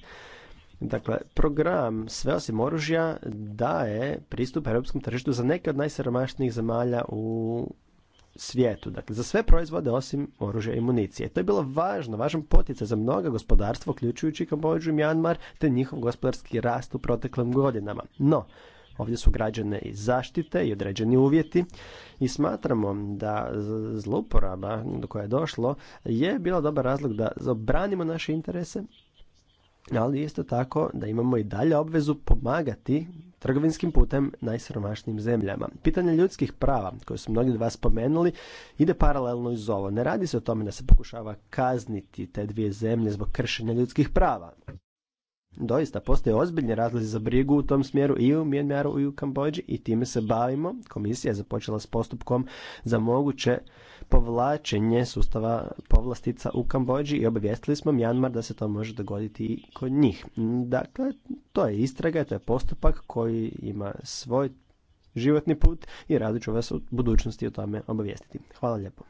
Dakle, program Sve osim oružja daje pristup europskom tržištu za neke od najsiromašnijih zemalja u svijetu. Dakle, za sve proizvode osim oružja i municije. To je bilo važno, važan poticaj za mnoga gospodarstva, uključujući Kambođu i Mjanmar, te njihov gospodarski rast u proteklim godinama. No, ovdje su građene i zaštite i određeni uvjeti i smatramo da zlouporaba do koje je došlo je bila dobar razlog da zabranimo naše interese ali isto tako da imamo i dalje obvezu pomagati trgovinskim putem najsiromašnijim zemljama. Pitanje ljudskih prava, koje su mnogi od vas spomenuli, ide paralelno iz ovo. Ne radi se o tome da se pokušava kazniti te dvije zemlje zbog kršenja ljudskih prava. Doista, postoje ozbiljni razlozi za brigu u tom smjeru i u Mijenmaru i u Kambođi i time se bavimo. Komisija je započela s postupkom za moguće povlačenje sustava povlastica u Kambođi i obavijestili smo Mjanmar da se to može dogoditi i kod njih. Dakle, to je istraga, to je postupak koji ima svoj životni put i radit ću vas u budućnosti o tome obavijestiti. Hvala lijepo.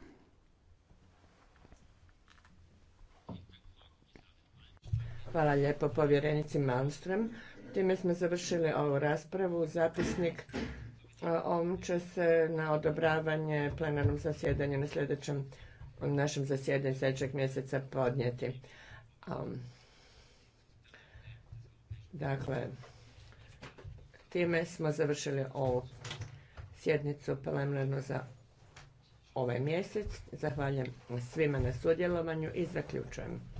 Hvala lijepo povjerenici Malmström. Time smo završili ovu raspravu. Zapisnik on će se na odobravanje plenarnom zasjedanju na sljedećem našem zasjedanju sljedećeg mjeseca podnijeti. dakle, time smo završili ovu sjednicu plenarnu za ovaj mjesec. Zahvaljujem svima na sudjelovanju i zaključujem.